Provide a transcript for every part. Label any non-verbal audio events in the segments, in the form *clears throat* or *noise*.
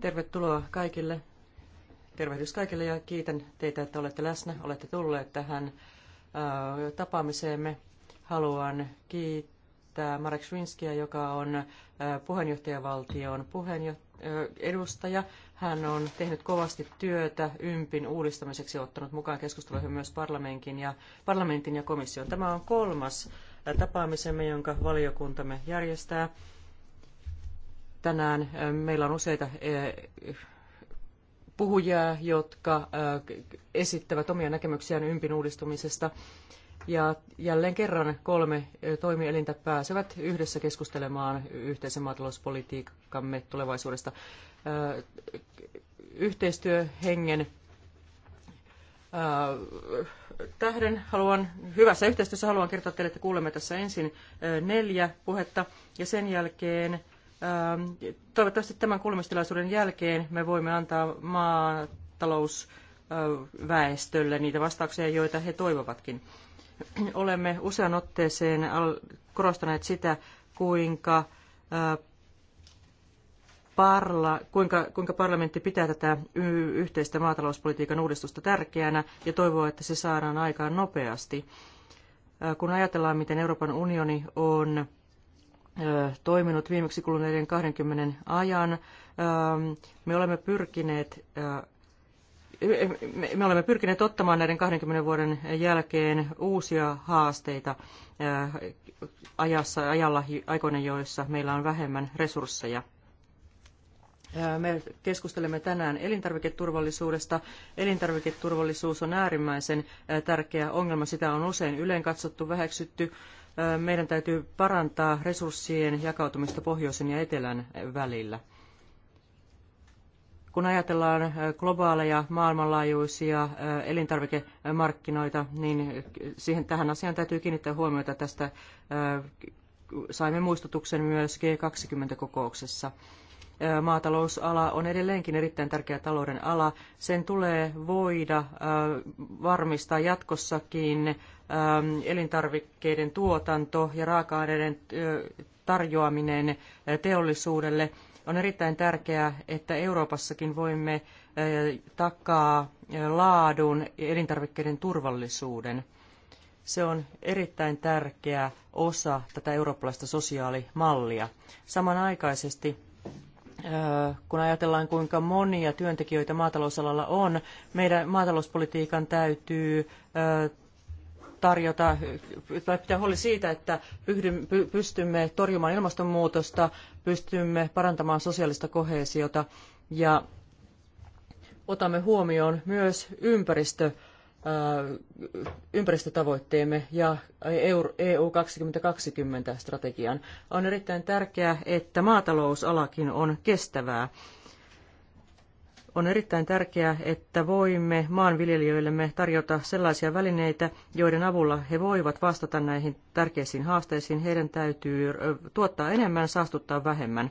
Tervetuloa kaikille. Tervehdys kaikille ja kiitän teitä, että olette läsnä, olette tulleet tähän tapaamiseemme. Haluan kiittää Marek Shrinskia, joka on puheenjohtajavaltion edustaja. Hän on tehnyt kovasti työtä ympin uudistamiseksi ja ottanut mukaan keskusteluihin myös parlamentin ja, parlamentin ja komission. Tämä on kolmas tapaamisemme, jonka valiokuntamme järjestää tänään. Meillä on useita puhujia, jotka esittävät omia näkemyksiään ympin uudistumisesta. Ja jälleen kerran kolme toimielintä pääsevät yhdessä keskustelemaan yhteisen maatalouspolitiikkamme tulevaisuudesta. Yhteistyöhengen tähden haluan, hyvässä yhteistyössä haluan kertoa teille, että kuulemme tässä ensin neljä puhetta ja sen jälkeen Ähm, toivottavasti tämän kuulemistilaisuuden jälkeen me voimme antaa maatalousväestölle niitä vastauksia, joita he toivovatkin. *clears throat* Olemme usean otteeseen korostaneet sitä, kuinka, äh, parla, kuinka, kuinka parlamentti pitää tätä yhteistä maatalouspolitiikan uudistusta tärkeänä ja toivoo, että se saadaan aikaan nopeasti. Äh, kun ajatellaan, miten Euroopan unioni on toiminut viimeksi kuluneiden 20 ajan. Me olemme pyrkineet me olemme pyrkineet ottamaan näiden 20 vuoden jälkeen uusia haasteita ajassa, ajalla, aikoina, joissa meillä on vähemmän resursseja. Me keskustelemme tänään elintarviketurvallisuudesta. Elintarviketurvallisuus on äärimmäisen tärkeä ongelma. Sitä on usein yleen katsottu, väheksytty meidän täytyy parantaa resurssien jakautumista pohjoisen ja etelän välillä. Kun ajatellaan äh, globaaleja maailmanlaajuisia äh, elintarvikemarkkinoita, niin siihen, tähän asiaan täytyy kiinnittää huomiota. Tästä äh, saimme muistutuksen myös G20-kokouksessa. Maatalousala on edelleenkin erittäin tärkeä talouden ala. Sen tulee voida varmistaa jatkossakin Ähm, elintarvikkeiden tuotanto ja raaka-aineiden tarjoaminen äh, teollisuudelle. On erittäin tärkeää, että Euroopassakin voimme takaa laadun ja elintarvikkeiden turvallisuuden. Se on erittäin tärkeä osa tätä eurooppalaista sosiaalimallia. Samanaikaisesti kun ajatellaan kuinka monia työntekijöitä maatalousalalla on, meidän maatalouspolitiikan täytyy tarjota tai pitää huoli siitä, että pystymme torjumaan ilmastonmuutosta, pystymme parantamaan sosiaalista koheesiota ja otamme huomioon myös ympäristö, äh, ympäristötavoitteemme ja EU 2020 e strategian. On erittäin tärkeää, että maatalousalakin on kestävää. On erittäin tärkeää, että voimme maanviljelijöillemme tarjota sellaisia välineitä, joiden avulla he voivat vastata näihin tärkeisiin haasteisiin. Heidän täytyy tuottaa enemmän, saastuttaa vähemmän.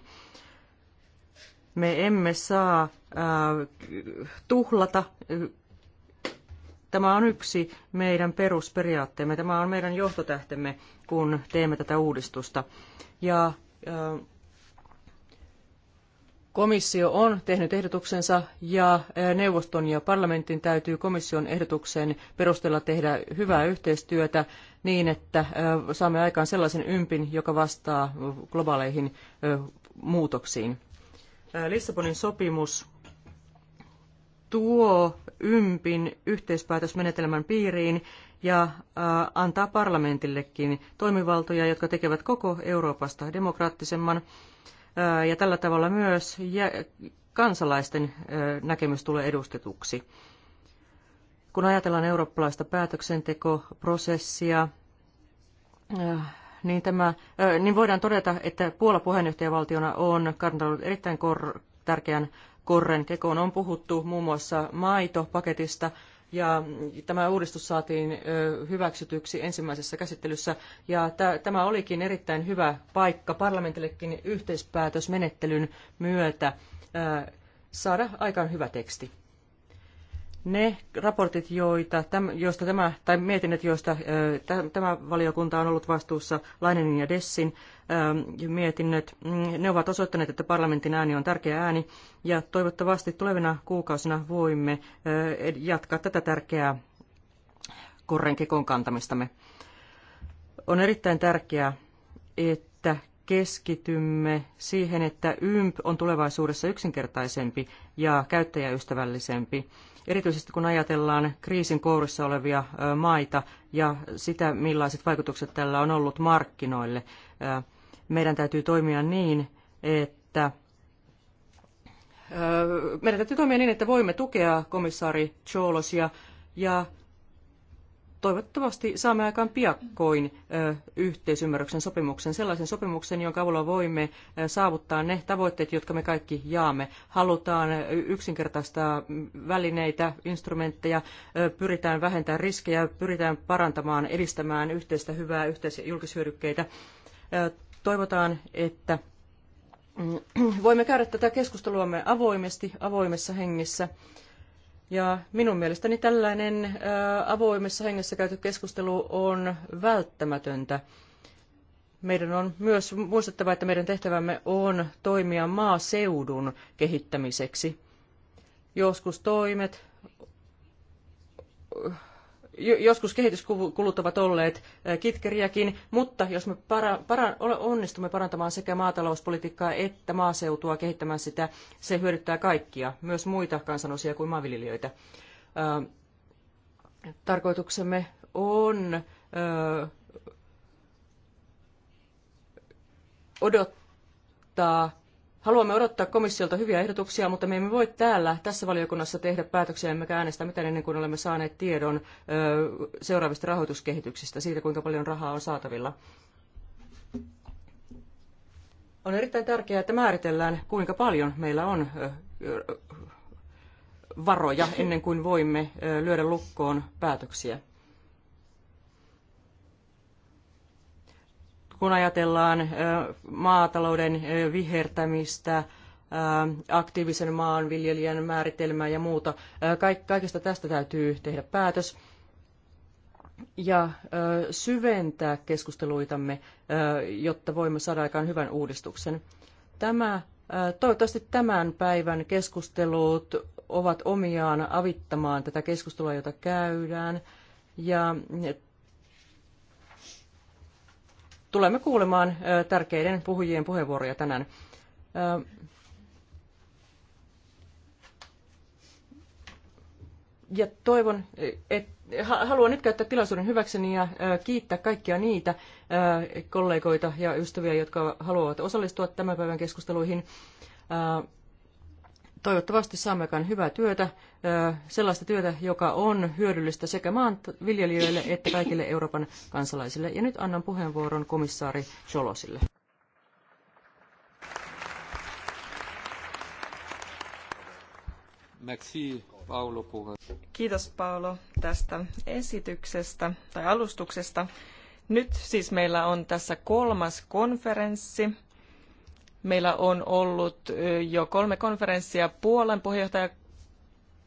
Me emme saa äh, tuhlata. Tämä on yksi meidän perusperiaatteemme. Tämä on meidän johtotähtemme, kun teemme tätä uudistusta. Ja äh, Komissio on tehnyt ehdotuksensa ja neuvoston ja parlamentin täytyy komission ehdotuksen perusteella tehdä hyvää yhteistyötä niin, että saamme aikaan sellaisen ympin, joka vastaa globaaleihin muutoksiin. Lissabonin sopimus tuo ympin yhteispäätösmenetelmän piiriin ja antaa parlamentillekin toimivaltoja, jotka tekevät koko Euroopasta demokraattisemman ja tällä tavalla myös kansalaisten näkemys tulee edustetuksi. Kun ajatellaan eurooppalaista päätöksentekoprosessia, niin, tämä, niin voidaan todeta, että Puola puheenjohtajavaltiona on kantanut erittäin kor- tärkeän korren kekoon. On puhuttu muun muassa maitopaketista, ja tämä uudistus saatiin hyväksytyksi ensimmäisessä käsittelyssä ja tämä olikin erittäin hyvä paikka parlamentillekin yhteispäätösmenettelyn myötä saada aikaan hyvä teksti. Ne raportit, joita, joista tämä, tai mietinnöt, joista tämä valiokunta on ollut vastuussa, lainenin ja Dessin mietinnöt, mm, ne ovat osoittaneet, että parlamentin ääni on tärkeä ääni, ja toivottavasti tulevina kuukausina voimme jatkaa tätä tärkeää kekon kantamistamme. On erittäin tärkeää, että keskitymme siihen, että YMP on tulevaisuudessa yksinkertaisempi ja käyttäjäystävällisempi erityisesti kun ajatellaan kriisin kourissa olevia maita ja sitä, millaiset vaikutukset tällä on ollut markkinoille. Meidän täytyy toimia niin, että meidän täytyy toimia niin, että voimme tukea komissaari Cholosia ja toivottavasti saamme aikaan piakkoin yhteisymmärryksen sopimuksen, sellaisen sopimuksen, jonka avulla voimme saavuttaa ne tavoitteet, jotka me kaikki jaamme. Halutaan yksinkertaistaa välineitä, instrumentteja, pyritään vähentämään riskejä, pyritään parantamaan, edistämään yhteistä hyvää, yhteisiä julkishyödykkeitä. Toivotaan, että mm, voimme käydä tätä keskusteluamme avoimesti, avoimessa hengessä. Ja minun mielestäni tällainen avoimessa hengessä käyty keskustelu on välttämätöntä. Meidän on myös muistettava, että meidän tehtävämme on toimia maaseudun kehittämiseksi. Joskus toimet joskus kehityskulut ovat olleet äh, kitkeriäkin, mutta jos me para, para, onnistumme parantamaan sekä maatalouspolitiikkaa että maaseutua kehittämään sitä, se hyödyttää kaikkia, myös muita kansanosia kuin maanviljelijöitä. Äh, tarkoituksemme on äh, odottaa Haluamme odottaa komissiolta hyviä ehdotuksia, mutta me emme voi täällä tässä valiokunnassa tehdä päätöksiä, emmekä äänestää mitään ennen kuin olemme saaneet tiedon seuraavista rahoituskehityksistä, siitä kuinka paljon rahaa on saatavilla. On erittäin tärkeää, että määritellään, kuinka paljon meillä on varoja ennen kuin voimme lyödä lukkoon päätöksiä. kun ajatellaan maatalouden vihertämistä, aktiivisen maanviljelijän määritelmää ja muuta. Kaikesta tästä täytyy tehdä päätös ja syventää keskusteluitamme, jotta voimme saada aikaan hyvän uudistuksen. Tämä, toivottavasti tämän päivän keskustelut ovat omiaan avittamaan tätä keskustelua, jota käydään. Ja tulemme kuulemaan tärkeiden puhujien puheenvuoroja tänään. Ja toivon, et, haluan nyt käyttää tilaisuuden hyväkseni ja kiittää kaikkia niitä kollegoita ja ystäviä, jotka haluavat osallistua tämän päivän keskusteluihin. Toivottavasti saamme aikaan hyvää työtä, sellaista työtä, joka on hyödyllistä sekä maanviljelijöille että kaikille Euroopan kansalaisille. Ja nyt annan puheenvuoron komissaari Cholosille. Kiitos Paolo tästä esityksestä tai alustuksesta. Nyt siis meillä on tässä kolmas konferenssi Meillä on ollut jo kolme konferenssia Puolan puheenjohtajan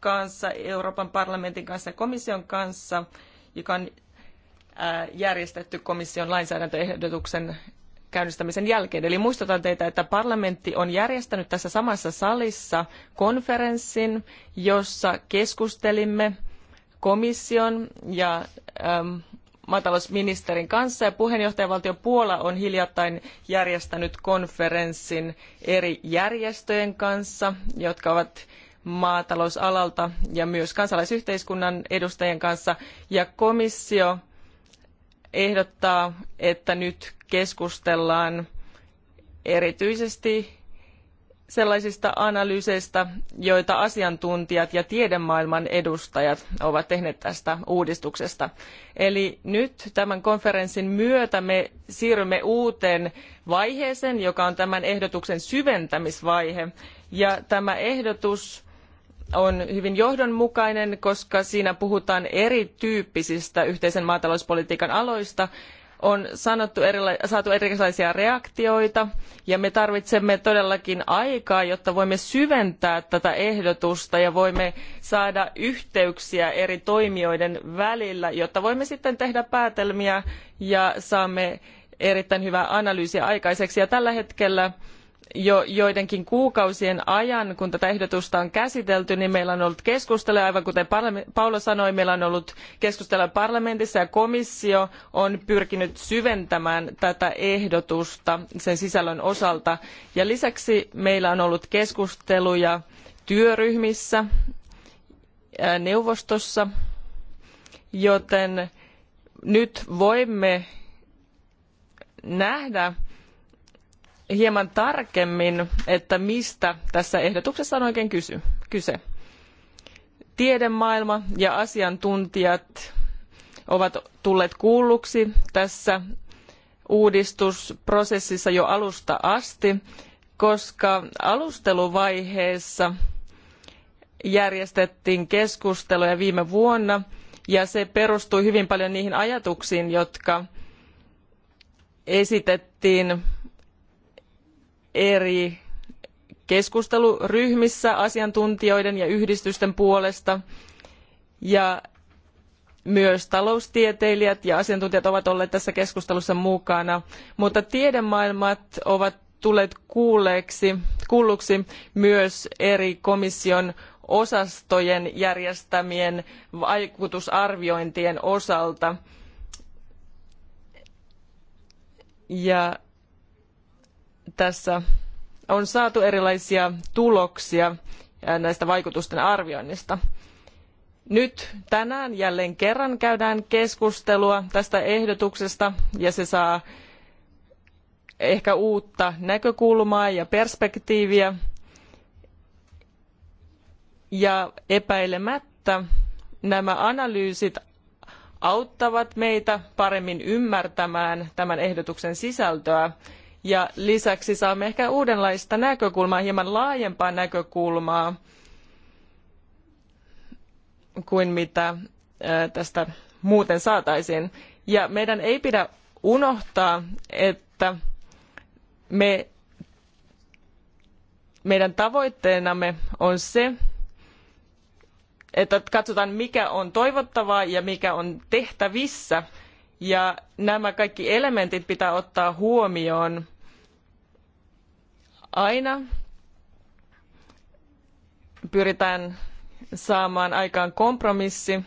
kanssa, Euroopan parlamentin kanssa ja komission kanssa, joka on järjestetty komission lainsäädäntöehdotuksen käynnistämisen jälkeen. Eli muistutan teitä, että parlamentti on järjestänyt tässä samassa salissa konferenssin, jossa keskustelimme komission ja maatalousministerin kanssa ja puheenjohtajavaltio Puola on hiljattain järjestänyt konferenssin eri järjestöjen kanssa, jotka ovat maatalousalalta ja myös kansalaisyhteiskunnan edustajien kanssa ja komissio ehdottaa, että nyt keskustellaan erityisesti sellaisista analyyseistä, joita asiantuntijat ja tiedemaailman edustajat ovat tehneet tästä uudistuksesta. Eli nyt tämän konferenssin myötä me siirrymme uuteen vaiheeseen, joka on tämän ehdotuksen syventämisvaihe. Ja tämä ehdotus on hyvin johdonmukainen, koska siinä puhutaan erityyppisistä yhteisen maatalouspolitiikan aloista on sanottu erila- saatu erilaisia reaktioita ja me tarvitsemme todellakin aikaa, jotta voimme syventää tätä ehdotusta ja voimme saada yhteyksiä eri toimijoiden välillä, jotta voimme sitten tehdä päätelmiä ja saamme erittäin hyvää analyysiä aikaiseksi. Ja tällä hetkellä jo joidenkin kuukausien ajan, kun tätä ehdotusta on käsitelty, niin meillä on ollut keskusteluja, aivan kuten paolo sanoi, meillä on ollut keskusteluja parlamentissa ja komissio on pyrkinyt syventämään tätä ehdotusta sen sisällön osalta. Ja lisäksi meillä on ollut keskusteluja työryhmissä, neuvostossa, joten nyt voimme nähdä, hieman tarkemmin, että mistä tässä ehdotuksessa on oikein kysy, kyse. Tiedemaailma ja asiantuntijat ovat tulleet kuulluksi tässä uudistusprosessissa jo alusta asti, koska alusteluvaiheessa järjestettiin keskusteluja viime vuonna ja se perustui hyvin paljon niihin ajatuksiin, jotka esitettiin eri keskusteluryhmissä asiantuntijoiden ja yhdistysten puolesta ja myös taloustieteilijät ja asiantuntijat ovat olleet tässä keskustelussa mukana mutta tiedemaailmat ovat tulleet kuulluksi myös eri komission osastojen järjestämien vaikutusarviointien osalta. Ja tässä on saatu erilaisia tuloksia näistä vaikutusten arvioinnista. Nyt tänään jälleen kerran käydään keskustelua tästä ehdotuksesta ja se saa ehkä uutta näkökulmaa ja perspektiiviä. Ja epäilemättä nämä analyysit auttavat meitä paremmin ymmärtämään tämän ehdotuksen sisältöä ja lisäksi saamme ehkä uudenlaista näkökulmaa, hieman laajempaa näkökulmaa kuin mitä tästä muuten saataisiin. Ja meidän ei pidä unohtaa, että me, meidän tavoitteenamme on se, että katsotaan mikä on toivottavaa ja mikä on tehtävissä. Ja nämä kaikki elementit pitää ottaa huomioon aina pyritään saamaan aikaan kompromissi.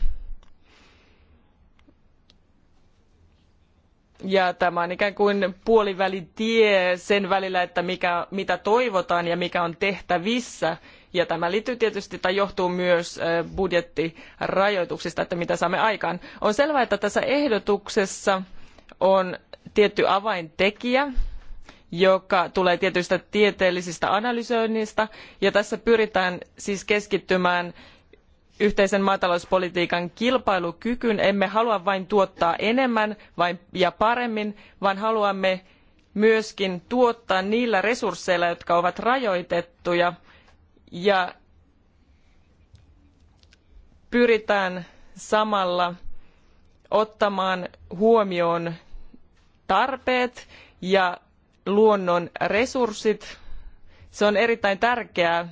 Ja tämä on ikään kuin puolivälitie sen välillä, että mikä, mitä toivotaan ja mikä on tehtävissä. Ja tämä liittyy tietysti tai johtuu myös budjettirajoituksista, että mitä saamme aikaan. On selvää, että tässä ehdotuksessa on tietty avaintekijä, joka tulee tietystä tieteellisestä analysoinnista ja tässä pyritään siis keskittymään yhteisen maatalouspolitiikan kilpailukykyyn. emme halua vain tuottaa enemmän ja paremmin vaan haluamme myös tuottaa niillä resursseilla jotka ovat rajoitettuja ja pyritään samalla ottamaan huomioon tarpeet ja luonnon resurssit. Se on erittäin tärkeää.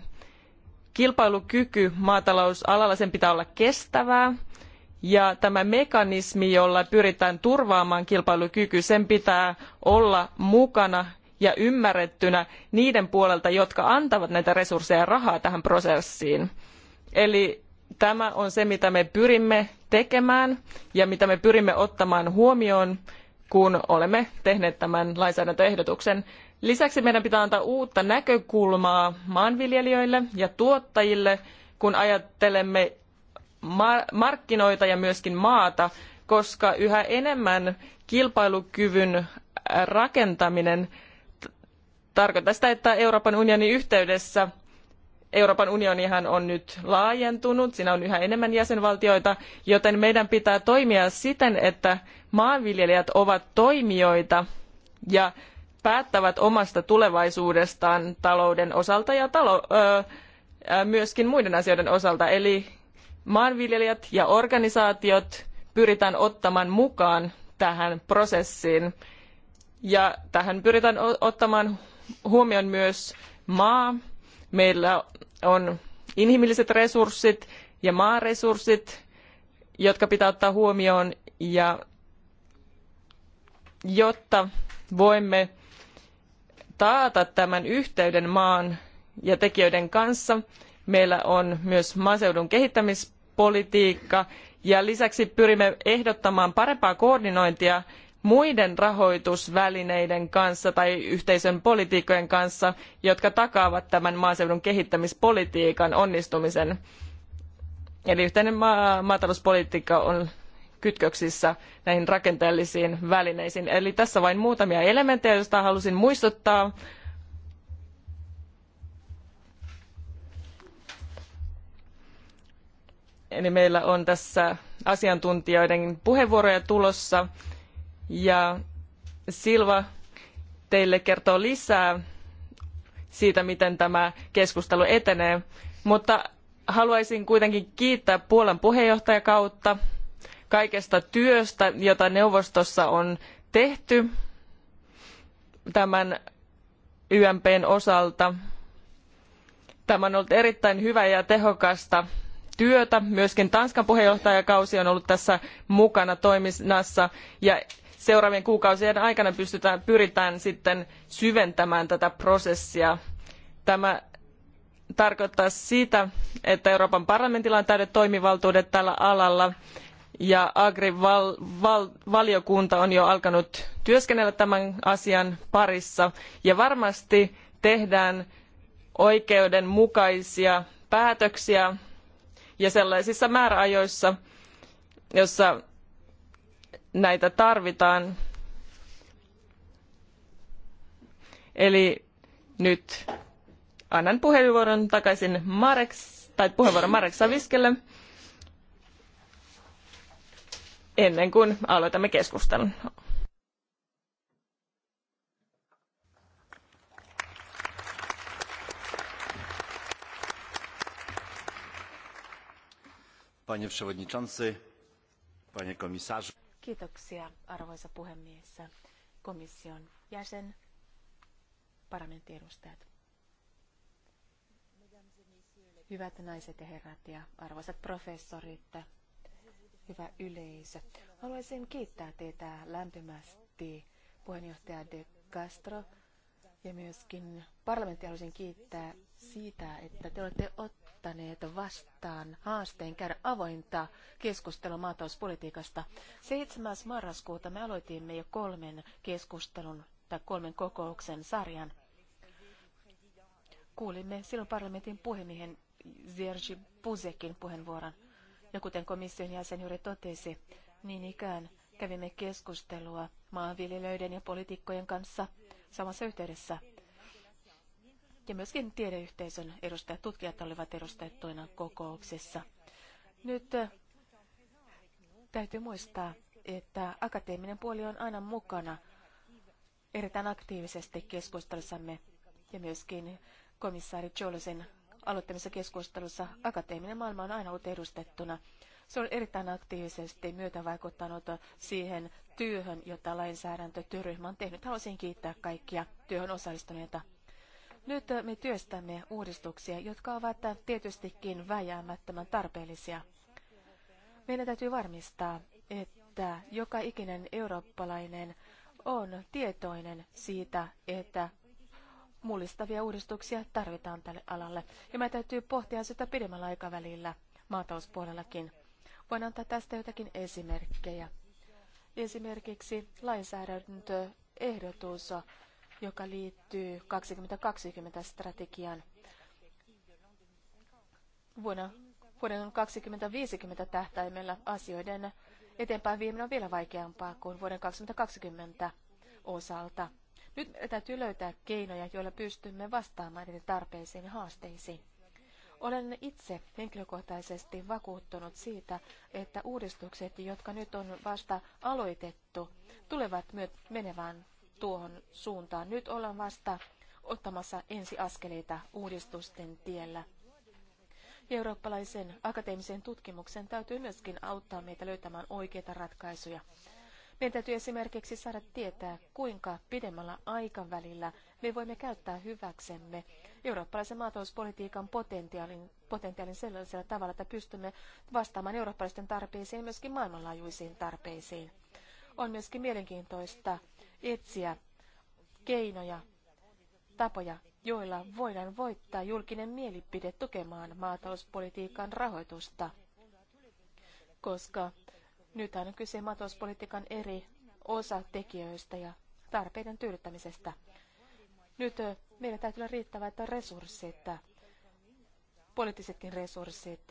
Kilpailukyky maatalousalalla sen pitää olla kestävää ja tämä mekanismi, jolla pyritään turvaamaan kilpailukyky, sen pitää olla mukana ja ymmärrettynä niiden puolelta, jotka antavat näitä resursseja ja rahaa tähän prosessiin. Eli tämä on se, mitä me pyrimme tekemään ja mitä me pyrimme ottamaan huomioon kun olemme tehneet tämän lainsäädäntöehdotuksen. Lisäksi meidän pitää antaa uutta näkökulmaa maanviljelijöille ja tuottajille, kun ajattelemme markkinoita ja myöskin maata, koska yhä enemmän kilpailukyvyn rakentaminen tarkoittaa sitä, että Euroopan unionin yhteydessä Euroopan unionihan on nyt laajentunut, siinä on yhä enemmän jäsenvaltioita, joten meidän pitää toimia siten, että maanviljelijät ovat toimijoita ja päättävät omasta tulevaisuudestaan talouden osalta ja talo, myöskin muiden asioiden osalta. Eli maanviljelijät ja organisaatiot pyritään ottamaan mukaan tähän prosessiin ja tähän pyritään ottamaan huomioon myös maa Meillä on inhimilliset resurssit ja maaresurssit, jotka pitää ottaa huomioon ja jotta voimme taata tämän yhteyden maan ja tekijöiden kanssa, meillä on myös maaseudun kehittämispolitiikka ja lisäksi pyrimme ehdottamaan parempaa koordinointia muiden rahoitusvälineiden kanssa tai yhteisön politiikkojen kanssa jotka takaavat tämän maaseudun kehittämispolitiikan onnistumisen. eli yhteinen maatalouspolitiikka on kytköksissä näihin rakenteellisiin välineisiin. eli tässä vain muutamia elementtejä joista halusin muistuttaa. Eli meillä on tässä asiantuntijoiden puheenvuoroja tulossa. Ja Silva teille kertoo lisää siitä, miten tämä keskustelu etenee. Mutta haluaisin kuitenkin kiittää Puolan puheenjohtajakautta kaikesta työstä, jota neuvostossa on tehty tämän YMPn osalta. Tämä on ollut erittäin hyvää ja tehokasta työtä. Myöskin Tanskan puheenjohtajakausi on ollut tässä mukana toiminnassa ja seuraavien kuukausien aikana pystytään, pyritään sitten syventämään tätä prosessia. Tämä tarkoittaa sitä, että Euroopan parlamentilla on täydet toimivaltuudet tällä alalla ja Agri-valiokunta -val -val on jo alkanut työskennellä tämän asian parissa ja varmasti tehdään oikeudenmukaisia päätöksiä ja sellaisissa määräajoissa, jossa näitä tarvitaan. Eli nyt annan puheenvuoron takaisin Marek, tai puheenvuoron Marek Saviskelle ennen kuin aloitamme keskustelun. Panie przewodniczący, panie komisarzu. Kiitoksia, arvoisa puhemies, komission jäsen, parlamentin edustajat. Hyvät naiset ja herrat ja arvoisat professorit, hyvä yleisö. Haluaisin kiittää teitä lämpimästi puheenjohtaja De Castro ja myöskin parlamentti haluaisin kiittää siitä, että te olette ottaneet vastaan haasteen käydä avointa keskustelua maatalouspolitiikasta. 7. marraskuuta me aloitimme jo kolmen keskustelun tai kolmen kokouksen sarjan. Kuulimme silloin parlamentin puhemiehen Zierji Puzekin puheenvuoron. Ja kuten komission jäsen juuri totesi, niin ikään kävimme keskustelua maanviljelijöiden ja poliitikkojen kanssa samassa yhteydessä ja myöskin tiedeyhteisön edustajat, tutkijat olivat edustettuina kokouksessa. Nyt äh, täytyy muistaa, että akateeminen puoli on aina mukana erittäin aktiivisesti keskustelussamme ja myöskin komissaari Jolosin aloittamissa keskustelussa akateeminen maailma on aina ollut edustettuna. Se on erittäin aktiivisesti vaikuttanut siihen työhön, jota lainsäädäntötyöryhmä on tehnyt. Haluaisin kiittää kaikkia työhön osallistuneita nyt äh, me työstämme uudistuksia, jotka ovat äh, tietystikin väjäämättömän tarpeellisia. Meidän täytyy varmistaa, että joka ikinen eurooppalainen on tietoinen siitä, että mullistavia uudistuksia tarvitaan tälle alalle. Ja meidän täytyy pohtia sitä pidemmällä aikavälillä maatalouspuolellakin. Voin antaa tästä jotakin esimerkkejä. Esimerkiksi lainsäädäntöehdotus joka liittyy 2020 strategian Vuonna, vuoden 2050 tähtäimellä asioiden eteenpäin vieminen on vielä vaikeampaa kuin vuoden 2020 osalta. Nyt meidän täytyy löytää keinoja, joilla pystymme vastaamaan niiden tarpeisiin ja haasteisiin. Olen itse henkilökohtaisesti vakuuttunut siitä, että uudistukset, jotka nyt on vasta aloitettu, tulevat myös menevään tuohon suuntaan. Nyt ollaan vasta ottamassa ensiaskeleita uudistusten tiellä. eurooppalaisen akateemisen tutkimuksen täytyy myöskin auttaa meitä löytämään oikeita ratkaisuja. Meidän täytyy esimerkiksi saada tietää, kuinka pidemmällä aikavälillä me voimme käyttää hyväksemme eurooppalaisen maatalouspolitiikan potentiaalin, potentiaalin sellaisella tavalla, että pystymme vastaamaan eurooppalaisten tarpeisiin ja myöskin maailmanlaajuisiin tarpeisiin. On myöskin mielenkiintoista etsiä keinoja, tapoja, joilla voidaan voittaa julkinen mielipide tukemaan maatalouspolitiikan rahoitusta. Koska nyt on kyse maatalouspolitiikan eri osatekijöistä ja tarpeiden tyydyttämisestä. Nyt meillä täytyy olla riittävät resurssit, poliittisetkin resurssit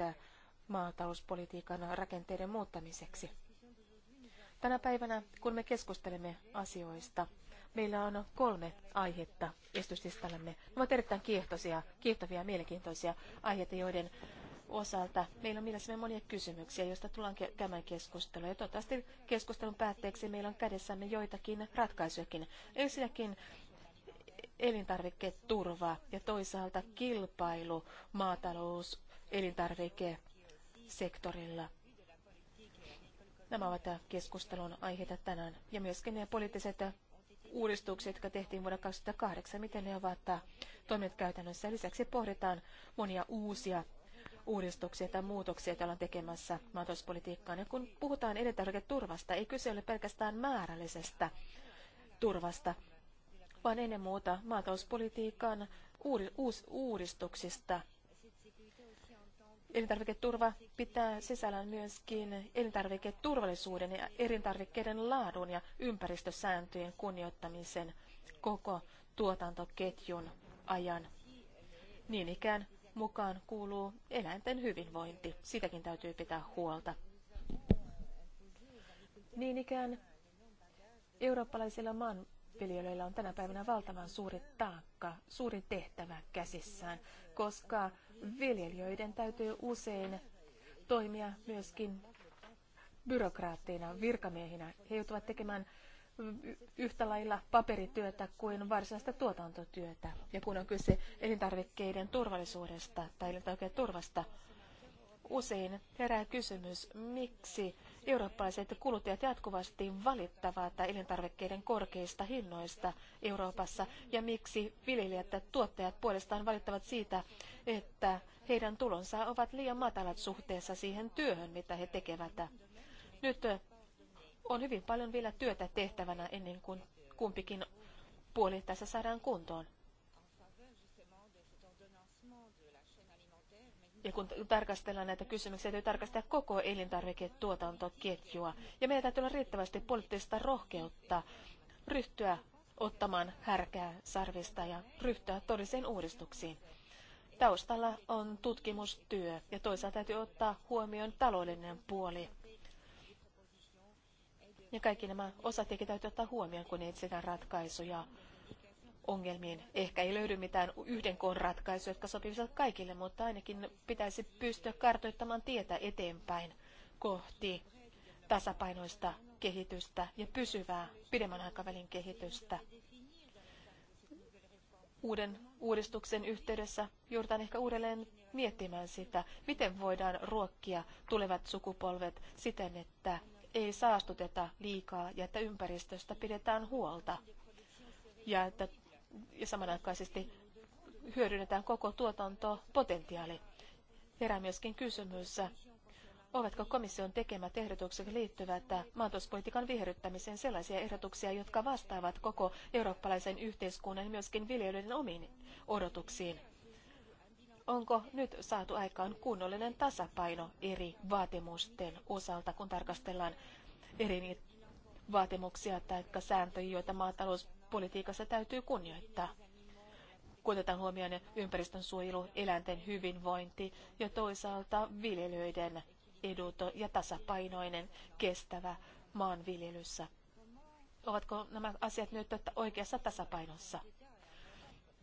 maatalouspolitiikan rakenteiden muuttamiseksi. Tänä päivänä, kun me keskustelemme asioista, meillä on kolme aihetta esityslistallamme. Ne ovat erittäin kiehtoisia, kiehtovia ja mielenkiintoisia aiheita, joiden osalta meillä on mielessämme monia kysymyksiä, joista tullaan käymään keskustelua. Ja toivottavasti keskustelun päätteeksi meillä on kädessämme joitakin ratkaisujakin. Ensinnäkin elintarviketurva ja toisaalta kilpailu maatalous elintarvikesektorilla. Nämä ovat keskustelun aiheita tänään. Ja myöskin ne poliittiset uudistukset, jotka tehtiin vuonna 2008, miten ne ovat toimineet käytännössä. Lisäksi pohditaan monia uusia uudistuksia tai muutoksia, joita ollaan tekemässä maatalouspolitiikkaan. Ja kun puhutaan elintarviketurvasta, ei kyse ole pelkästään määrällisestä turvasta, vaan ennen muuta maatalouspolitiikan uudistuksista – Elintarviketurva pitää sisällään myöskin elintarviketurvallisuuden ja elintarvikkeiden laadun ja ympäristösääntöjen kunnioittamisen koko tuotantoketjun ajan. Niin ikään mukaan kuuluu eläinten hyvinvointi. Sitäkin täytyy pitää huolta. Niin ikään eurooppalaisilla maanviljelijöillä on tänä päivänä valtavan suuri taakka, suuri tehtävä käsissään, koska viljelijöiden täytyy usein toimia myöskin byrokraatteina, virkamiehinä. He joutuvat tekemään yhtä lailla paperityötä kuin varsinaista tuotantotyötä. Ja kun on kyse elintarvikkeiden turvallisuudesta tai elintarvikkeiden turvasta, usein herää kysymys, miksi eurooppalaiset kuluttajat jatkuvasti valittavat elintarvikkeiden korkeista hinnoista Euroopassa ja miksi viljelijät ja tuottajat puolestaan valittavat siitä, että heidän tulonsa ovat liian matalat suhteessa siihen työhön, mitä he tekevät. Nyt on hyvin paljon vielä työtä tehtävänä ennen kuin kumpikin puoli tässä saadaan kuntoon. Ja kun tarkastellaan näitä kysymyksiä, täytyy tarkastella koko elintarviketuotantoketjua. Ja meidän täytyy olla riittävästi poliittista rohkeutta ryhtyä ottamaan härkää sarvista ja ryhtyä todelliseen uudistuksiin. Taustalla on tutkimustyö ja toisaalta täytyy ottaa huomioon taloudellinen puoli. Ja kaikki nämä osat täytyy ottaa huomioon, kun etsitään ratkaisuja ongelmiin. Ehkä ei löydy mitään yhden koon ratkaisuja, jotka sopivat kaikille, mutta ainakin pitäisi pystyä kartoittamaan tietä eteenpäin kohti tasapainoista kehitystä ja pysyvää pidemmän aikavälin kehitystä uuden uudistuksen yhteydessä joudutaan ehkä uudelleen miettimään sitä, miten voidaan ruokkia tulevat sukupolvet siten, että ei saastuteta liikaa ja että ympäristöstä pidetään huolta. Ja että ja samanaikaisesti hyödynnetään koko tuotantopotentiaali. Herää myöskin kysymys, Ovatko komission tekemät ehdotukset liittyvät maatalouspolitiikan viherryttämiseen sellaisia ehdotuksia, jotka vastaavat koko eurooppalaisen yhteiskunnan ja myöskin viljelijöiden omiin odotuksiin? Onko nyt saatu aikaan kunnollinen tasapaino eri vaatimusten osalta, kun tarkastellaan eri vaatimuksia tai sääntöjä, joita maatalouspolitiikassa täytyy kunnioittaa? kun otetaan huomioon ympäristön suojelu, eläinten hyvinvointi ja toisaalta viljelijöiden eduton ja tasapainoinen, kestävä maanviljelyssä. Ovatko nämä asiat nyt oikeassa tasapainossa?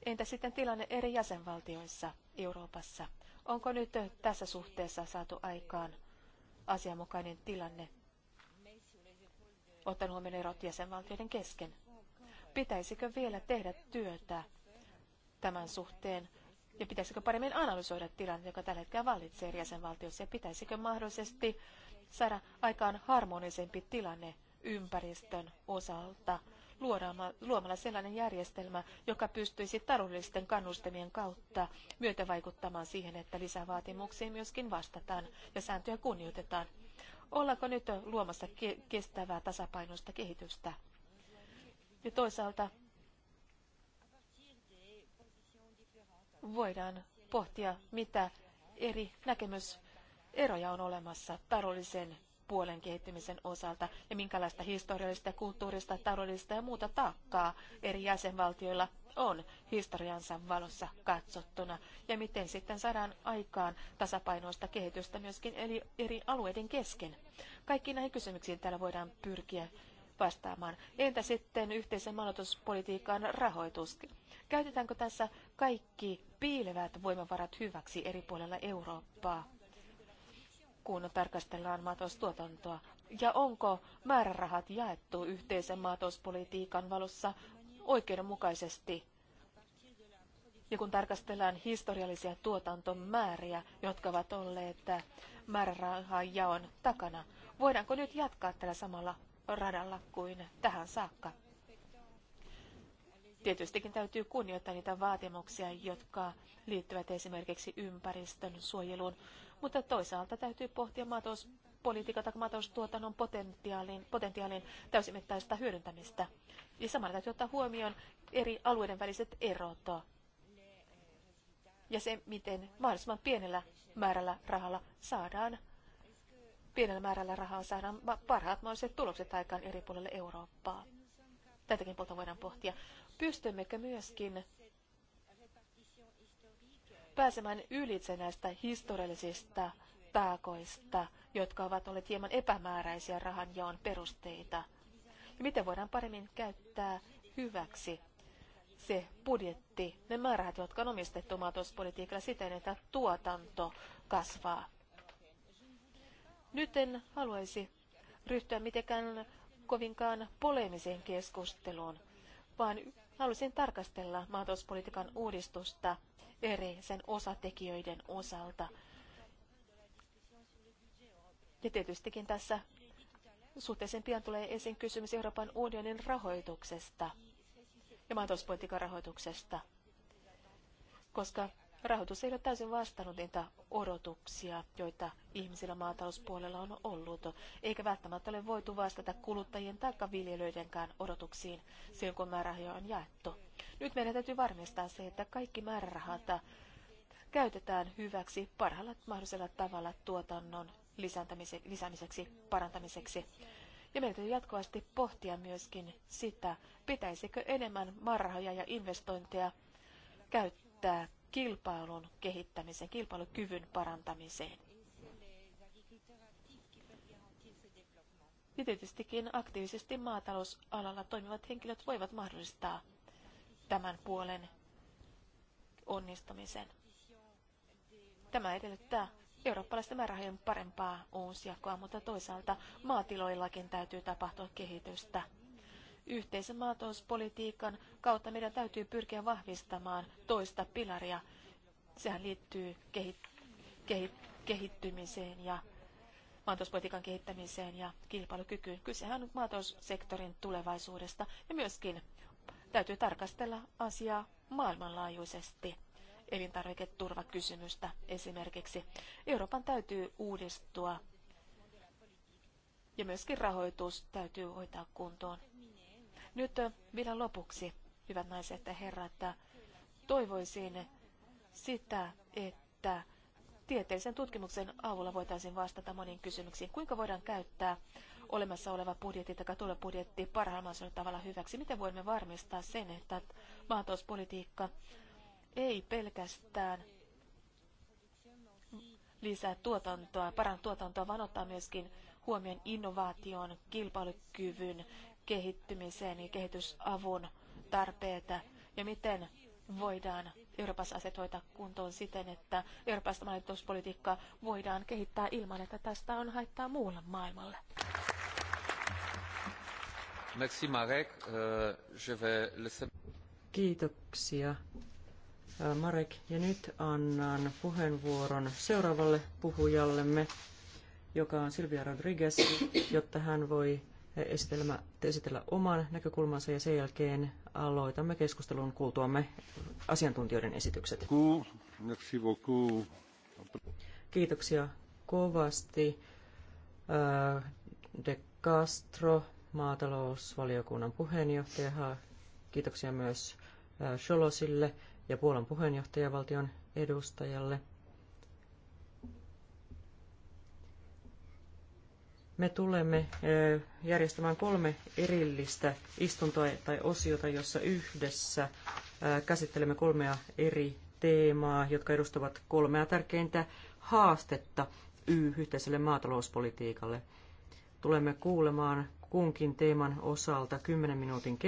Entä sitten tilanne eri jäsenvaltioissa Euroopassa? Onko nyt tässä suhteessa saatu aikaan asianmukainen tilanne, ottaen huomioon erot jäsenvaltioiden kesken? Pitäisikö vielä tehdä työtä tämän suhteen ja pitäisikö paremmin analysoida tilanne, joka tällä hetkellä vallitsee eri jäsenvaltioissa, ja pitäisikö mahdollisesti saada aikaan harmonisempi tilanne ympäristön osalta, luomalla sellainen järjestelmä, joka pystyisi taloudellisten kannustamien kautta myötävaikuttamaan siihen, että lisävaatimuksiin myöskin vastataan ja sääntöjä kunnioitetaan. Ollaanko nyt luomassa kestävää tasapainoista kehitystä? Ja toisaalta voidaan pohtia, mitä eri näkemyseroja on olemassa taloudellisen puolen kehittymisen osalta ja minkälaista historiallista, kulttuurista, taloudellista ja muuta taakkaa eri jäsenvaltioilla on historiansa valossa katsottuna ja miten sitten saadaan aikaan tasapainoista kehitystä myöskin eri, eri alueiden kesken. Kaikki näihin kysymyksiin täällä voidaan pyrkiä vastaamaan. Entä sitten yhteisen maalotuspolitiikan rahoitus? Käytetäänkö tässä kaikki piilevät voimavarat hyväksi eri puolilla Eurooppaa, kun tarkastellaan maataloustuotantoa. Ja onko määrärahat jaettu yhteisen maatalouspolitiikan valossa oikeudenmukaisesti? Ja kun tarkastellaan historiallisia tuotantomääriä, jotka ovat olleet määrärahan jaon takana, voidaanko nyt jatkaa tällä samalla radalla kuin tähän saakka? Tietystikin täytyy kunnioittaa niitä vaatimuksia, jotka liittyvät esimerkiksi ympäristön suojeluun, mutta toisaalta täytyy pohtia maatalouspolitiikan tai maataloustuotannon potentiaalin, potentiaalin täysimittaista hyödyntämistä. Ja samalla täytyy ottaa huomioon eri alueiden väliset erot ja se, miten mahdollisimman pienellä määrällä rahalla saadaan pienellä määrällä rahaa saadaan parhaat mahdolliset tulokset aikaan eri puolille Eurooppaa. Tätäkin puolta voidaan pohtia pystymmekö myöskin pääsemään ylitse näistä historiallisista taakoista, jotka ovat olleet hieman epämääräisiä rahanjaon perusteita. Ja miten voidaan paremmin käyttää hyväksi se budjetti, ne määrät, jotka on omistettu maatalouspolitiikalla siten, että tuotanto kasvaa. Nyt en haluaisi ryhtyä mitenkään kovinkaan polemiseen keskusteluun, vaan Haluaisin tarkastella maatalouspolitiikan uudistusta eri sen osatekijöiden osalta. Ja tietystikin tässä suhteellisen pian tulee esiin kysymys Euroopan unionin rahoituksesta ja maatalouspolitiikan rahoituksesta, koska rahoitus ei ole täysin vastannut niitä odotuksia, joita ihmisillä maatalouspuolella on ollut, eikä välttämättä ole voitu vastata kuluttajien tai viljelijöidenkään odotuksiin silloin, kun määrärahoja on jaettu. Nyt meidän täytyy varmistaa se, että kaikki määrärahat käytetään hyväksi parhaalla mahdollisella tavalla tuotannon lisäämiseksi, parantamiseksi. Ja meidän täytyy jatkuvasti pohtia myöskin sitä, pitäisikö enemmän marhoja ja investointeja käyttää kilpailun kehittämiseen, kilpailukyvyn parantamiseen. Ja tietystikin aktiivisesti maatalousalalla toimivat henkilöt voivat mahdollistaa tämän puolen onnistumisen. Tämä edellyttää eurooppalaisten määrärahojen parempaa uusjakoa, mutta toisaalta maatiloillakin täytyy tapahtua kehitystä. Yhteisen maatalouspolitiikan kautta meidän täytyy pyrkiä vahvistamaan toista pilaria. Sehän liittyy kehi, kehi, kehittymiseen ja maatalouspolitiikan kehittämiseen ja kilpailukykyyn. Kysehän on maataloussektorin tulevaisuudesta ja myöskin täytyy tarkastella asiaa maailmanlaajuisesti elintarviketurvakysymystä esimerkiksi. Euroopan täytyy uudistua ja myöskin rahoitus täytyy hoitaa kuntoon. Nyt vielä lopuksi, hyvät naiset ja herrat, toivoisin sitä, että tieteellisen tutkimuksen avulla voitaisiin vastata moniin kysymyksiin. Kuinka voidaan käyttää olemassa oleva budjetti tai tuleva budjetti parhaimmalla tavalla hyväksi? Miten voimme varmistaa sen, että maatalouspolitiikka ei pelkästään lisää tuotantoa, paran tuotantoa, vaan ottaa myöskin huomioon innovaation, kilpailukyvyn kehittymiseen ja kehitysavun tarpeita ja miten voidaan Euroopassa asiat hoitaa kuntoon siten, että Euroopasta majoituspolitiikkaa voidaan kehittää ilman, että tästä on haittaa muulle maailmalle. Merci Marek. Euh, je vais laisser... Kiitoksia äh, Marek. Ja nyt annan puheenvuoron seuraavalle puhujallemme, joka on Silvia Rodriguez, jotta hän voi esitellä, esitellä oman näkökulmansa ja sen jälkeen aloitamme keskustelun kuultuamme asiantuntijoiden esitykset. Kiitoksia kovasti. Äh, De Castro, maatalousvaliokunnan puheenjohtaja. Kiitoksia myös äh, Sholosille ja Puolan puheenjohtajavaltion edustajalle – me tulemme järjestämään kolme erillistä istuntoa tai osiota, jossa yhdessä käsittelemme kolmea eri teemaa, jotka edustavat kolmea tärkeintä haastetta yhteiselle maatalouspolitiikalle. Tulemme kuulemaan kunkin teeman osalta 10 minuutin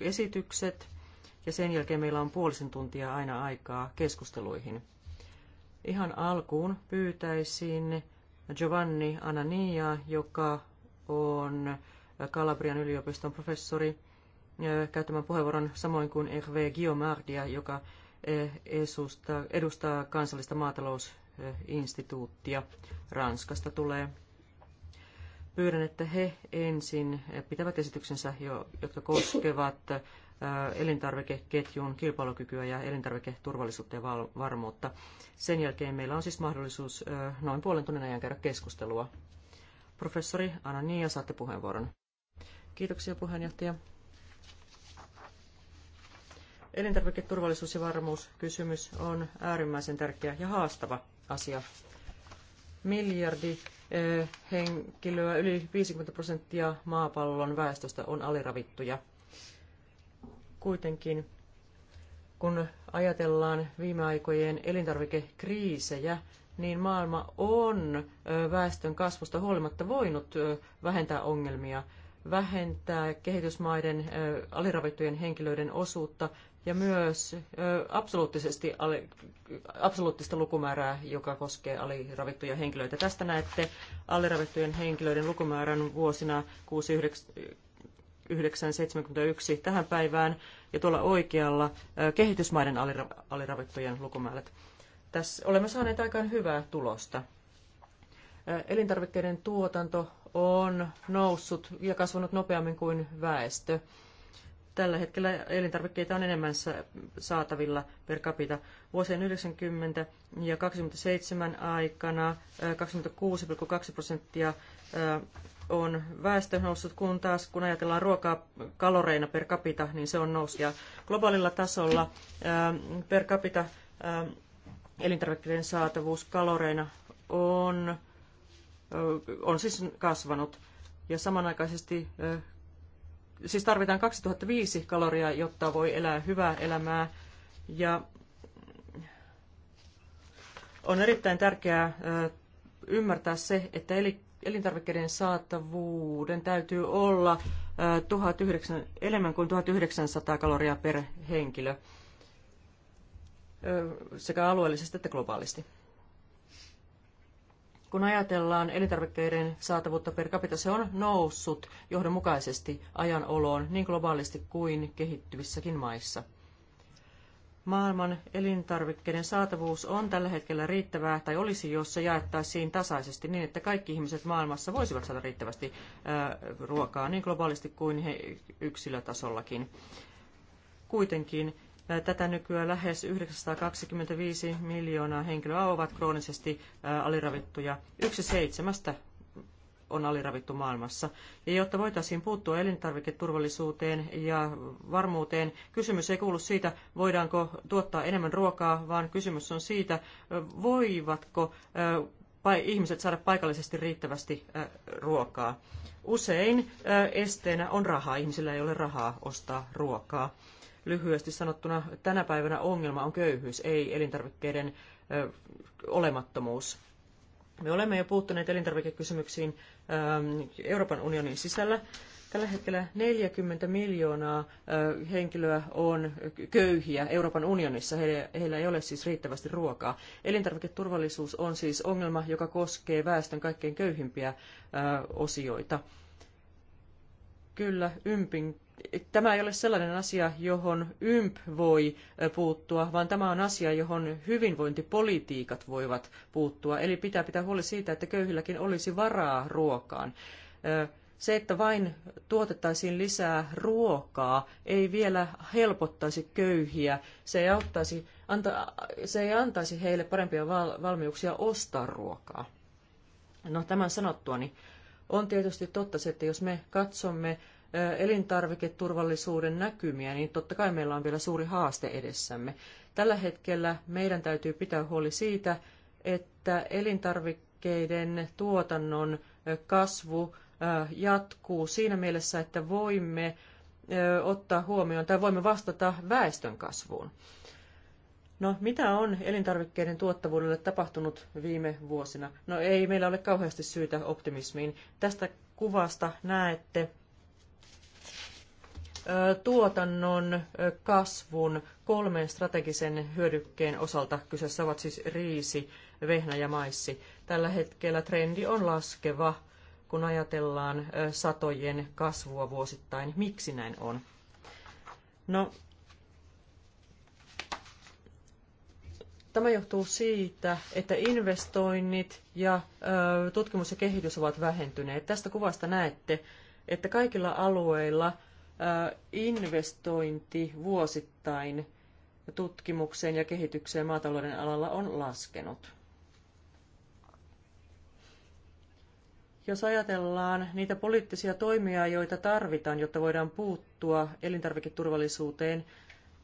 esitykset ja sen jälkeen meillä on puolisen tuntia aina aikaa keskusteluihin. Ihan alkuun pyytäisin Giovanni Anania, joka on Kalabrian yliopiston professori, käyttämään puheenvuoron, samoin kuin Hervé Guillaumardia, joka edustaa kansallista maatalousinstituuttia. Ranskasta tulee. Pyydän, että he ensin pitävät esityksensä, jotka koskevat elintarvikeketjun kilpailukykyä ja elintarviketurvallisuutta ja varmuutta. Sen jälkeen meillä on siis mahdollisuus noin puolen tunnin ajan käydä keskustelua. Professori Anna Niia, saatte puheenvuoron. Kiitoksia puheenjohtaja. Elintarviketurvallisuus- ja varmuuskysymys on äärimmäisen tärkeä ja haastava asia. Miljardi henkilöä, yli 50 prosenttia maapallon väestöstä on aliravittuja – Kuitenkin kun ajatellaan viime aikojen elintarvikekriisejä, niin maailma on väestön kasvusta huolimatta voinut vähentää ongelmia, vähentää kehitysmaiden aliravittujen henkilöiden osuutta ja myös absoluuttisesti, absoluuttista lukumäärää, joka koskee aliravittuja henkilöitä. Tästä näette aliravittujen henkilöiden lukumäärän vuosina 69, 971 tähän päivään ja tuolla oikealla kehitysmaiden aliravittujen lukumäärät. Tässä olemme saaneet aikaan hyvää tulosta. Elintarvikkeiden tuotanto on noussut ja kasvanut nopeammin kuin väestö. Tällä hetkellä elintarvikkeita on enemmän saatavilla per capita. Vuosien 90 ja 27 aikana 26,2 prosenttia on väestö noussut, kun taas kun ajatellaan ruokaa kaloreina per capita, niin se on noussut. Ja globaalilla tasolla ähm, per capita ähm, elintarvikkeiden saatavuus kaloreina on, äh, on siis kasvanut. Ja samanaikaisesti äh, siis tarvitaan 2005 kaloria, jotta voi elää hyvää elämää. Ja on erittäin tärkeää äh, ymmärtää se, että eli elintarvikkeiden saatavuuden täytyy olla 19, enemmän kuin 1900 kaloria per henkilö sekä alueellisesti että globaalisti. Kun ajatellaan elintarvikkeiden saatavuutta per capita, se on noussut johdonmukaisesti ajan oloon niin globaalisti kuin kehittyvissäkin maissa – Maailman elintarvikkeiden saatavuus on tällä hetkellä riittävää, tai olisi, jos se jaettaisiin tasaisesti niin, että kaikki ihmiset maailmassa voisivat saada riittävästi äh, ruokaa niin globaalisti kuin he yksilötasollakin. Kuitenkin äh, tätä nykyään lähes 925 miljoonaa henkilöä ovat kroonisesti äh, aliravittuja. Yksi seitsemästä on aliravittu maailmassa. Ja jotta voitaisiin puuttua elintarviketurvallisuuteen ja varmuuteen, kysymys ei kuulu siitä, voidaanko tuottaa enemmän ruokaa, vaan kysymys on siitä, voivatko ihmiset saada paikallisesti riittävästi ruokaa. Usein esteenä on rahaa. Ihmisillä ei ole rahaa ostaa ruokaa. Lyhyesti sanottuna tänä päivänä ongelma on köyhyys, ei elintarvikkeiden olemattomuus. Me olemme jo puuttuneet elintarvikekysymyksiin Ähm, Euroopan unionin sisällä. Tällä hetkellä 40 miljoonaa äh, henkilöä on köyhiä Euroopan unionissa. Heillä ei ole siis riittävästi ruokaa. Elintarviketurvallisuus on siis ongelma, joka koskee väestön kaikkein köyhimpiä äh, osioita kyllä ympin. Tämä ei ole sellainen asia, johon ymp voi puuttua, vaan tämä on asia, johon hyvinvointipolitiikat voivat puuttua. Eli pitää pitää huoli siitä, että köyhilläkin olisi varaa ruokaan. Se, että vain tuotettaisiin lisää ruokaa, ei vielä helpottaisi köyhiä. Se ei, auttaisi, anta, se ei antaisi heille parempia valmiuksia ostaa ruokaa. No tämän sanottuani. Niin on tietysti totta se, että jos me katsomme elintarviketurvallisuuden näkymiä, niin totta kai meillä on vielä suuri haaste edessämme. Tällä hetkellä meidän täytyy pitää huoli siitä, että elintarvikkeiden tuotannon kasvu jatkuu siinä mielessä, että voimme ottaa huomioon tai voimme vastata väestön kasvuun. No, mitä on elintarvikkeiden tuottavuudelle tapahtunut viime vuosina? No ei meillä ole kauheasti syytä optimismiin. Tästä kuvasta näette tuotannon kasvun kolmen strategisen hyödykkeen osalta. Kyseessä ovat siis riisi, vehnä ja maissi. Tällä hetkellä trendi on laskeva, kun ajatellaan satojen kasvua vuosittain. Miksi näin on? No, Tämä johtuu siitä, että investoinnit ja tutkimus ja kehitys ovat vähentyneet. Tästä kuvasta näette, että kaikilla alueilla investointi vuosittain tutkimukseen ja kehitykseen maatalouden alalla on laskenut. Jos ajatellaan niitä poliittisia toimia, joita tarvitaan, jotta voidaan puuttua elintarviketurvallisuuteen,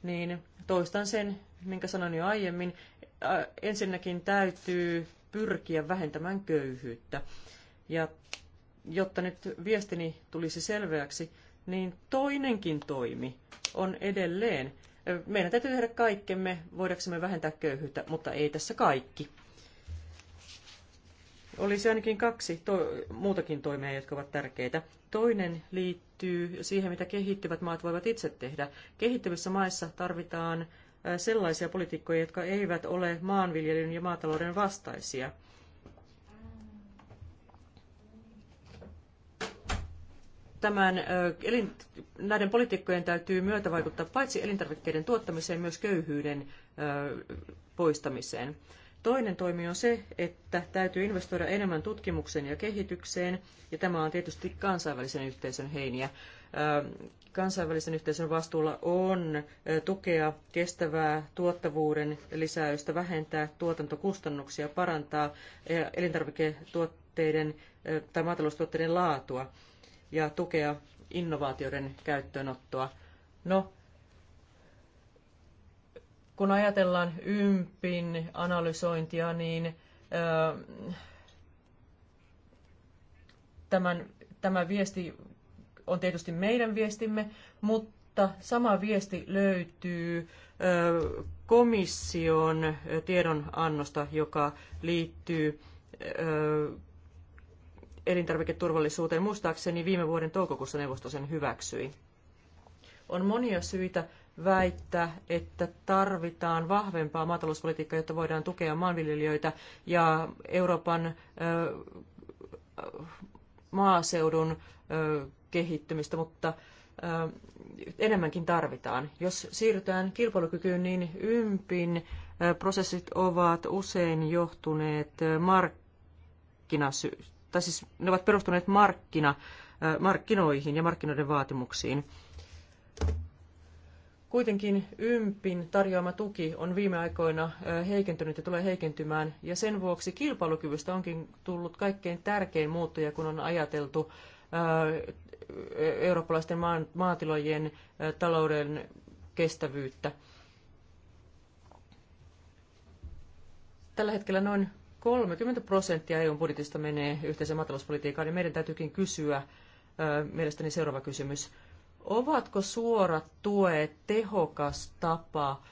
niin toistan sen, minkä sanoin jo aiemmin, Äh, ensinnäkin täytyy pyrkiä vähentämään köyhyyttä. Ja jotta nyt viestini tulisi selveäksi, niin toinenkin toimi on edelleen. Äh, meidän täytyy tehdä kaikkemme, voidaksemme vähentää köyhyyttä, mutta ei tässä kaikki. Olisi ainakin kaksi to- muutakin toimia, jotka ovat tärkeitä. Toinen liittyy siihen, mitä kehittyvät maat voivat itse tehdä. Kehittyvissä maissa tarvitaan sellaisia poliitikkoja, jotka eivät ole maanviljelyn ja maatalouden vastaisia. Tämän, näiden poliitikkojen täytyy myötävaikuttaa paitsi elintarvikkeiden tuottamiseen, myös köyhyyden poistamiseen. Toinen toimi on se, että täytyy investoida enemmän tutkimukseen ja kehitykseen, ja tämä on tietysti kansainvälisen yhteisön heiniä. Ähm, kansainvälisen yhteisön vastuulla on äh, tukea kestävää tuottavuuden lisäystä, vähentää tuotantokustannuksia, parantaa äh, elintarviketuotteiden äh, tai maataloustuotteiden laatua ja tukea innovaatioiden käyttöönottoa. No, kun ajatellaan ympin analysointia, niin tämän, tämä viesti on tietysti meidän viestimme, mutta sama viesti löytyy komission tiedonannosta, joka liittyy elintarviketurvallisuuteen. Muistaakseni viime vuoden toukokuussa neuvosto sen hyväksyi. On monia syitä väittää, että tarvitaan vahvempaa maatalouspolitiikkaa, jotta voidaan tukea maanviljelijöitä ja Euroopan maaseudun kehittymistä, mutta enemmänkin tarvitaan. Jos siirrytään kilpailukykyyn, niin ympin prosessit ovat usein johtuneet markkinasy- tai siis ne ovat perustuneet markkina, markkinoihin ja markkinoiden vaatimuksiin. Kuitenkin ympin tarjoama tuki on viime aikoina heikentynyt ja tulee heikentymään, ja sen vuoksi kilpailukyvystä onkin tullut kaikkein tärkein muuttuja, kun on ajateltu E- eurooppalaisten maatilojen e- talouden kestävyyttä. Tällä hetkellä noin 30 prosenttia EUn budjetista menee yhteisen maatalouspolitiikkaan, niin meidän täytyykin kysyä e- mielestäni seuraava kysymys. Ovatko suorat tuet tehokas tapa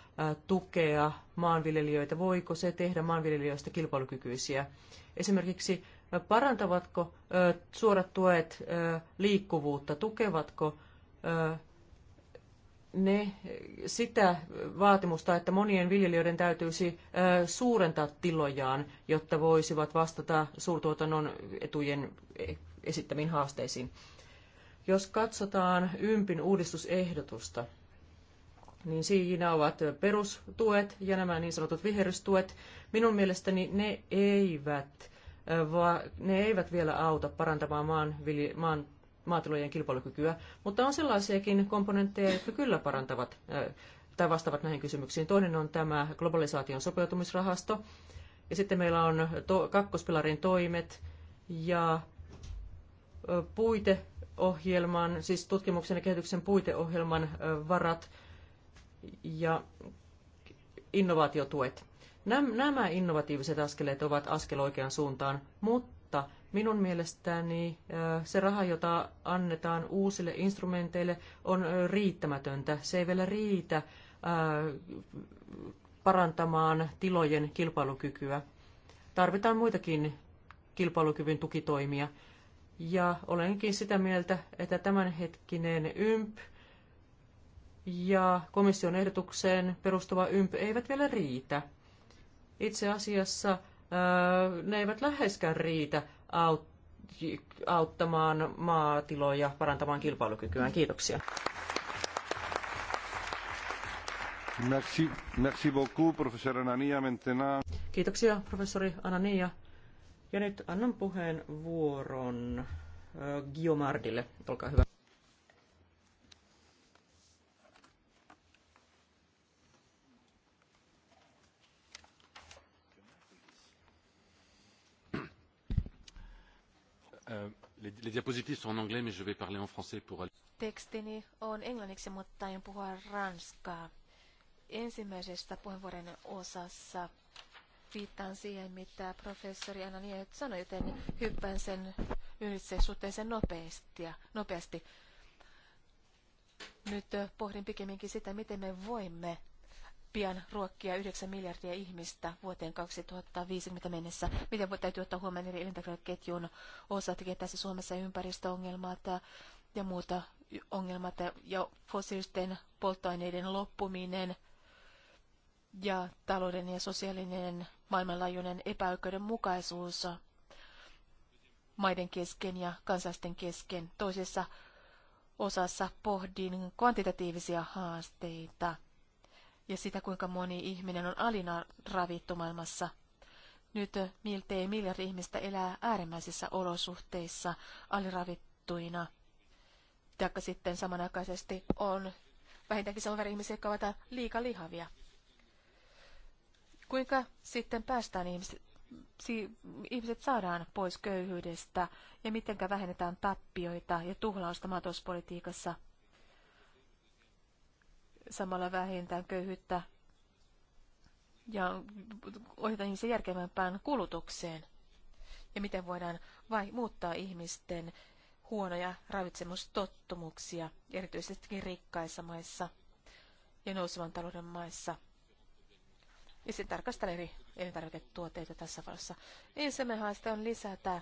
tukea maanviljelijöitä? Voiko se tehdä maanviljelijöistä kilpailukykyisiä? Esimerkiksi Parantavatko suorat tuet liikkuvuutta? Tukevatko ne sitä vaatimusta, että monien viljelijöiden täytyisi suurentaa tilojaan, jotta voisivat vastata suurtuotannon etujen e, esittämiin haasteisiin. Jos katsotaan ympin uudistusehdotusta, niin siinä ovat perustuet ja nämä niin sanotut viherystuet. Minun mielestäni ne eivät vaan ne eivät vielä auta parantamaan maan, maan maatilojen kilpailukykyä, mutta on sellaisiakin komponentteja, jotka kyllä parantavat tai vastaavat näihin kysymyksiin. Toinen on tämä globalisaation sopeutumisrahasto, ja sitten meillä on to, kakkospilarin toimet ja puiteohjelman, siis tutkimuksen ja kehityksen puiteohjelman varat ja innovaatiotuet. Nämä innovatiiviset askeleet ovat askel oikeaan suuntaan, mutta minun mielestäni äh, se raha, jota annetaan uusille instrumenteille, on äh, riittämätöntä. Se ei vielä riitä äh, parantamaan tilojen kilpailukykyä. Tarvitaan muitakin kilpailukyvyn tukitoimia. Ja olenkin sitä mieltä, että tämänhetkinen YMP ja komission ehdotukseen perustuva YMP eivät vielä riitä. Itse asiassa äh, ne eivät läheskään riitä auttamaan maatiloja parantamaan kilpailukykyään. Kiitoksia. Merci, merci beaucoup, Anania Kiitoksia, professori Anania. Ja nyt annan puheen vuoron äh, Giomardille. Olkaa hyvä. Tekstini on englanniksi, mutta aion puhua ranskaa. Ensimmäisestä puheenvuoron osassa viittaan siihen, mitä professori Anna Niet sanoi, joten hyppään sen ylitse suhteellisen nopeasti. Ja nopeasti. Nyt pohdin pikemminkin sitä, miten me voimme pian ruokkia 9 miljardia ihmistä vuoteen 2050 mennessä. Miten voi täytyy ottaa huomioon eri elintarvikeketjun osatekijät tässä Suomessa ympäristöongelmat ja muuta ongelmat ja fossiilisten polttoaineiden loppuminen ja talouden ja sosiaalinen maailmanlaajuinen epäoikeudenmukaisuus maiden kesken ja kansalaisten kesken. Toisessa osassa pohdin kvantitatiivisia haasteita – ja sitä, kuinka moni ihminen on ravittu maailmassa. Nyt miltei miljardi ihmistä elää äärimmäisissä olosuhteissa aliravittuina. Taikka sitten samanaikaisesti on vähintäänkin saman verran ihmisiä, jotka ovat lihavia. Kuinka sitten päästään ihmiset, si, ihmiset saadaan pois köyhyydestä ja mitenkä vähennetään tappioita ja tuhlausta maatalouspolitiikassa – samalla vähintään köyhyyttä ja ohjata ihmisiä järkevämpään kulutukseen. Ja miten voidaan vai muuttaa ihmisten huonoja ravitsemustottumuksia, erityisesti rikkaissa maissa ja nousevan talouden maissa. Ja sitten tarkastella eri elintarviketuotteita tässä vaiheessa. Ensimmäinen haaste on lisätä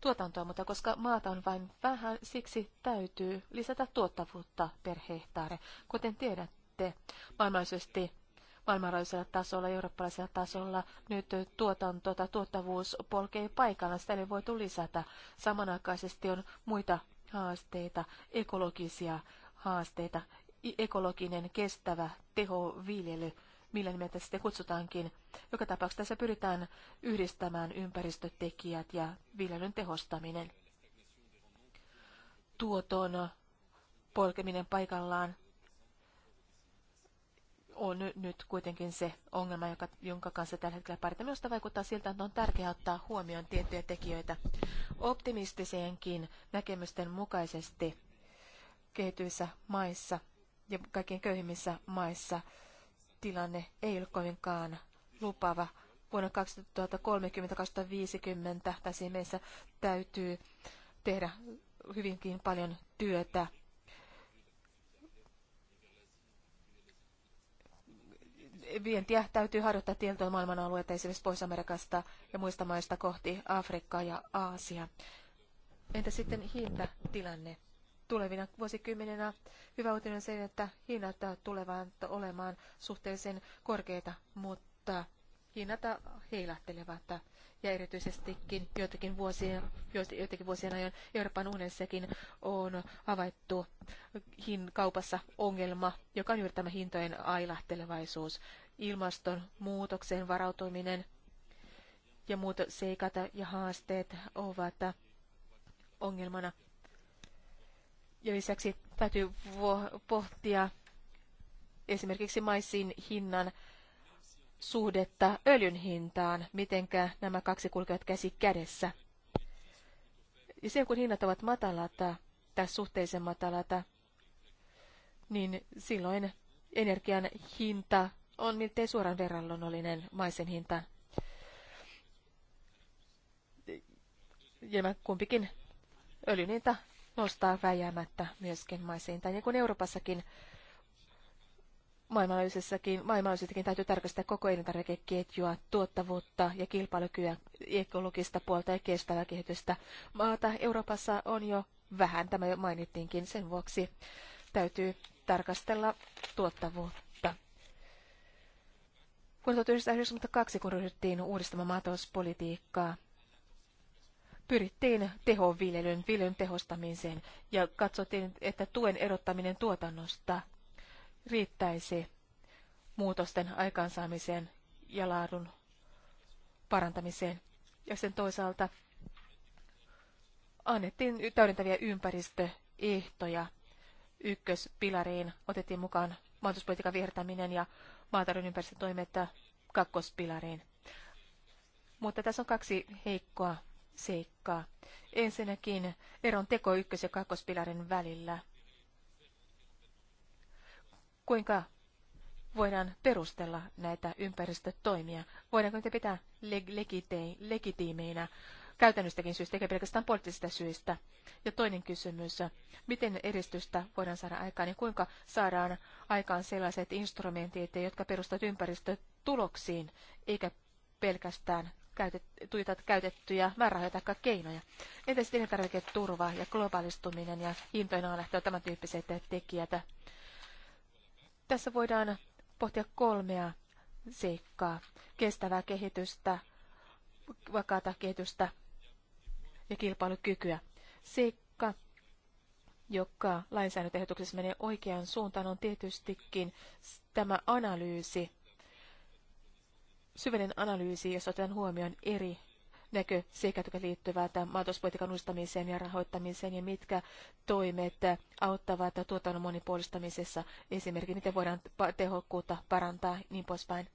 tuotantoa, mutta koska maata on vain vähän, siksi täytyy lisätä tuottavuutta per hehtaare. Kuten tiedät, sitten maailmanlaajuisesti maailmanlaajuisella tasolla, eurooppalaisella tasolla nyt tuotanto tai tuottavuus polkee paikallaan, sitä ei voitu lisätä. Samanaikaisesti on muita haasteita, ekologisia haasteita, ekologinen, kestävä, tehoviljely, millä nimeltä sitten kutsutaankin. Joka tapauksessa tässä pyritään yhdistämään ympäristötekijät ja viljelyn tehostaminen. Tuoton polkeminen paikallaan on nyt kuitenkin se ongelma, joka, jonka kanssa tällä hetkellä pärjätään. Minusta vaikuttaa siltä, että on tärkeää ottaa huomioon tiettyjä tekijöitä. Optimistisienkin näkemysten mukaisesti kehityissä maissa ja kaikkein köyhimmissä maissa tilanne ei ole kovinkaan lupava. Vuonna 2030-2050 tai meissä täytyy tehdä hyvinkin paljon työtä vientiä täytyy harjoittaa tietoa maailman alueita, esimerkiksi Pohjois-Amerikasta ja muista maista kohti Afrikkaa ja Aasia. Entä sitten hintatilanne? Tulevina vuosikymmeninä hyvä uutinen on se, että hinnat tulevat olemaan suhteellisen korkeita, mutta hinnat heilahtelevat ja erityisestikin joitakin vuosien, joitakin vuosien ajan Euroopan unessakin on havaittu hin kaupassa ongelma, joka on juuri tämä hintojen ailahtelevaisuus ilmastonmuutokseen varautuminen ja muut seikat ja haasteet ovat ongelmana. Ja lisäksi täytyy pohtia esimerkiksi maissin hinnan suhdetta öljyn hintaan, mitenkä nämä kaksi kulkevat käsi kädessä. Ja silloin kun hinnat ovat matalata tai suhteellisen matalata, niin silloin energian hinta on miltei suoraan verrannollinen maisen hinta. Ja kumpikin öljyn hinta nostaa väjäämättä myöskin maisen hintaa, niin kuin Euroopassakin maailmanlaajuisessakin, maailmanlaajuisestikin täytyy tarkastaa koko elintarvikeketjua, tuottavuutta ja kilpailukykyä, ekologista puolta ja kestävää kehitystä. Maata Euroopassa on jo vähän, tämä jo mainittiinkin, sen vuoksi täytyy tarkastella tuottavuutta Vuonna 1992, kun ryhdyttiin uudistamaan maatalouspolitiikkaa, pyrittiin tehoviljelyn, viljelyn tehostamiseen ja katsottiin, että tuen erottaminen tuotannosta riittäisi muutosten aikaansaamiseen ja laadun parantamiseen. Ja sen toisaalta annettiin täydentäviä ympäristöehtoja ykköspilariin, otettiin mukaan maatalouspolitiikan vihertäminen ja maatalouden ympäristötoimetta kakkospilariin. Mutta tässä on kaksi heikkoa seikkaa. Ensinnäkin eron teko ykkös- ja kakkospilarin välillä. Kuinka voidaan perustella näitä ympäristötoimia? Voidaanko niitä pitää leg- legitiimeinä käytännöstäkin syystä, eikä pelkästään poliittisista syistä. Ja toinen kysymys, miten edistystä voidaan saada aikaan ja kuinka saadaan aikaan sellaiset instrumentit, jotka perustuvat ympäristötuloksiin, eikä pelkästään käytet, käytettyjä määrärahoja tai keinoja. sitten elintarviketurva ja globaalistuminen ja hintoina lähtö tämän tyyppiset tekijät. Tässä voidaan pohtia kolmea seikkaa. Kestävää kehitystä, vakaata kehitystä ja kilpailukykyä. Seikka, joka lainsäädäntöehdotuksessa menee oikeaan suuntaan, on tietystikin tämä analyysi, syvällinen analyysi, jossa otetaan huomioon eri näkö sekä jotka liittyvät maatalouspolitiikan uudistamiseen ja rahoittamiseen ja mitkä toimet auttavat tuotannon monipuolistamisessa, esimerkiksi miten voidaan tehokkuutta parantaa niin poispäin.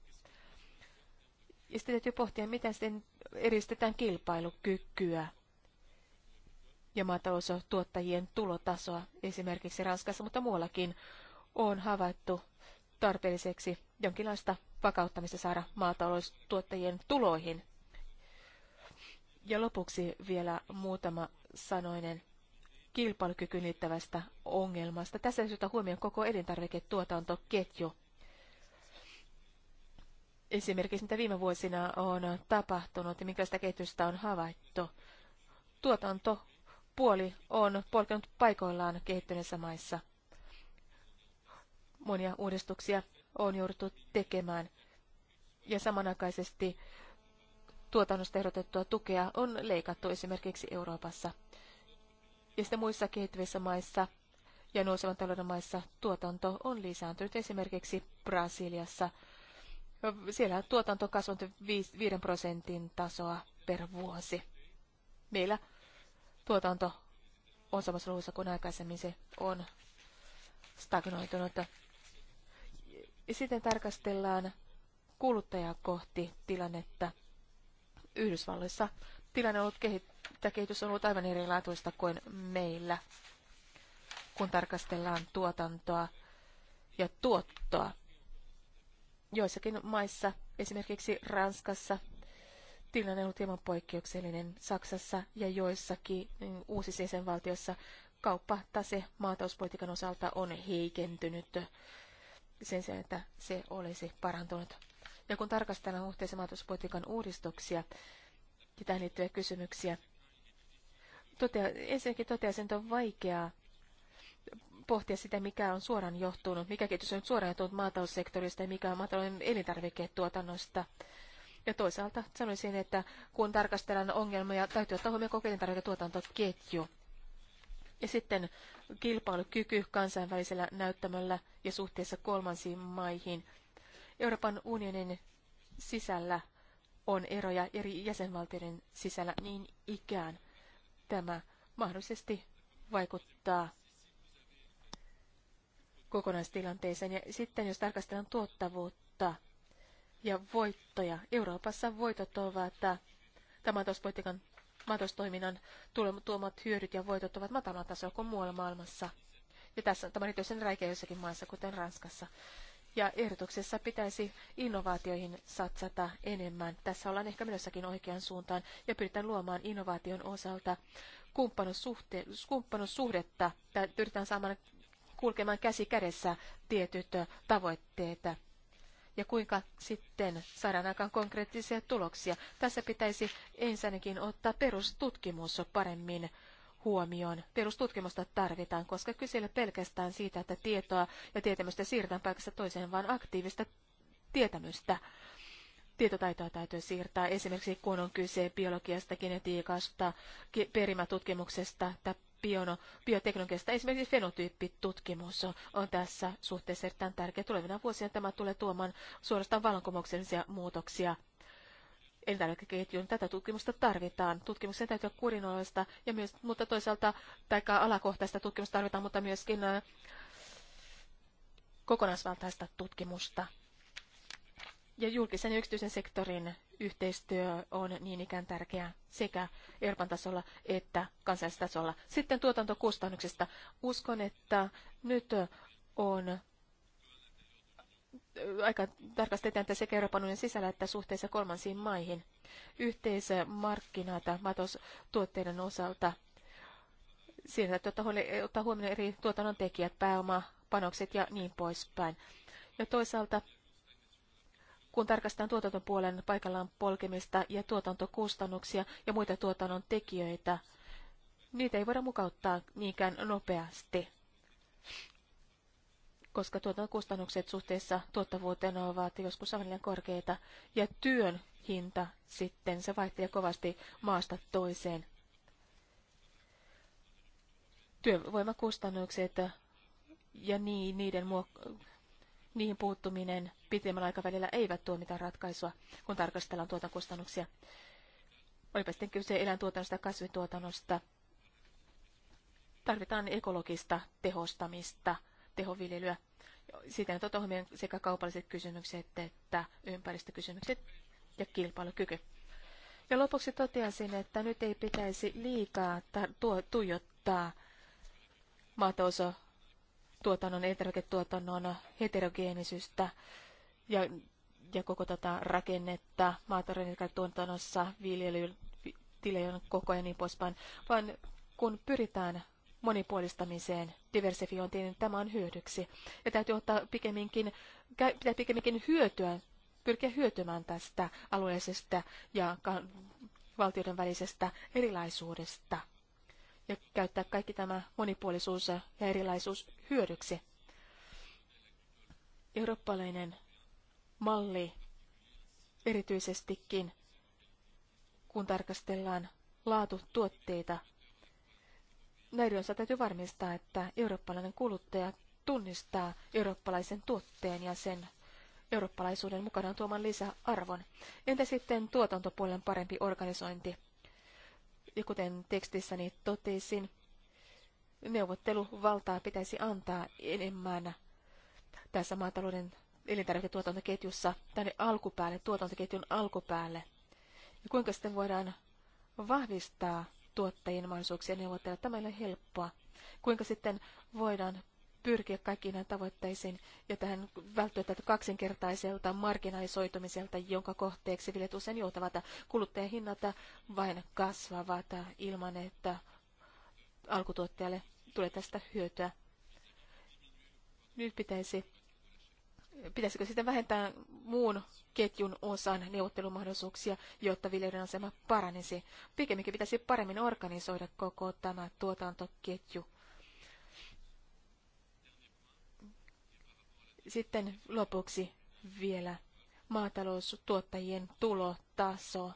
Ja sitten täytyy pohtia, miten sitten edistetään kilpailukykyä ja maataloustuottajien tulotasoa esimerkiksi Ranskassa, mutta muuallakin on havaittu tarpeelliseksi jonkinlaista vakauttamista saada maataloustuottajien tuloihin. Ja lopuksi vielä muutama sanoinen kilpailukykyyn liittävästä ongelmasta. Tässä syytä huomioon koko elintarviketuotantoketju. Esimerkiksi mitä viime vuosina on tapahtunut ja minkälaista kehitystä on havaittu. Tuotanto puoli on polkenut paikoillaan kehittyneissä maissa. Monia uudistuksia on jouduttu tekemään ja samanaikaisesti tuotannosta ehdotettua tukea on leikattu esimerkiksi Euroopassa. Ja sitten muissa kehittyvissä maissa ja nousevan talouden maissa tuotanto on lisääntynyt esimerkiksi Brasiliassa. Siellä tuotanto on kasvanut 5 prosentin tasoa per vuosi. Meillä tuotanto on samassa luvussa kuin aikaisemmin se on stagnoitunut. Sitten tarkastellaan kuluttajaa kohti tilannetta. Yhdysvalloissa tilanne on ollut kehittä, kehitys on ollut aivan erilaatuista kuin meillä, kun tarkastellaan tuotantoa ja tuottoa. Joissakin maissa, esimerkiksi Ranskassa, tilanne on ollut hieman poikkeuksellinen. Saksassa ja joissakin mm, uusissa jäsenvaltioissa kauppatase maatalouspolitiikan osalta on heikentynyt sen sijaan, että se olisi parantunut. Ja kun tarkastellaan yhteisen maatalouspolitiikan uudistuksia ja tähän liittyviä kysymyksiä, totea, ensinnäkin toteaisin, että on vaikeaa pohtia sitä, mikä on suoraan johtunut, mikä kehitys on suoraan johtunut maataloussektorista ja mikä on maatalouden elintarviketuotannosta. Ja toisaalta sanoisin, että kun tarkastellaan ongelmia, täytyy ottaa huomioon kokeilin tuotantoketju. Ja sitten kilpailukyky kansainvälisellä näyttämällä ja suhteessa kolmansiin maihin. Euroopan unionin sisällä on eroja eri jäsenvaltioiden sisällä niin ikään. Tämä mahdollisesti vaikuttaa kokonaistilanteeseen. Ja sitten jos tarkastellaan tuottavuutta, ja voittoja. Euroopassa voitot ovat äh, maatalouspolitiikan maataloustoiminnan tuomat hyödyt ja voitot ovat matalalla tasolla kuin muualla maailmassa. Ja tässä tämä on erityisen räikeä jossakin maassa, kuten Ranskassa. Ja ehdotuksessa pitäisi innovaatioihin satsata enemmän. Tässä ollaan ehkä menossakin oikeaan suuntaan ja pyritään luomaan innovaation osalta kumppanussuhdetta. Tai pyritään saamaan kulkemaan käsi kädessä tietyt tavoitteet ja kuinka sitten saadaan aikaan konkreettisia tuloksia. Tässä pitäisi ensinnäkin ottaa perustutkimus paremmin huomioon. Perustutkimusta tarvitaan, koska kyse pelkästään siitä, että tietoa ja tietämystä siirretään paikasta toiseen, vaan aktiivista tietämystä. Tietotaitoa täytyy siirtää esimerkiksi kun on kyse biologiasta, genetiikasta, perimätutkimuksesta tai biono, bioteknologiasta. Esimerkiksi fenotyyppitutkimus on tässä suhteessa erittäin tärkeä. Tulevina vuosina tämä tulee tuomaan suorastaan vallankumouksellisia muutoksia elintarvikeketjun. Tätä tutkimusta tarvitaan. Tutkimuksen täytyy olla kurinalaista, ja myös, mutta toisaalta taikka alakohtaista tutkimusta tarvitaan, mutta myöskin äh, kokonaisvaltaista tutkimusta. Ja julkisen ja yksityisen sektorin yhteistyö on niin ikään tärkeää sekä Euroopan tasolla että kansallistasolla. Sitten tuotantokustannuksista. Uskon, että nyt on aika tarkasti että sekä Euroopan unionin sisällä että suhteessa kolmansiin maihin. Yhteismarkkinoita matostuotteiden osalta. Siinä täytyy ottaa huomioon eri tuotannon tekijät, pääoma, panokset ja niin poispäin. Ja toisaalta kun tarkastetaan tuotantopuolen paikallaan polkemista ja tuotantokustannuksia ja muita tuotannon tekijöitä, niitä ei voida mukauttaa niinkään nopeasti, koska tuotantokustannukset suhteessa tuottavuuteen ovat joskus aivan liian korkeita, ja työn hinta sitten, se vaihtelee kovasti maasta toiseen. Työvoimakustannukset ja niin, niiden muok- niihin puuttuminen pitemmällä aikavälillä eivät tuo mitään ratkaisua, kun tarkastellaan tuotantokustannuksia. Olipa sitten kyse eläintuotannosta ja kasvintuotannosta. Tarvitaan ekologista tehostamista, tehoviljelyä. Siten otetaan sekä kaupalliset kysymykset että ympäristökysymykset ja kilpailukyky. Ja lopuksi toteaisin, että nyt ei pitäisi liikaa tuijottaa maatalousohjelmaa tuotannon, elintarviketuotannon heterogeenisyystä ja, ja koko tätä rakennetta maataloudentuotannossa, viljelyn, tilejen koko ja niin poispäin, vaan kun pyritään monipuolistamiseen, diversifiointiin, niin tämä on hyödyksi. Ja täytyy ottaa pikemminkin, pitää pikemminkin hyötyä, pyrkiä hyötymään tästä alueellisesta ja valtioiden välisestä erilaisuudesta – ja käyttää kaikki tämä monipuolisuus ja erilaisuus hyödyksi. Eurooppalainen malli erityisestikin, kun tarkastellaan laatutuotteita, näiden osa täytyy varmistaa, että eurooppalainen kuluttaja tunnistaa eurooppalaisen tuotteen ja sen eurooppalaisuuden mukanaan tuoman lisäarvon. Entä sitten tuotantopuolen parempi organisointi? Ja kuten tekstissäni totesin, neuvotteluvaltaa pitäisi antaa enemmän tässä maatalouden elintarviketuotantoketjussa tänne alkupäälle, tuotantoketjun alkupäälle. Ja kuinka sitten voidaan vahvistaa tuottajien mahdollisuuksia neuvotella? Tämä ei ole helppoa. Kuinka sitten voidaan pyrkiä kaikkiin näihin tavoitteisiin ja tähän välttyä tätä kaksinkertaiselta marginalisoitumiselta, jonka kohteeksi viljet usein joutavat Kuluttajahinnat vain kasvavat ilman, että alkutuottajalle tulee tästä hyötyä. Nyt pitäisi, pitäisikö sitten vähentää muun ketjun osan neuvottelumahdollisuuksia, jotta viljelijän asema paranisi. Pikemminkin pitäisi paremmin organisoida koko tämä tuotantoketju Sitten lopuksi vielä maataloustuottajien tulotaso.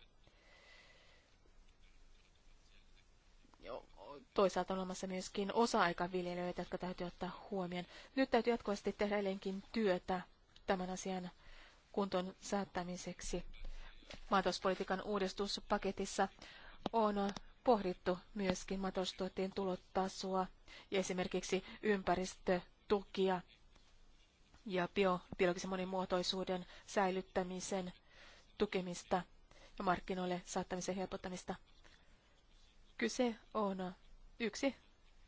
Toisaalta on olemassa myöskin osa-aikaviljelijöitä, jotka täytyy ottaa huomioon. Nyt täytyy jatkuvasti tehdä edelleenkin työtä tämän asian kuntoon saattamiseksi. Maatalouspolitiikan uudistuspaketissa on pohdittu myöskin maataloustuottajien tulotasoa ja esimerkiksi ympäristötukia ja bio, biologisen monimuotoisuuden säilyttämisen tukemista ja markkinoille saattamisen helpottamista. Kyse on yksi.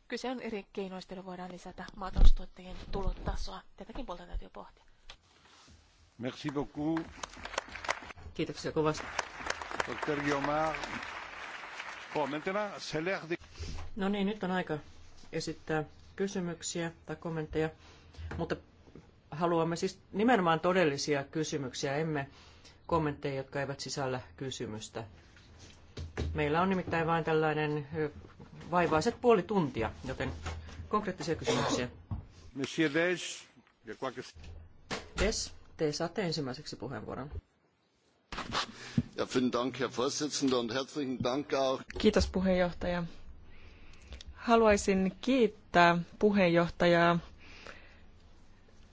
Kyse on eri keinoista, joilla voidaan lisätä maataloustuottajien tulotasoa. Tätäkin puolta täytyy pohtia. Merci beaucoup. Kiitoksia kovasti. Dr. Guillaume. Bon, maintenant, c'est de... No niin, nyt on aika esittää kysymyksiä tai kommentteja, mutta haluamme siis nimenomaan todellisia kysymyksiä, emme kommentteja, jotka eivät sisällä kysymystä. Meillä on nimittäin vain tällainen vaivaiset puoli tuntia, joten konkreettisia kysymyksiä. Monsieur Des, Des, te saatte ensimmäiseksi puheenvuoron. Ja, Dank, Herr und Dank auch. Kiitos puheenjohtaja. Haluaisin kiittää puheenjohtajaa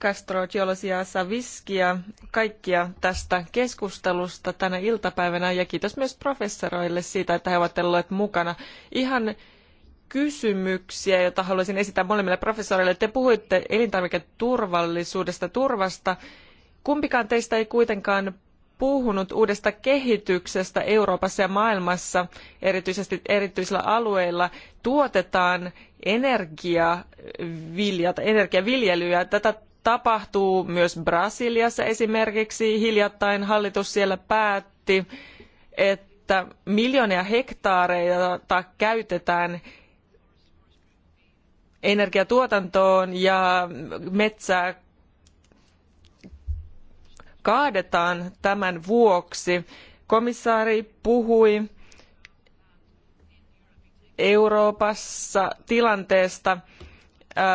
Castro, Giolosia, Saviskia, kaikkia tästä keskustelusta tänä iltapäivänä ja kiitos myös professoreille siitä, että he ovat olleet mukana. Ihan kysymyksiä, joita haluaisin esittää molemmille professoreille. Te puhuitte elintarviketurvallisuudesta, turvasta. Kumpikaan teistä ei kuitenkaan puhunut uudesta kehityksestä Euroopassa ja maailmassa, erityisesti erityisillä alueilla. Tuotetaan energiaviljata, energiaviljelyä. Tätä tapahtuu myös Brasiliassa esimerkiksi. Hiljattain hallitus siellä päätti, että miljoonia hektaareita käytetään energiatuotantoon ja metsää kaadetaan tämän vuoksi. Komissaari puhui Euroopassa tilanteesta,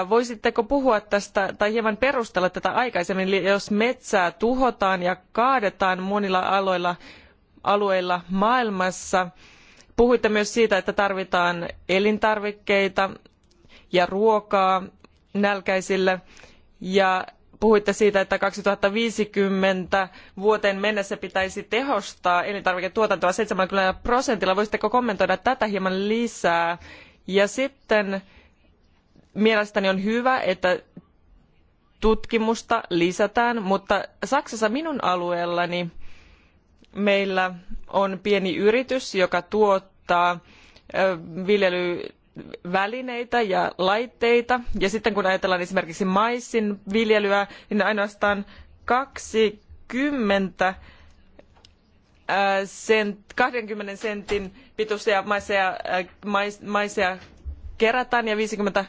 Voisitteko puhua tästä tai hieman perustella tätä aikaisemmin, eli jos metsää tuhotaan ja kaadetaan monilla aloilla, alueilla maailmassa? Puhuitte myös siitä, että tarvitaan elintarvikkeita ja ruokaa nälkäisille ja puhuitte siitä, että 2050 vuoteen mennessä pitäisi tehostaa elintarviketuotantoa 70 prosentilla. Voisitteko kommentoida tätä hieman lisää? Ja sitten mielestäni on hyvä, että tutkimusta lisätään, mutta Saksassa minun alueellani meillä on pieni yritys, joka tuottaa viljelyvälineitä ja laitteita. Ja sitten kun ajatellaan esimerkiksi maissin viljelyä, niin ainoastaan 20 sent, sentin pituisia maiseja, kerätään ja 50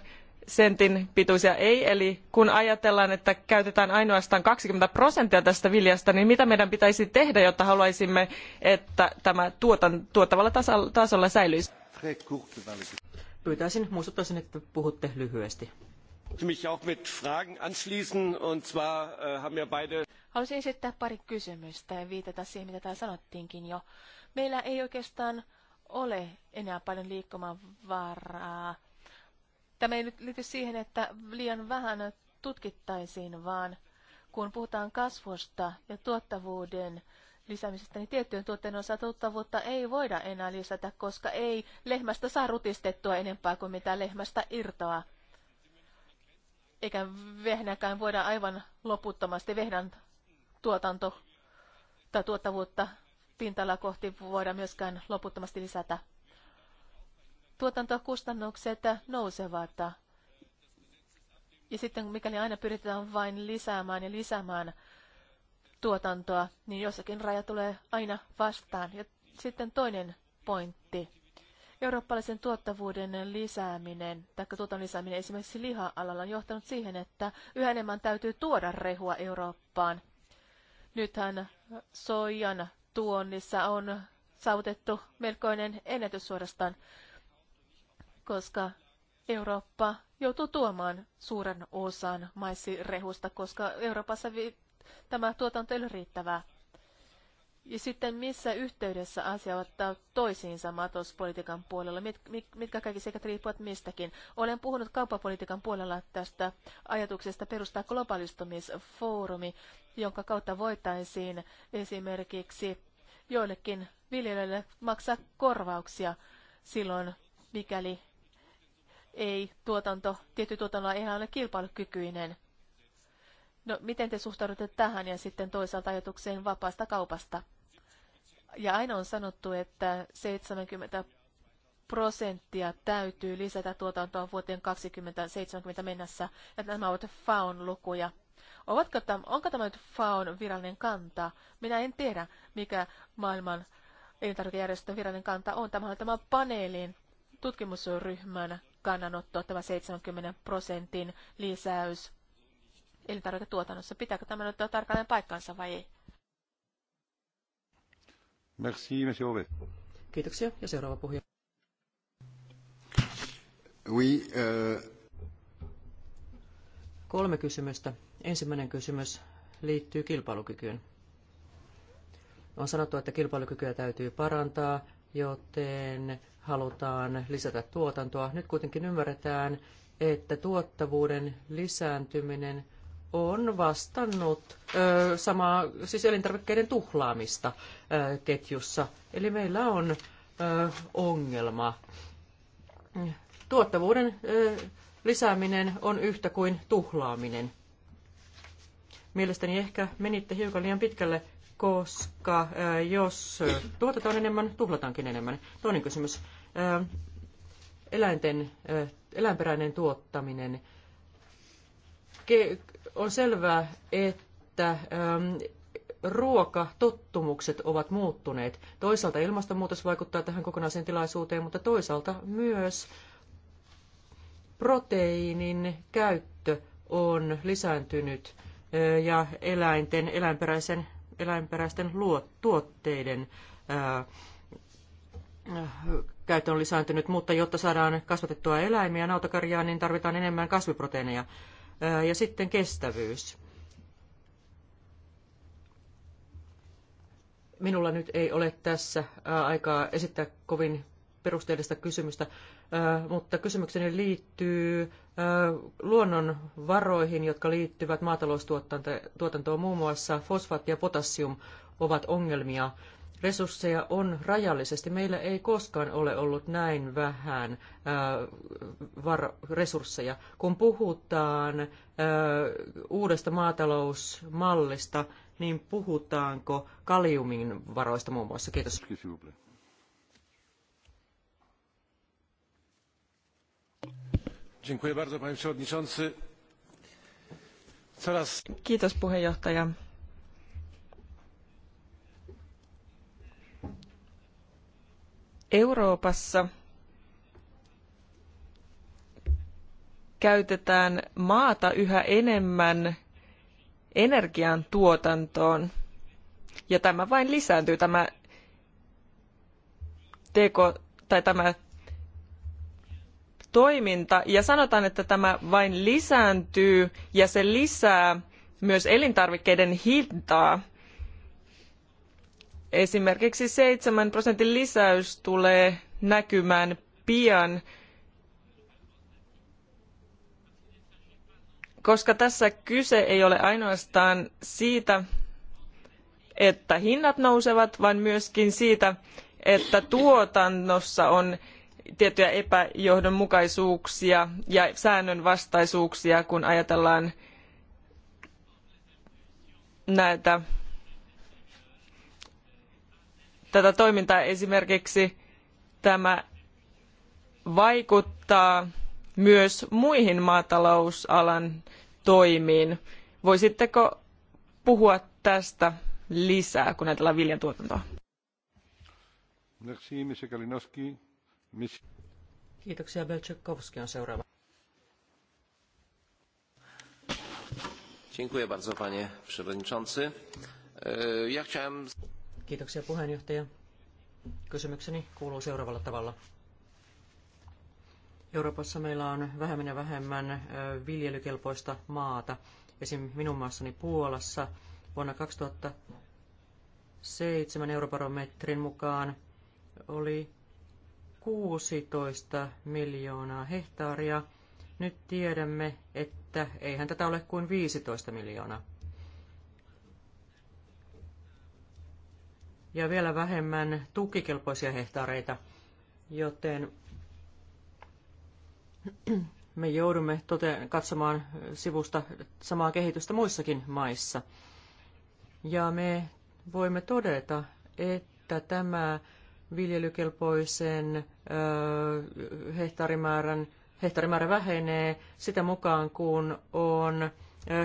sentin pituisia ei. Eli kun ajatellaan, että käytetään ainoastaan 20 prosenttia tästä viljasta, niin mitä meidän pitäisi tehdä, jotta haluaisimme, että tämä tuotan, tuottavalla tasolla säilyisi? Pyytäisin, muistuttaisin, että puhutte lyhyesti. Äh, Haluaisin esittää pari kysymystä ja viitata siihen, mitä täällä sanottiinkin jo. Meillä ei oikeastaan ole enää paljon liikkumavaraa Tämä ei liity siihen, että liian vähän tutkittaisiin, vaan kun puhutaan kasvusta ja tuottavuuden lisäämisestä, niin tiettyjen tuotteiden osa tuottavuutta ei voida enää lisätä, koska ei lehmästä saa rutistettua enempää kuin mitä lehmästä irtoaa. Eikä vehnäkään voida aivan loputtomasti vehnän tuotanto tai tuottavuutta pintalla kohti voida myöskään loputtomasti lisätä tuotantokustannukset nousevat. Ja sitten mikäli aina pyritään vain lisäämään ja lisäämään tuotantoa, niin jossakin raja tulee aina vastaan. Ja sitten toinen pointti. Eurooppalaisen tuottavuuden lisääminen, tai tuotannon lisääminen esimerkiksi liha-alalla on johtanut siihen, että yhä enemmän täytyy tuoda rehua Eurooppaan. Nythän soijan tuonnissa on saavutettu melkoinen ennätys suorastaan koska Eurooppa joutuu tuomaan suuren osan maissirehusta, koska Euroopassa vi- tämä tuotanto ei ole riittävää. Ja sitten missä yhteydessä asia ottaa toisiinsa maatalouspolitiikan puolella, mit, mit, mitkä kaikki sekä riippuvat mistäkin. Olen puhunut kauppapolitiikan puolella tästä ajatuksesta perustaa globalistumisfoorumi, jonka kautta voitaisiin esimerkiksi joillekin viljelijöille maksaa korvauksia silloin, mikäli ei tuotanto, tietty tuotanto ei ole kilpailukykyinen. No, miten te suhtaudutte tähän ja sitten toisaalta ajatukseen vapaasta kaupasta? Ja aina on sanottu, että 70 prosenttia täytyy lisätä tuotantoa vuoteen 2070 mennessä, ja nämä ovat faun lukuja. Ovatko tam, onko tämä nyt FAON virallinen kanta? Minä en tiedä, mikä maailman elintarvikejärjestön virallinen kanta on. Tämä on tämän paneelin tutkimusryhmän Kannanotto tämä 70 prosentin lisäys elintarviketuotannossa. Pitääkö tämä nyt tarkalleen paikkansa vai ei? Merci, monsieur Ove. Kiitoksia. Ja seuraava puhuja. Oui, uh... Kolme kysymystä. Ensimmäinen kysymys liittyy kilpailukykyyn. On sanottu, että kilpailukykyä täytyy parantaa, joten halutaan lisätä tuotantoa. Nyt kuitenkin ymmärretään, että tuottavuuden lisääntyminen on vastannut ö, samaa, siis elintarvikkeiden tuhlaamista ö, ketjussa. Eli meillä on ö, ongelma. Tuottavuuden ö, lisääminen on yhtä kuin tuhlaaminen. Mielestäni ehkä menitte hiukan liian pitkälle, koska ö, jos tuotetaan enemmän, tuhlataankin enemmän. Toinen kysymys eläinten, eläinperäinen tuottaminen. On selvää, että ruokatottumukset ovat muuttuneet. Toisaalta ilmastonmuutos vaikuttaa tähän kokonaiseen tilaisuuteen, mutta toisaalta myös proteiinin käyttö on lisääntynyt ja eläinten, eläinperäisen, eläinperäisten luot, tuotteiden ää, käyttö on lisääntynyt, mutta jotta saadaan kasvatettua eläimiä nautakarjaa, niin tarvitaan enemmän kasviproteiineja. Ja sitten kestävyys. Minulla nyt ei ole tässä aikaa esittää kovin perusteellista kysymystä, mutta kysymykseni liittyy luonnonvaroihin, jotka liittyvät maataloustuotantoon. Muun muassa fosfaatti ja potassium ovat ongelmia Resursseja on rajallisesti. Meillä ei koskaan ole ollut näin vähän resursseja. Kun puhutaan uudesta maatalousmallista, niin puhutaanko kaliumin varoista muun muassa? Kiitos. Kiitos puheenjohtaja. Euroopassa käytetään maata yhä enemmän energian tuotantoon. Ja tämä vain lisääntyy, tämä teko tai tämä toiminta. Ja sanotaan, että tämä vain lisääntyy ja se lisää myös elintarvikkeiden hintaa Esimerkiksi 7 prosentin lisäys tulee näkymään pian, koska tässä kyse ei ole ainoastaan siitä, että hinnat nousevat, vaan myöskin siitä, että tuotannossa on tiettyjä epäjohdonmukaisuuksia ja säännönvastaisuuksia, kun ajatellaan näitä tätä toimintaa. Esimerkiksi tämä vaikuttaa myös muihin maatalousalan toimiin. Voisitteko puhua tästä lisää, kun ajatellaan viljantuotantoa? Merci, Mr. Kalinowski. Miss... Kiitoksia, Belczykowski on seuraava. Dziękuję bardzo, panie przewodniczący. E, ja chciałem... Kiitoksia puheenjohtaja. Kysymykseni kuuluu seuraavalla tavalla. Euroopassa meillä on vähemmän ja vähemmän viljelykelpoista maata. Esimerkiksi minun maassani Puolassa vuonna 2007 eurobarometrin mukaan oli 16 miljoonaa hehtaaria. Nyt tiedämme, että eihän tätä ole kuin 15 miljoonaa. ja vielä vähemmän tukikelpoisia hehtaareita, joten me joudumme tote- katsomaan sivusta samaa kehitystä muissakin maissa. Ja me voimme todeta, että tämä viljelykelpoisen ö, hehtaarimäärän hehtaarimäärä vähenee sitä mukaan, kun on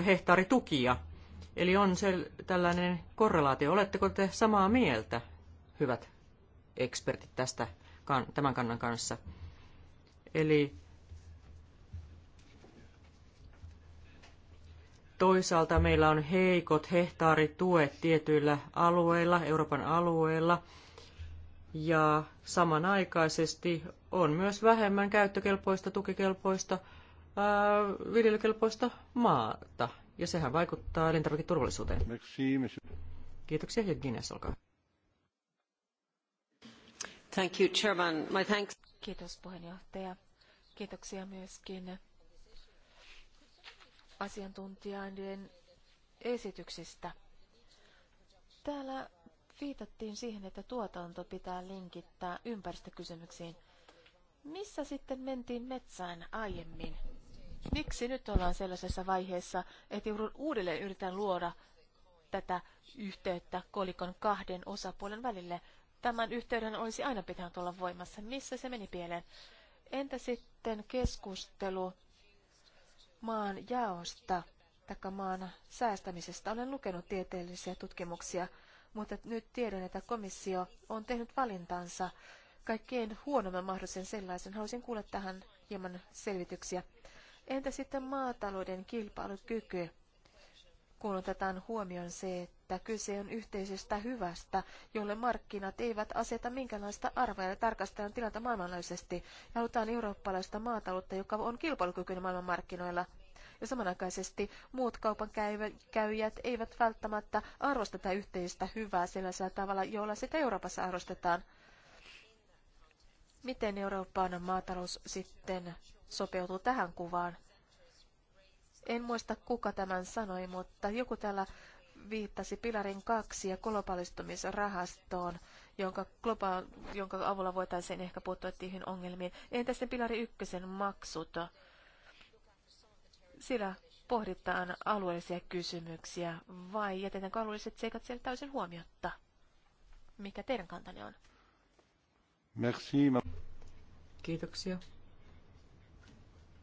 hehtaaritukia – Eli on se tällainen korrelaatio. Oletteko te samaa mieltä, hyvät ekspertit, tästä, tämän kannan kanssa? Eli Toisaalta meillä on heikot hehtaarituet tietyillä alueilla, Euroopan alueilla, ja samanaikaisesti on myös vähemmän käyttökelpoista, tukikelpoista, ää, viljelykelpoista maata ja sehän vaikuttaa elintarviketurvallisuuteen. Kiitoksia ja Guinness, olkaa Thank you, Chairman. My thanks. Kiitos puheenjohtaja. Kiitoksia myöskin asiantuntijoiden esityksistä. Täällä viitattiin siihen, että tuotanto pitää linkittää ympäristökysymyksiin. Missä sitten mentiin metsään aiemmin? Miksi nyt ollaan sellaisessa vaiheessa, että uudelleen yritän luoda tätä yhteyttä kolikon kahden osapuolen välille? Tämän yhteyden olisi aina pitänyt olla voimassa. Missä se meni pieleen? Entä sitten keskustelu maan jaosta tai maan säästämisestä? Olen lukenut tieteellisiä tutkimuksia, mutta nyt tiedän, että komissio on tehnyt valintansa kaikkein huonomman mahdollisen sellaisen. Haluaisin kuulla tähän hieman selvityksiä. Entä sitten maatalouden kilpailukyky? kun otetaan huomioon se, että kyse on yhteisestä hyvästä, jolle markkinat eivät aseta minkäänlaista arvoa ja tarkastellaan tilanta maailmanlaisesti, ja halutaan eurooppalaista maataloutta, joka on kilpailukykyinen maailmanmarkkinoilla. Ja samanaikaisesti muut kaupan käyjät eivät välttämättä arvosta tätä yhteistä hyvää sellaisella tavalla, jolla sitä Euroopassa arvostetaan. Miten Euroopan maatalous sitten sopeutuu tähän kuvaan. En muista, kuka tämän sanoi, mutta joku täällä viittasi Pilarin kaksi ja globalistumisrahastoon, jonka, globa- jonka avulla voitaisiin ehkä puuttua tiihin ongelmiin. Entä sitten Pilari ykkösen maksut? Sillä pohditaan alueellisia kysymyksiä vai jätetäänkö alueelliset seikat siellä täysin huomiotta? Mikä teidän kantanne on? Merci. Kiitoksia.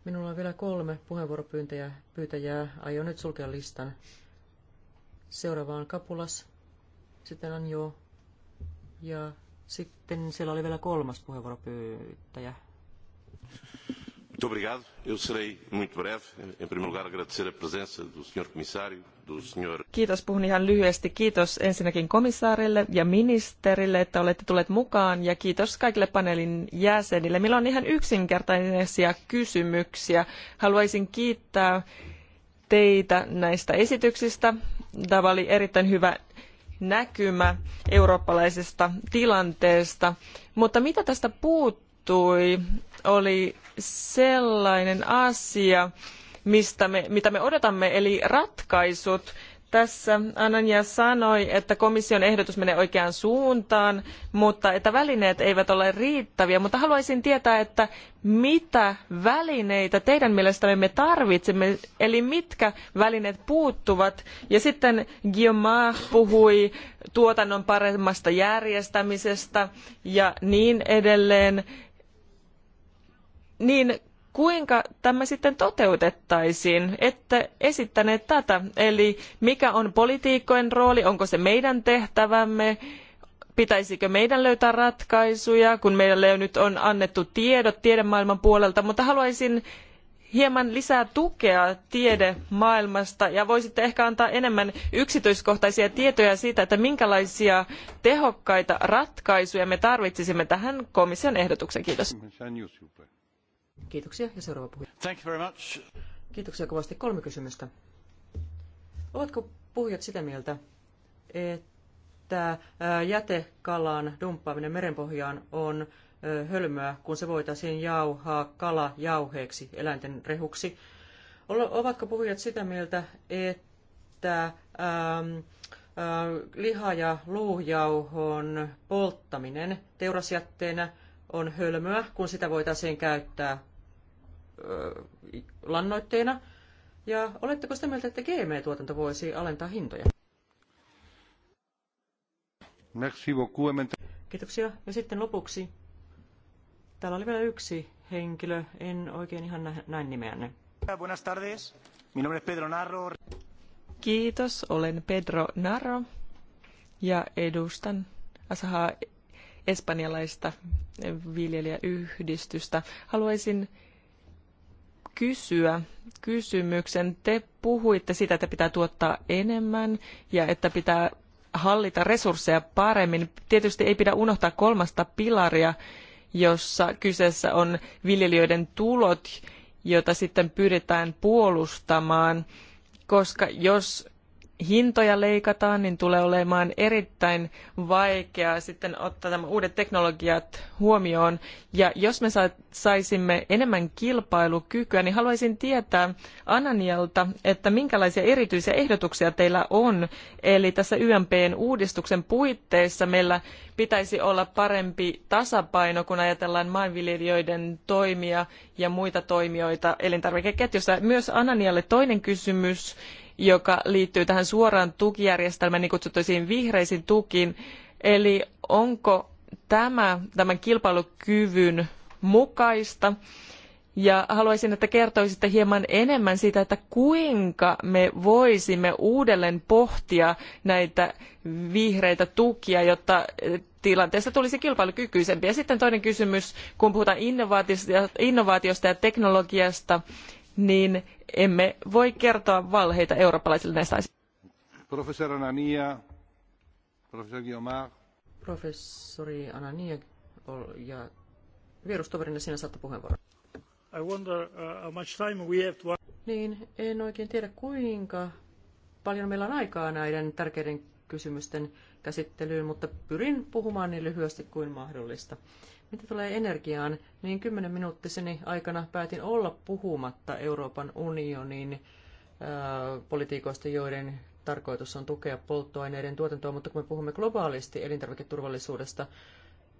Minulla on vielä kolme puheenvuoropyyntäjää. Pyytäjää. Aion nyt sulkea listan. Seuraava on Kapulas, sitten on Jo ja sitten siellä oli vielä kolmas puheenvuoropyyntäjä. Muito obrigado. Eu serei muito breve. Em primeiro lugar, agradecer a presença do Sr. Comissário, do Sr. Kiitos, puhun ihan lyhyesti. Kiitos ensinnäkin komissaarille ja ministerille, että olette tulleet mukaan, ja kiitos kaikille paneelin jäsenille. Meillä on ihan yksinkertaisia kysymyksiä. Haluaisin kiittää teitä näistä esityksistä. Tämä oli erittäin hyvä näkymä eurooppalaisesta tilanteesta. Mutta mitä tästä puuttui, oli sellainen asia, mistä me, mitä me odotamme, eli ratkaisut. Tässä Ananja sanoi, että komission ehdotus menee oikeaan suuntaan, mutta että välineet eivät ole riittäviä. Mutta haluaisin tietää, että mitä välineitä teidän mielestä me tarvitsemme, eli mitkä välineet puuttuvat. Ja sitten Guillaume puhui tuotannon paremmasta järjestämisestä ja niin edelleen niin kuinka tämä sitten toteutettaisiin? Ette esittäneet tätä, eli mikä on poliitikkojen rooli, onko se meidän tehtävämme, pitäisikö meidän löytää ratkaisuja, kun meille nyt on annettu tiedot tiedemaailman puolelta, mutta haluaisin hieman lisää tukea tiedemaailmasta ja voisitte ehkä antaa enemmän yksityiskohtaisia tietoja siitä, että minkälaisia tehokkaita ratkaisuja me tarvitsisimme tähän komission ehdotukseen. Kiitos. Kiitoksia ja seuraava puhuja. Thank you very much. Kiitoksia kovasti. Kolme kysymystä. Ovatko puhujat sitä mieltä, että jätekalan dumppaaminen merenpohjaan on hölmöä, kun se voitaisiin jauhaa kala jauheeksi eläinten rehuksi? Ovatko puhujat sitä mieltä, että ähm, liha- ja luujauhon polttaminen teurasjätteenä on hölmöä, kun sitä voitaisiin käyttää lannoitteena? Ja oletteko sitä mieltä, että gme tuotanto voisi alentaa hintoja? Kiitoksia. Ja sitten lopuksi. Täällä oli vielä yksi henkilö. En oikein ihan näin nimeänne. Buenas tardes. Mi nombre es Pedro Narro. Kiitos. Olen Pedro Narro ja edustan Asahaa e-, espanjalaista viljelijäyhdistystä. Haluaisin kysyä kysymyksen. Te puhuitte siitä, että pitää tuottaa enemmän ja että pitää hallita resursseja paremmin. Tietysti ei pidä unohtaa kolmasta pilaria, jossa kyseessä on viljelijöiden tulot, jota sitten pyritään puolustamaan, koska jos hintoja leikataan, niin tulee olemaan erittäin vaikeaa sitten ottaa nämä uudet teknologiat huomioon. Ja jos me saisimme enemmän kilpailukykyä, niin haluaisin tietää Ananialta, että minkälaisia erityisiä ehdotuksia teillä on. Eli tässä YMPn uudistuksen puitteissa meillä pitäisi olla parempi tasapaino, kun ajatellaan maanviljelijöiden toimia ja muita toimijoita elintarvikeketjussa. Myös Ananialle toinen kysymys joka liittyy tähän suoraan tukijärjestelmään, niin kutsuttuisiin vihreisiin tukiin. Eli onko tämä tämän kilpailukyvyn mukaista? Ja haluaisin, että kertoisitte hieman enemmän siitä, että kuinka me voisimme uudelleen pohtia näitä vihreitä tukia, jotta tilanteesta tulisi kilpailukykyisempi. Ja sitten toinen kysymys, kun puhutaan innovaatiosta ja teknologiasta, niin emme voi kertoa valheita eurooppalaisille näistä asioista. Professori Anania, professori Guillaume. Professori Anania ja vierustoverina sinä saatte puheenvuoron. I wonder uh, how much time we have to... Niin, en oikein tiedä kuinka paljon meillä on aikaa näiden tärkeiden kysymysten käsittelyyn, mutta pyrin puhumaan niin lyhyesti kuin mahdollista. Mitä tulee energiaan, niin kymmenen minuuttiseni aikana päätin olla puhumatta Euroopan unionin politiikoista, joiden tarkoitus on tukea polttoaineiden tuotantoa, mutta kun me puhumme globaalisti elintarviketurvallisuudesta,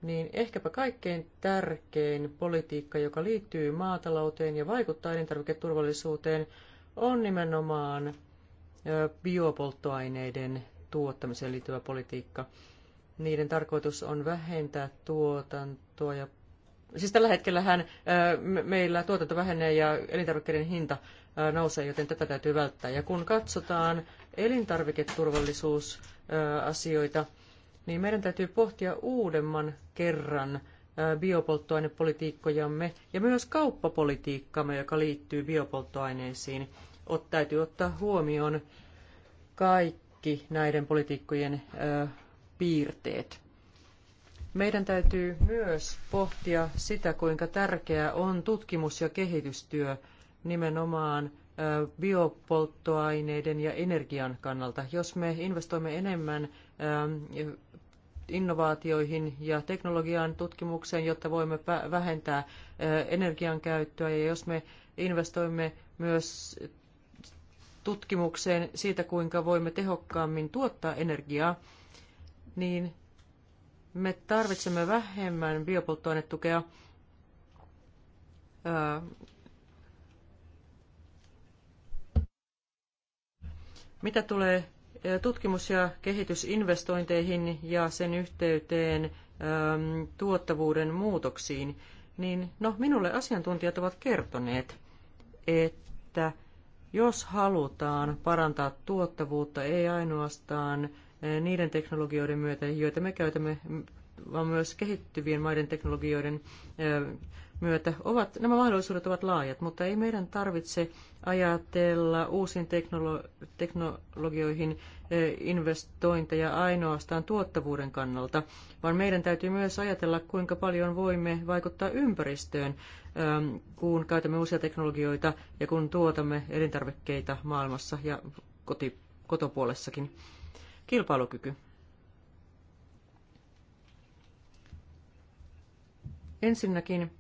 niin ehkäpä kaikkein tärkein politiikka, joka liittyy maatalouteen ja vaikuttaa elintarviketurvallisuuteen, on nimenomaan biopolttoaineiden tuottamiseen liittyvä politiikka. Niiden tarkoitus on vähentää tuotantoa ja Siis tällä hetkellä hetkellähän meillä tuotanto vähenee ja elintarvikkeiden hinta nousee, joten tätä täytyy välttää. Ja kun katsotaan elintarviketurvallisuusasioita, niin meidän täytyy pohtia uudemman kerran biopolttoainepolitiikkojamme ja myös kauppapolitiikkamme, joka liittyy biopolttoaineisiin. Ot, täytyy ottaa huomioon kaikki näiden politiikkojen piirteet. Meidän täytyy myös pohtia sitä, kuinka tärkeää on tutkimus- ja kehitystyö nimenomaan biopolttoaineiden ja energian kannalta. Jos me investoimme enemmän innovaatioihin ja teknologian tutkimukseen, jotta voimme vähentää energian käyttöä, ja jos me investoimme myös tutkimukseen siitä, kuinka voimme tehokkaammin tuottaa energiaa, niin me tarvitsemme vähemmän biopolttoainetukea. Mitä tulee tutkimus- ja kehitysinvestointeihin ja sen yhteyteen tuottavuuden muutoksiin, niin no, minulle asiantuntijat ovat kertoneet, että jos halutaan parantaa tuottavuutta ei ainoastaan niiden teknologioiden myötä, joita me käytämme, vaan myös kehittyvien maiden teknologioiden myötä, ovat, nämä mahdollisuudet ovat laajat, mutta ei meidän tarvitse ajatella uusiin teknolo- teknologioihin investointeja ainoastaan tuottavuuden kannalta, vaan meidän täytyy myös ajatella, kuinka paljon voimme vaikuttaa ympäristöön, kun käytämme uusia teknologioita ja kun tuotamme elintarvikkeita maailmassa ja koti, kotopuolessakin. Kilpailukyky. Ensinnäkin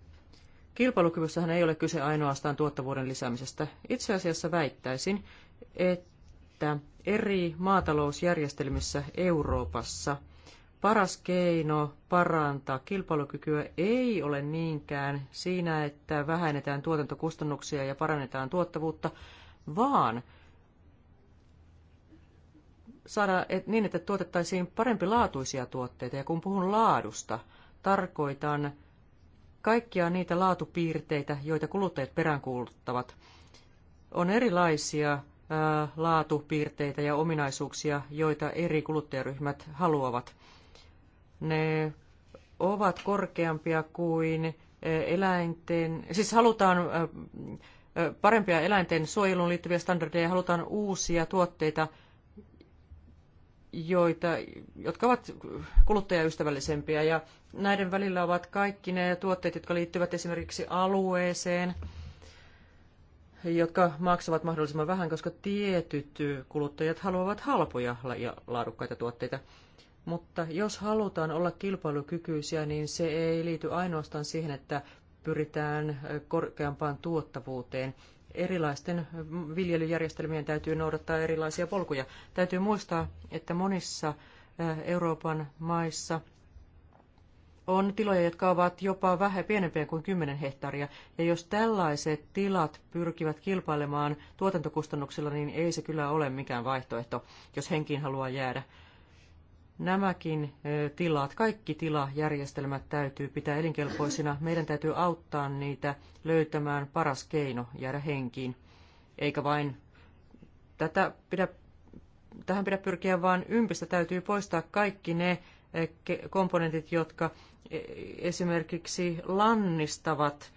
kilpailukyvyssähän ei ole kyse ainoastaan tuottavuuden lisäämisestä. Itse asiassa väittäisin, että eri maatalousjärjestelmissä Euroopassa paras keino parantaa kilpailukykyä ei ole niinkään siinä, että vähennetään tuotantokustannuksia ja parannetaan tuottavuutta, vaan saada et, niin, että tuotettaisiin parempi laatuisia tuotteita. Ja kun puhun laadusta, tarkoitan kaikkia niitä laatupiirteitä, joita kuluttajat peräänkuuluttavat. On erilaisia ää, laatupiirteitä ja ominaisuuksia, joita eri kuluttajaryhmät haluavat. Ne ovat korkeampia kuin eläinten, siis halutaan parempia eläinten suojeluun liittyviä standardeja, halutaan uusia tuotteita, joita, jotka ovat kuluttajaystävällisempiä. Ja näiden välillä ovat kaikki ne tuotteet, jotka liittyvät esimerkiksi alueeseen, jotka maksavat mahdollisimman vähän, koska tietyt kuluttajat haluavat halpoja ja laadukkaita tuotteita. Mutta jos halutaan olla kilpailukykyisiä, niin se ei liity ainoastaan siihen, että pyritään korkeampaan tuottavuuteen, erilaisten viljelyjärjestelmien täytyy noudattaa erilaisia polkuja. Täytyy muistaa, että monissa eh, Euroopan maissa on tiloja, jotka ovat jopa vähän pienempiä kuin 10 hehtaaria. Ja jos tällaiset tilat pyrkivät kilpailemaan tuotantokustannuksilla, niin ei se kyllä ole mikään vaihtoehto, jos henkiin haluaa jäädä. Nämäkin tilat, kaikki tilajärjestelmät täytyy pitää elinkelpoisina. Meidän täytyy auttaa niitä löytämään paras keino jäädä henkiin. Eikä vain tätä pidä, tähän pidä pyrkiä, vaan ympistä täytyy poistaa kaikki ne komponentit, jotka e, esimerkiksi lannistavat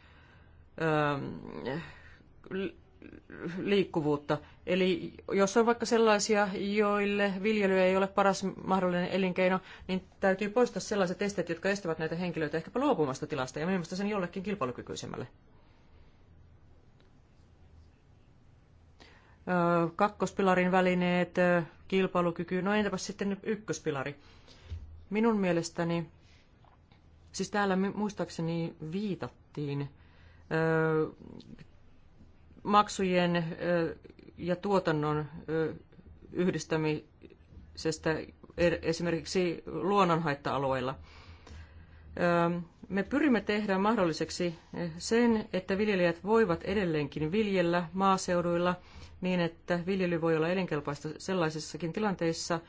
liikkuvuutta. Eli jos on vaikka sellaisia, joille viljely ei ole paras mahdollinen elinkeino, niin täytyy poistaa sellaiset esteet, jotka estävät näitä henkilöitä ehkäpä luopumasta tilasta ja menemästä sen jollekin kilpailukykyisemmälle. Kakkospilarin välineet, kilpailukyky, no entäpä sitten ykköspilari. Minun mielestäni, siis täällä muistaakseni viitattiin maksujen ja tuotannon yhdistämisestä er, esimerkiksi luonnonhaitta-alueilla. Me pyrimme tehdä mahdolliseksi sen, että viljelijät voivat edelleenkin viljellä maaseuduilla niin, että viljely voi olla elinkelpoista sellaisissakin tilanteissa,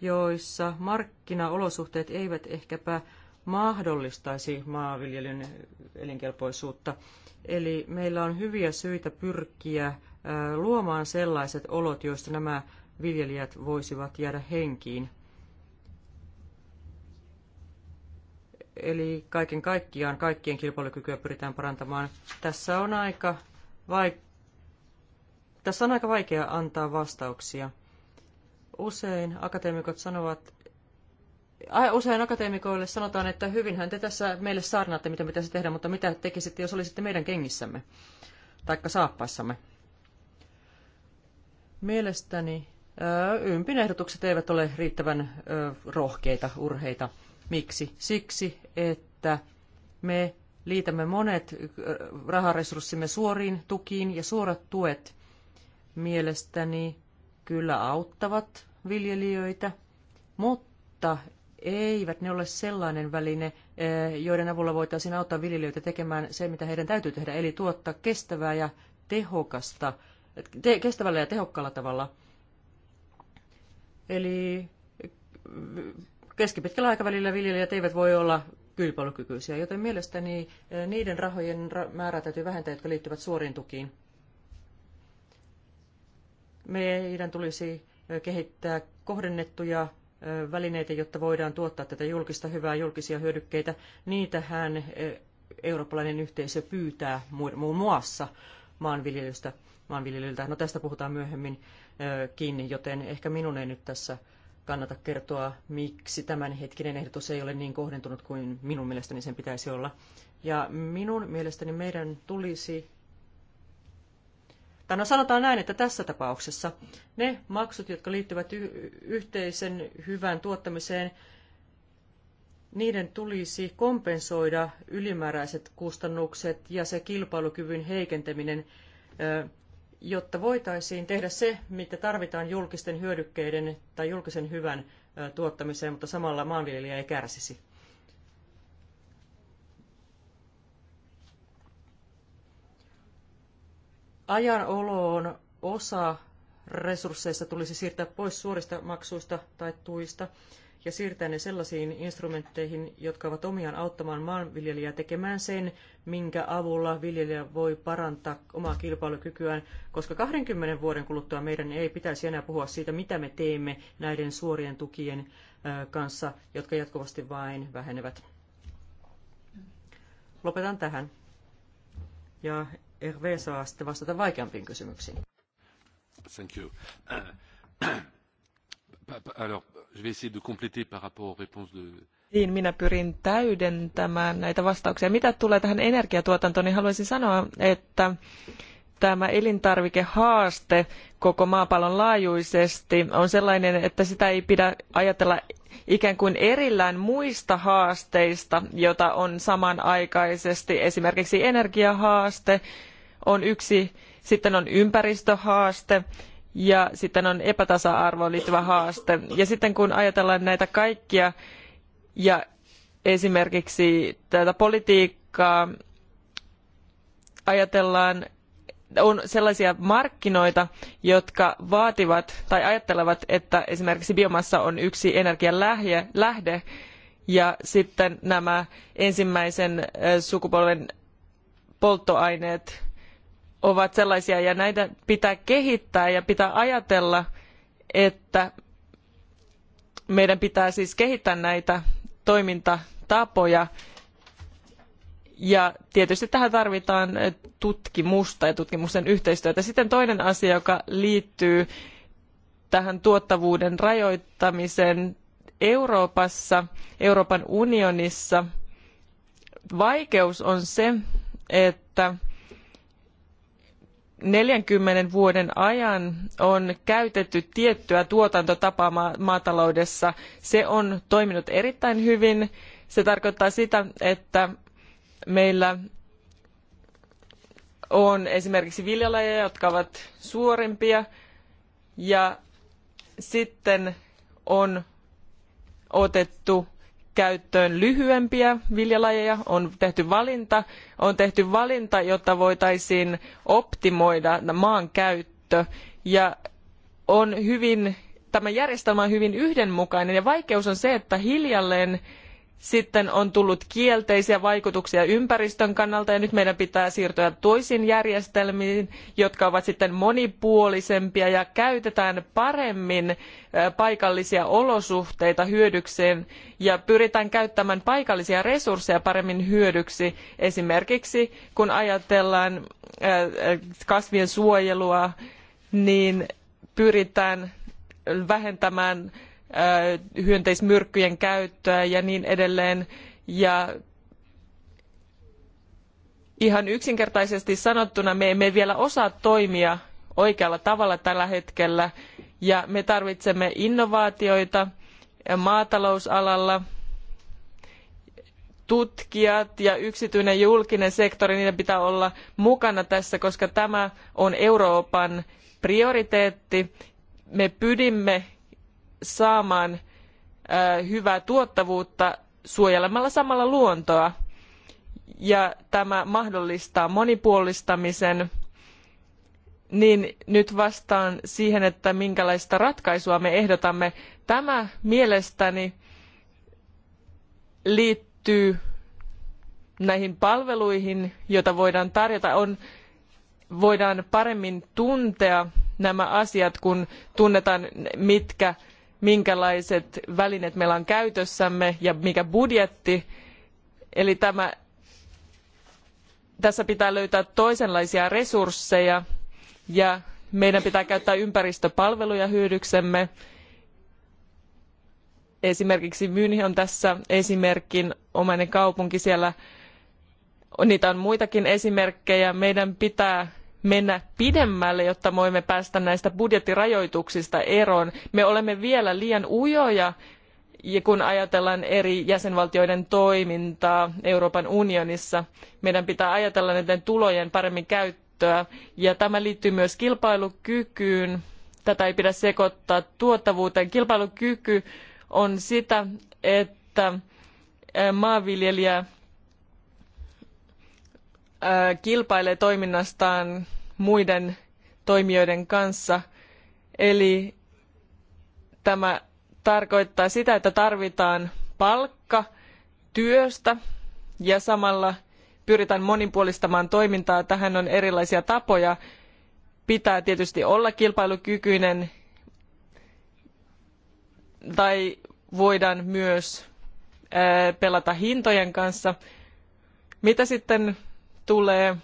joissa markkinaolosuhteet eivät ehkäpä mahdollistaisi maanviljelyn elinkelpoisuutta. Eli meillä on hyviä syitä pyrkiä luomaan sellaiset olot, joista nämä viljelijät voisivat jäädä henkiin. Eli kaiken kaikkiaan kaikkien kilpailukykyä pyritään parantamaan. Tässä on aika, vaik- Tässä on aika vaikea antaa vastauksia. Usein akateemikot sanovat, usein akateemikoille sanotaan, että hyvinhän te tässä meille saarnaatte, mitä pitäisi tehdä, mutta mitä tekisitte, jos olisitte meidän kengissämme, tai saappaissamme. Mielestäni ympin ehdotukset eivät ole riittävän rohkeita, urheita. Miksi? Siksi, että me liitämme monet raharesurssimme suoriin tukiin ja suorat tuet mielestäni kyllä auttavat viljelijöitä, mutta eivät ne ole sellainen väline, eh, joiden avulla voitaisiin auttaa viljelijöitä tekemään se, mitä heidän täytyy tehdä, eli tuottaa kestävää ja tehokasta, te, kestävällä ja tehokkaalla tavalla. Eli keskipitkällä aikavälillä viljelijät eivät voi olla kilpailukykyisiä, joten mielestäni eh, niiden rahojen määrää täytyy vähentää, jotka liittyvät suoriin tukiin. Meidän tulisi eh, kehittää kohdennettuja välineitä, jotta voidaan tuottaa tätä julkista hyvää, julkisia hyödykkeitä, niitähän eurooppalainen yhteisö pyytää muun muassa maanviljelystä, maanviljelijöiltä. No tästä puhutaan myöhemmin kiinni, joten ehkä minun ei nyt tässä kannata kertoa, miksi tämänhetkinen ehdotus ei ole niin kohdentunut kuin minun mielestäni sen pitäisi olla. Ja minun mielestäni meidän tulisi tai no sanotaan näin, että tässä tapauksessa ne maksut, jotka liittyvät yhteisen hyvän tuottamiseen, niiden tulisi kompensoida ylimääräiset kustannukset ja se kilpailukyvyn heikentäminen, jotta voitaisiin tehdä se, mitä tarvitaan julkisten hyödykkeiden tai julkisen hyvän tuottamiseen, mutta samalla maanviljelijä ei kärsisi. Ajanoloon osa resursseista tulisi siirtää pois suorista maksuista tai tuista ja siirtää ne sellaisiin instrumentteihin, jotka ovat omiaan auttamaan maanviljelijää tekemään sen, minkä avulla viljelijä voi parantaa omaa kilpailukykyään, koska 20 vuoden kuluttua meidän ei pitäisi enää puhua siitä, mitä me teemme näiden suorien tukien kanssa, jotka jatkuvasti vain vähenevät. Lopetan tähän. Ja Hervé saa sitten vastata vaikeampiin kysymyksiin. Thank you. *coughs* Alors, je vais essayer de compléter par rapport aux réponses de, niin, minä pyrin täydentämään näitä vastauksia. Mitä tulee tähän energiatuotantoon, niin haluaisin sanoa, että tämä elintarvikehaaste koko maapallon laajuisesti on sellainen, että sitä ei pidä ajatella ikään kuin erillään muista haasteista, joita on samanaikaisesti. Esimerkiksi energiahaaste on yksi, sitten on ympäristöhaaste ja sitten on epätasa-arvoon liittyvä haaste. Ja sitten kun ajatellaan näitä kaikkia ja esimerkiksi tätä politiikkaa, ajatellaan on sellaisia markkinoita, jotka vaativat tai ajattelevat, että esimerkiksi biomassa on yksi energian lähde, ja sitten nämä ensimmäisen sukupolven polttoaineet ovat sellaisia ja näitä pitää kehittää ja pitää ajatella, että meidän pitää siis kehittää näitä toimintatapoja ja tietysti tähän tarvitaan eh, tutkimusta ja tutkimusten yhteistyötä. Sitten toinen asia, joka liittyy tähän tuottavuuden rajoittamiseen Euroopassa, Euroopan unionissa, vaikeus on se, että 40 vuoden ajan on käytetty tiettyä tuotantotapaa maataloudessa. Se on toiminut erittäin hyvin. Se tarkoittaa sitä, että Meillä on esimerkiksi viljalajeja, jotka ovat suorimpia ja sitten on otettu käyttöön lyhyempiä viljalajeja, on tehty valinta, on tehty valinta, jotta voitaisiin optimoida maan käyttö ja on hyvin, tämä järjestelmä on hyvin yhdenmukainen ja vaikeus on se, että hiljalleen sitten on tullut kielteisiä vaikutuksia ympäristön kannalta ja nyt meidän pitää siirtyä toisiin järjestelmiin, jotka ovat sitten monipuolisempia ja käytetään paremmin paikallisia olosuhteita hyödykseen ja pyritään käyttämään paikallisia resursseja paremmin hyödyksi. Esimerkiksi kun ajatellaan kasvien suojelua, niin pyritään vähentämään hyönteismyrkkyjen käyttöä ja niin edelleen. Ja ihan yksinkertaisesti sanottuna me emme vielä osaa toimia oikealla tavalla tällä hetkellä ja me tarvitsemme innovaatioita maatalousalalla tutkijat ja yksityinen ja julkinen sektori niiden pitää olla mukana tässä koska tämä on euroopan prioriteetti. me pyrimme saamaan hyvää tuottavuutta suojelemalla samalla luontoa. Ja tämä mahdollistaa monipuolistamisen, niin nyt vastaan siihen, että minkälaista ratkaisua me ehdotamme. Tämä mielestäni liittyy näihin palveluihin, joita voidaan tarjota. On, voidaan paremmin tuntea nämä asiat, kun tunnetaan, mitkä minkälaiset välineet meillä on käytössämme ja mikä budjetti. Eli tämä, tässä pitää löytää toisenlaisia resursseja ja meidän pitää käyttää ympäristöpalveluja hyödyksemme. Esimerkiksi Myyni on tässä esimerkin omainen kaupunki siellä. Niitä on muitakin esimerkkejä. Meidän pitää mennä pidemmälle, jotta voimme päästä näistä budjettirajoituksista eroon. Me olemme vielä liian ujoja ja kun ajatellaan eri jäsenvaltioiden toimintaa Euroopan unionissa, meidän pitää ajatella näiden tulojen paremmin käyttöä. Ja tämä liittyy myös kilpailukykyyn. Tätä ei pidä sekoittaa tuottavuuteen. Kilpailukyky on sitä, että maanviljelijä kilpailee toiminnastaan muiden toimijoiden kanssa. Eli tämä tarkoittaa sitä, että tarvitaan palkka työstä ja samalla pyritään monipuolistamaan toimintaa. Tähän on erilaisia tapoja. Pitää tietysti olla kilpailukykyinen tai voidaan myös pelata hintojen kanssa. Mitä sitten tulee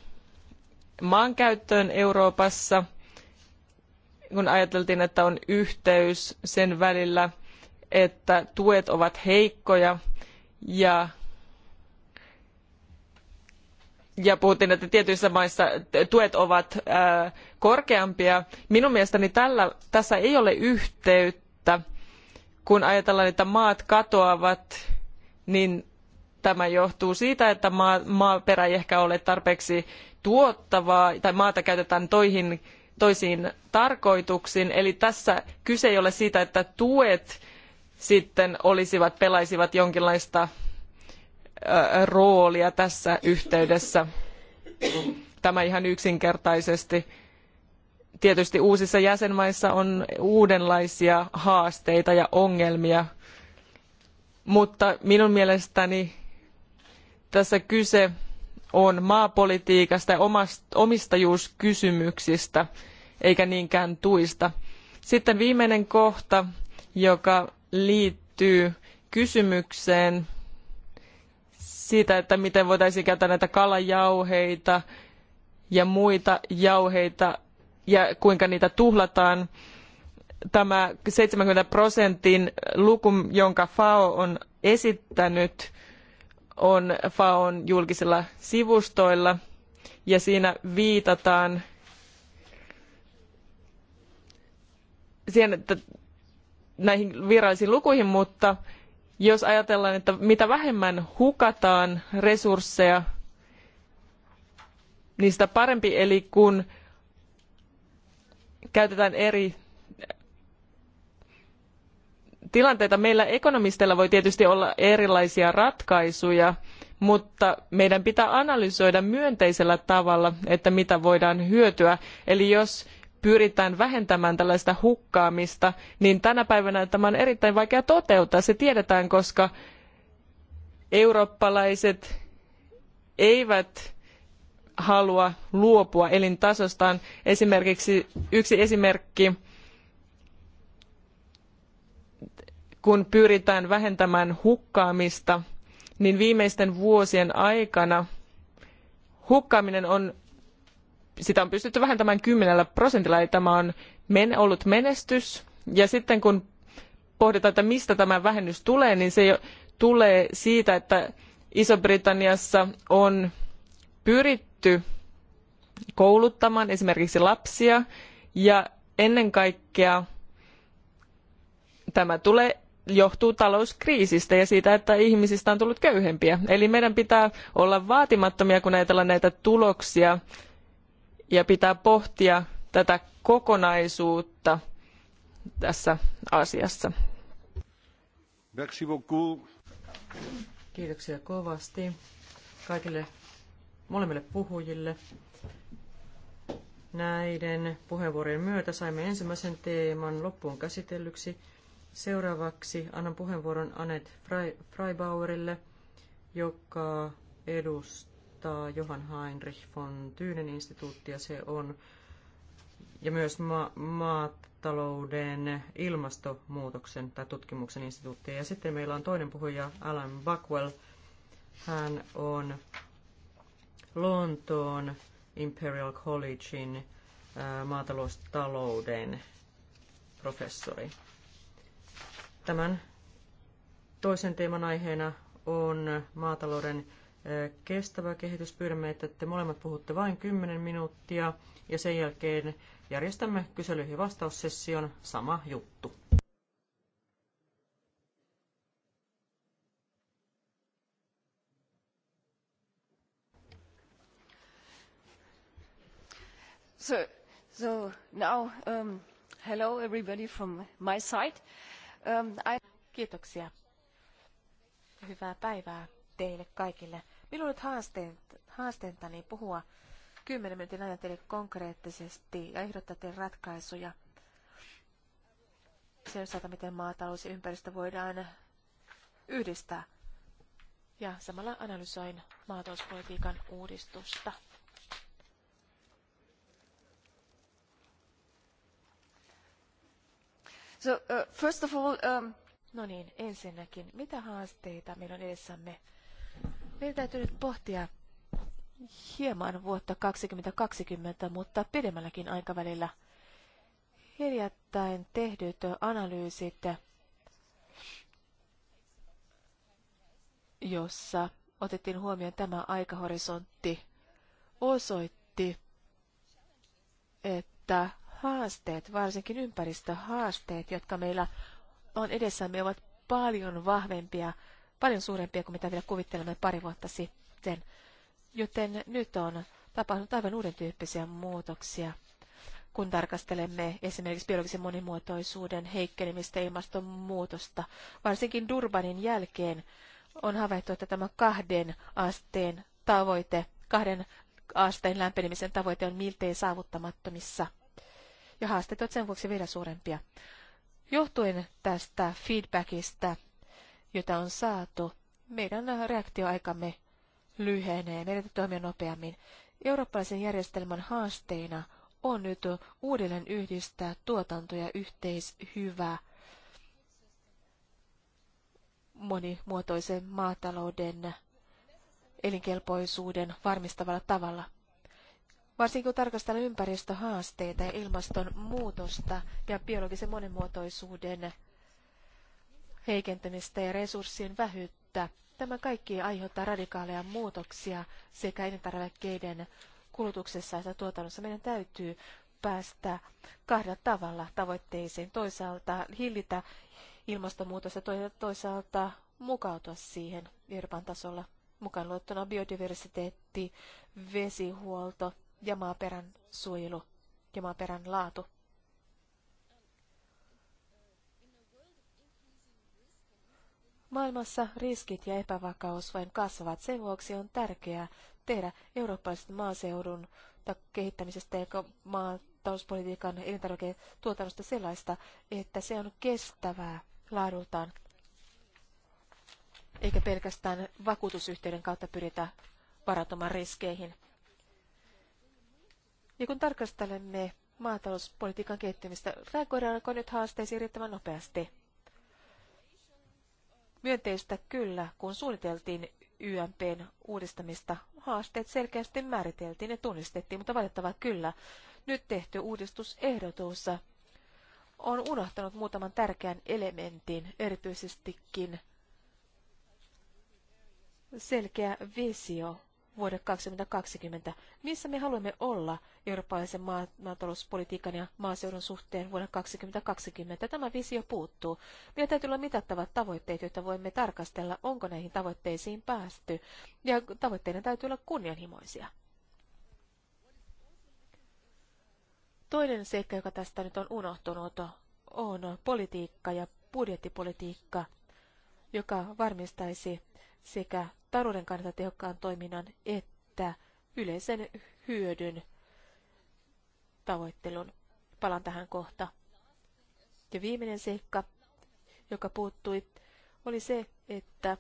maankäyttöön Euroopassa, kun ajateltiin, että on yhteys sen välillä, että tuet ovat heikkoja ja ja puhuttiin, että tietyissä maissa tuet ovat korkeampia. Minun mielestäni tällä, tässä ei ole yhteyttä. Kun ajatellaan, että maat katoavat, niin tämä johtuu siitä, että maaperä ei ehkä ole tarpeeksi tuottavaa tai maata käytetään toihin, toisiin tarkoituksiin. Eli tässä kyse ei ole siitä, että tuet sitten olisivat, pelaisivat jonkinlaista roolia tässä yhteydessä. Tämä ihan yksinkertaisesti. Tietysti uusissa jäsenmaissa on uudenlaisia haasteita ja ongelmia, mutta minun mielestäni tässä kyse on maapolitiikasta ja omistajuuskysymyksistä eikä niinkään tuista. Sitten viimeinen kohta, joka liittyy kysymykseen siitä, että miten voitaisiin käyttää näitä kalajauheita ja muita jauheita ja kuinka niitä tuhlataan. Tämä 70 prosentin luku, jonka FAO on esittänyt, on FAON julkisilla sivustoilla ja siinä viitataan siihen, että näihin virallisiin lukuihin, mutta jos ajatellaan, että mitä vähemmän hukataan resursseja, niin sitä parempi. Eli kun käytetään eri tilanteita. Meillä ekonomisteilla voi tietysti olla erilaisia ratkaisuja, mutta meidän pitää analysoida myönteisellä tavalla, että mitä voidaan hyötyä. Eli jos pyritään vähentämään tällaista hukkaamista, niin tänä päivänä tämä on erittäin vaikea toteuttaa. Se tiedetään, koska eurooppalaiset eivät halua luopua elintasostaan. Esimerkiksi yksi esimerkki kun pyritään vähentämään hukkaamista, niin viimeisten vuosien aikana hukkaaminen on, sitä on pystytty vähentämään kymmenellä prosentilla, eli tämä on men, ollut menestys. Ja sitten kun pohditaan, että mistä tämä vähennys tulee, niin se tulee siitä, että Iso-Britanniassa on pyritty kouluttamaan esimerkiksi lapsia ja ennen kaikkea tämä tulee johtuu talouskriisistä ja siitä, että ihmisistä on tullut köyhempiä. Eli meidän pitää olla vaatimattomia, kun ajatellaan näitä tuloksia ja pitää pohtia tätä kokonaisuutta tässä asiassa. Kiitoksia kovasti kaikille molemmille puhujille. Näiden puheenvuorojen myötä saimme ensimmäisen teeman loppuun käsitellyksi. Seuraavaksi annan puheenvuoron Anet Freibauerille, joka edustaa Johan Heinrich von Tyynen instituuttia. Se on ja myös ma- maatalouden ilmastonmuutoksen tai tutkimuksen instituutti Ja sitten meillä on toinen puhuja, Alan Buckwell. Hän on Lontoon Imperial Collegein maataloustalouden professori. Tämän toisen teeman aiheena on maatalouden kestävä kehitys. Pyydämme, että te molemmat puhutte vain 10 minuuttia ja sen jälkeen järjestämme kysely- ja vastaussession. Sama juttu. So, so now, um, hello everybody from my side. Ähm, Kiitoksia. Hyvää päivää teille kaikille. Minulla on nyt haasteentani puhua kymmenen minuutin ajan teille konkreettisesti ja ehdottaa teille ratkaisuja sen osalta, miten maatalous ja ympäristö voidaan yhdistää. Ja samalla analysoin maatalouspolitiikan uudistusta. So, uh, first of all, um... No niin, ensinnäkin, mitä haasteita meillä on edessämme? Meidän täytyy nyt pohtia hieman vuotta 2020, mutta pidemmälläkin aikavälillä hiljattain tehdyt analyysit, jossa otettiin huomioon tämä aikahorisontti, osoitti, että haasteet, varsinkin ympäristöhaasteet, jotka meillä on edessämme, ovat paljon vahvempia, paljon suurempia kuin mitä vielä kuvittelemme pari vuotta sitten. Joten nyt on tapahtunut aivan uuden tyyppisiä muutoksia. Kun tarkastelemme esimerkiksi biologisen monimuotoisuuden heikkenemistä ilmastonmuutosta, varsinkin Durbanin jälkeen on havaittu, että tämä kahden asteen tavoite, kahden asteen lämpenemisen tavoite on miltei saavuttamattomissa – ja haasteet ovat sen vuoksi vielä suurempia. Johtuen tästä feedbackista, jota on saatu, meidän reaktioaikamme lyhenee, meidän toimia nopeammin. Eurooppalaisen järjestelmän haasteena on nyt uudelleen yhdistää tuotanto ja yhteishyvä monimuotoisen maatalouden elinkelpoisuuden varmistavalla tavalla. Varsinkin kun tarkastellaan ympäristöhaasteita ja ilmastonmuutosta ja biologisen monimuotoisuuden heikentämistä ja resurssien vähyyttä, tämä kaikki aiheuttaa radikaaleja muutoksia sekä elintarvikkeiden kulutuksessa että tuotannossa. Meidän täytyy päästä kahdella tavalla tavoitteisiin. Toisaalta hillitä ilmastonmuutosta ja toisaalta mukautua siihen Euroopan tasolla mukaan luettuna biodiversiteetti, vesihuolto ja maaperän suojelu ja maaperän laatu. Maailmassa riskit ja epävakaus vain kasvavat. Sen vuoksi on tärkeää tehdä eurooppalaisen maaseudun kehittämisestä ja maatalouspolitiikan tuotannosta sellaista, että se on kestävää laadultaan, eikä pelkästään vakuutusyhtiöiden kautta pyritä varautumaan riskeihin. Ja kun tarkastelemme maatalouspolitiikan kehittymistä, reagoidaanko nyt haasteisiin riittävän nopeasti? Myönteistä kyllä, kun suunniteltiin YMPn uudistamista, haasteet selkeästi määriteltiin ja tunnistettiin, mutta valitettava kyllä, nyt tehty uudistusehdotus on unohtanut muutaman tärkeän elementin, erityisestikin selkeä visio vuode 2020. Missä me haluamme olla eurooppalaisen maatalouspolitiikan ja maaseudun suhteen vuonna 2020? Tämä visio puuttuu. Meidän täytyy olla mitattavat tavoitteet, joita voimme tarkastella, onko näihin tavoitteisiin päästy. Ja tavoitteiden täytyy olla kunnianhimoisia. Toinen seikka, joka tästä nyt on unohtunut, on politiikka ja budjettipolitiikka, joka varmistaisi sekä talouden kannalta tehokkaan toiminnan että yleisen hyödyn tavoittelun. Palaan tähän kohta. Ja viimeinen seikka, joka puuttui, oli se, että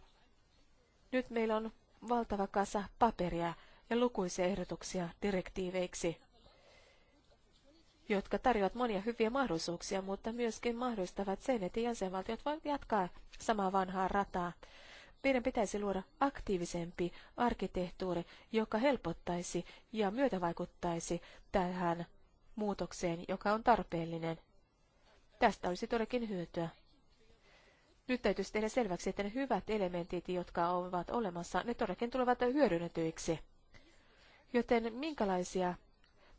nyt meillä on valtava kasa paperia ja lukuisia ehdotuksia direktiiveiksi, jotka tarjoavat monia hyviä mahdollisuuksia, mutta myöskin mahdollistavat sen, että jäsenvaltiot voivat jatkaa samaa vanhaa rataa meidän pitäisi luoda aktiivisempi arkkitehtuuri, joka helpottaisi ja myötävaikuttaisi tähän muutokseen, joka on tarpeellinen. Tästä olisi todellakin hyötyä. Nyt täytyisi tehdä selväksi, että ne hyvät elementit, jotka ovat olemassa, ne todellakin tulevat hyödynnetyiksi. Joten minkälaisia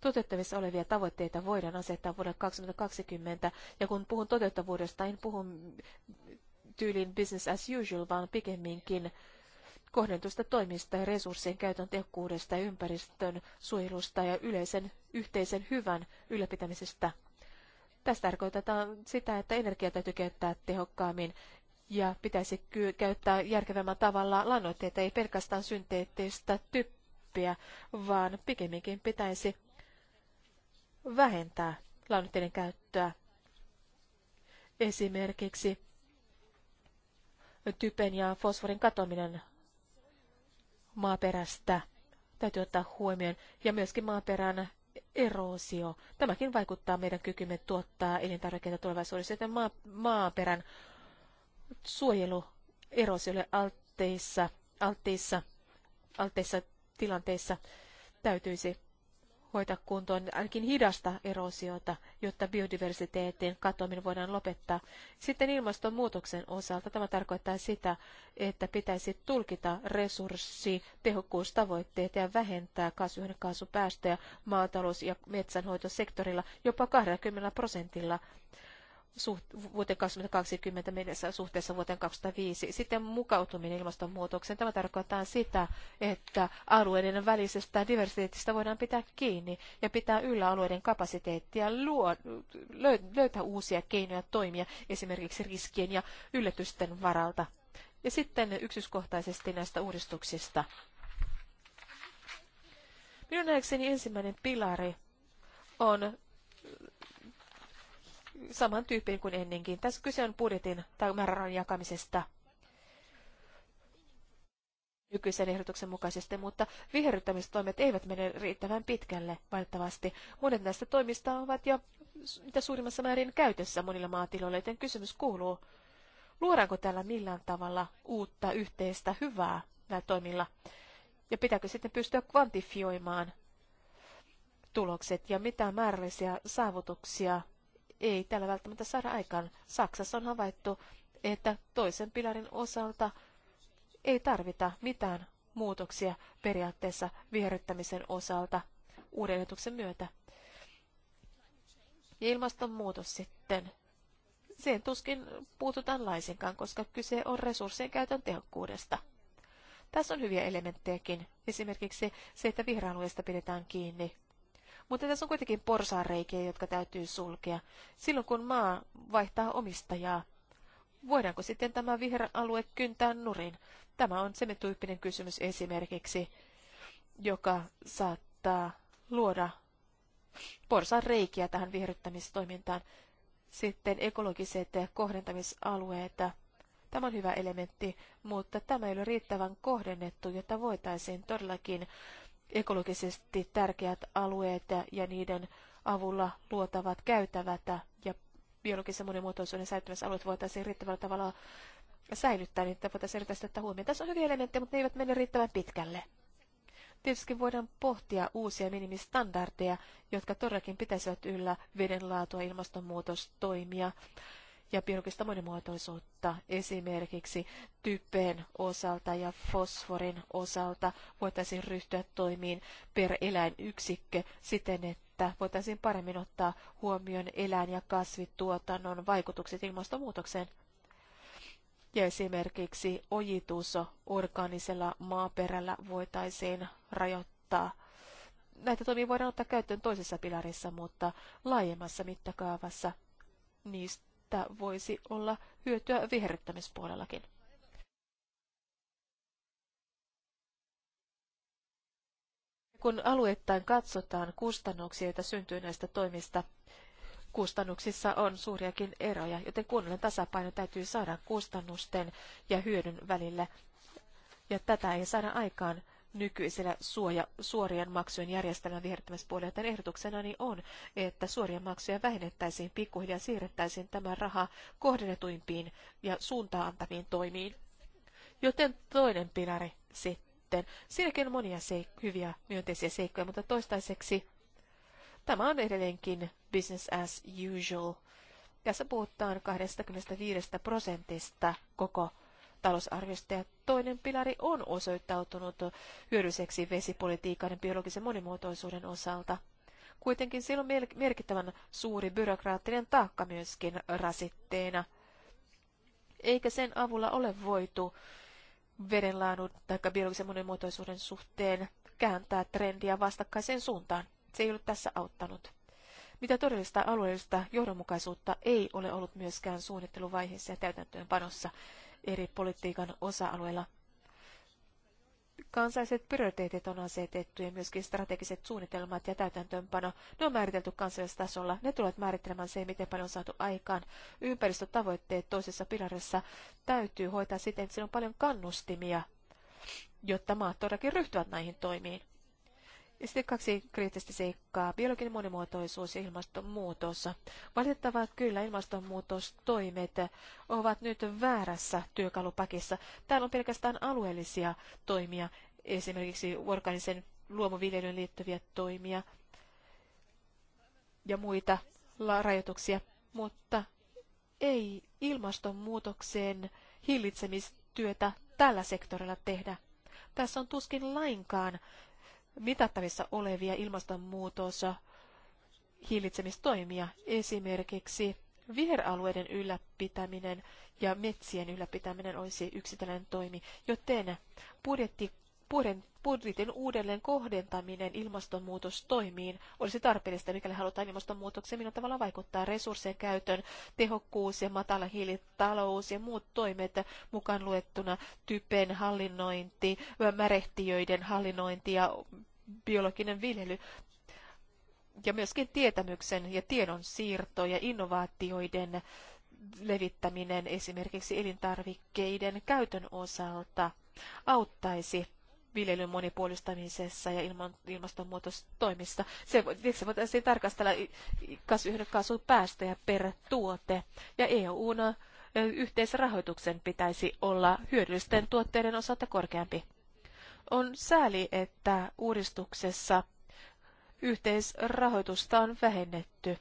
toteuttavissa olevia tavoitteita voidaan asettaa vuodelle 2020, ja kun puhun toteuttavuudesta, en puhu tyylin business as usual, vaan pikemminkin kohdentuista toimista ja resurssien käytön tehokkuudesta ja ympäristön suojelusta ja yleisen yhteisen hyvän ylläpitämisestä. Tästä tarkoitetaan sitä, että energiaa täytyy käyttää tehokkaammin ja pitäisi käyttää järkevämmän tavalla lannoitteita, ei pelkästään synteettistä typpiä, vaan pikemminkin pitäisi vähentää lannoitteiden käyttöä. Esimerkiksi typen ja fosforin katoaminen maaperästä täytyy ottaa huomioon, ja myöskin maaperän eroosio. Tämäkin vaikuttaa meidän kykymme tuottaa elintarvikkeita tulevaisuudessa, joten maa, maaperän suojelu erosiolle alteissa, alteissa, alteissa tilanteissa täytyisi hoitaa kuntoon ainakin hidasta erosiota, jotta biodiversiteetin katoaminen voidaan lopettaa. Sitten ilmastonmuutoksen osalta tämä tarkoittaa sitä, että pitäisi tulkita resurssitehokkuustavoitteita ja vähentää kasvihuonekaasupäästöjä maatalous- ja metsänhoitosektorilla jopa 20 prosentilla suht, vuoteen 2020 mennessä suhteessa vuoteen 2005. Sitten mukautuminen ilmastonmuutokseen. Tämä tarkoittaa sitä, että alueiden välisestä diversiteetistä voidaan pitää kiinni ja pitää yllä alueiden kapasiteettia luo, lö, löytää uusia keinoja toimia esimerkiksi riskien ja yllätysten varalta. Ja sitten yksityiskohtaisesti näistä uudistuksista. Minun nähdäkseni ensimmäinen pilari on saman tyyppiin kuin ennenkin. Tässä kyse on budjetin tai määrärahan jakamisesta nykyisen ehdotuksen mukaisesti, mutta viherryttämistoimet eivät mene riittävän pitkälle valitettavasti. Monet näistä toimista ovat jo mitä suurimmassa määrin käytössä monilla maatiloilla, joten kysymys kuuluu, luodaanko täällä millään tavalla uutta yhteistä hyvää näillä toimilla? Ja pitääkö sitten pystyä kvantifioimaan tulokset ja mitä määrällisiä saavutuksia ei tällä välttämättä saada aikaan. Saksassa on havaittu, että toisen pilarin osalta ei tarvita mitään muutoksia periaatteessa viherryttämisen osalta uuden myötä. Ja ilmastonmuutos sitten. Siihen tuskin puututaan laisinkaan, koska kyse on resurssien käytön tehokkuudesta. Tässä on hyviä elementtejäkin, esimerkiksi se, että vihreän pidetään kiinni. Mutta tässä on kuitenkin porsaanreikiä, jotka täytyy sulkea. Silloin kun maa vaihtaa omistajaa, voidaanko sitten tämä vihreä alue kyntää nurin? Tämä on tyyppinen kysymys esimerkiksi, joka saattaa luoda porsan reikiä tähän viherryttämistoimintaan. Sitten ekologiset kohdentamisalueet. Tämä on hyvä elementti, mutta tämä ei ole riittävän kohdennettu, jotta voitaisiin todellakin ekologisesti tärkeät alueet ja niiden avulla luotavat käytävät ja biologisen monimuotoisuuden säilyttämisalueet voitaisiin riittävällä tavalla säilyttää, niin voitaisiin erityisesti ottaa huomioon. Tässä on hyviä elementtejä, mutta ne eivät mene riittävän pitkälle. Tietysti voidaan pohtia uusia minimistandardeja, jotka todellakin pitäisivät yllä vedenlaatua, ilmastonmuutostoimia, ja biologista monimuotoisuutta esimerkiksi typen osalta ja fosforin osalta voitaisiin ryhtyä toimiin per eläinyksikkö siten, että voitaisiin paremmin ottaa huomioon eläin- ja kasvituotannon vaikutukset ilmastonmuutokseen. Ja esimerkiksi ojitus orgaanisella maaperällä voitaisiin rajoittaa näitä toimia voidaan ottaa käyttöön toisessa pilarissa, mutta laajemmassa mittakaavassa niistä että voisi olla hyötyä viherryttämispuolellakin. Kun alueittain katsotaan kustannuksia, joita syntyy näistä toimista, kustannuksissa on suuriakin eroja, joten kunnallinen tasapaino täytyy saada kustannusten ja hyödyn välille, Ja tätä ei saada aikaan nykyisellä suoja, suorien maksujen järjestelmän vihertämispuolella. ehdotuksena niin on, että suorien maksuja vähennettäisiin pikkuhiljaa siirrettäisiin tämä raha kohdennetuimpiin ja suuntaan antaviin toimiin. Joten toinen pilari sitten. Siinäkin on monia seik- hyviä myönteisiä seikkoja, mutta toistaiseksi tämä on edelleenkin business as usual. Tässä puhutaan 25 prosentista koko talousarviosta ja toinen pilari on osoittautunut hyödylliseksi vesipolitiikan ja biologisen monimuotoisuuden osalta. Kuitenkin sillä on merkittävän suuri byrokraattinen taakka myöskin rasitteena, eikä sen avulla ole voitu vedenlaadun tai biologisen monimuotoisuuden suhteen kääntää trendiä vastakkaiseen suuntaan. Se ei ole tässä auttanut. Mitä todellista alueellista johdonmukaisuutta ei ole ollut myöskään suunnitteluvaiheessa ja täytäntöönpanossa eri politiikan osa-alueilla. Kansalliset prioriteetit on asetettu ja myöskin strategiset suunnitelmat ja täytäntöönpano. Ne on määritelty kansallisella tasolla. Ne tulevat määrittelemään se, miten paljon on saatu aikaan. Ympäristötavoitteet toisessa pilarissa täytyy hoitaa siten, että siinä on paljon kannustimia, jotta maat todellakin ryhtyvät näihin toimiin. Ja sitten kaksi kriittistä seikkaa, biologinen monimuotoisuus ja ilmastonmuutos. Valitettavaa kyllä ilmastonmuutostoimet ovat nyt väärässä työkalupakissa. Täällä on pelkästään alueellisia toimia, esimerkiksi organisen luomuviljelyyn liittyviä toimia ja muita rajoituksia, mutta ei ilmastonmuutokseen hillitsemistyötä tällä sektorilla tehdä. Tässä on tuskin lainkaan mitattavissa olevia ilmastonmuutos hillitsemistoimia, esimerkiksi viheralueiden ylläpitäminen ja metsien ylläpitäminen olisi yksi tällainen toimi, joten budjetti budjetin uudelleen kohdentaminen ilmastonmuutostoimiin olisi tarpeellista, mikäli halutaan ilmastonmuutokseen millä tavalla vaikuttaa resurssien käytön, tehokkuus ja matala hiilitalous ja muut toimet mukaan luettuna typen hallinnointi, märehtiöiden hallinnointi ja biologinen viljely ja myöskin tietämyksen ja tiedon siirto ja innovaatioiden levittäminen esimerkiksi elintarvikkeiden käytön osalta auttaisi viljelyn monipuolistamisessa ja ilman, ilmastonmuutostoimissa. Se, se voitaisiin tarkastella päästöjä per tuote. Ja EUn yhteisrahoituksen pitäisi olla hyödyllisten tuotteiden osalta korkeampi. On sääli, että uudistuksessa yhteisrahoitusta on vähennetty.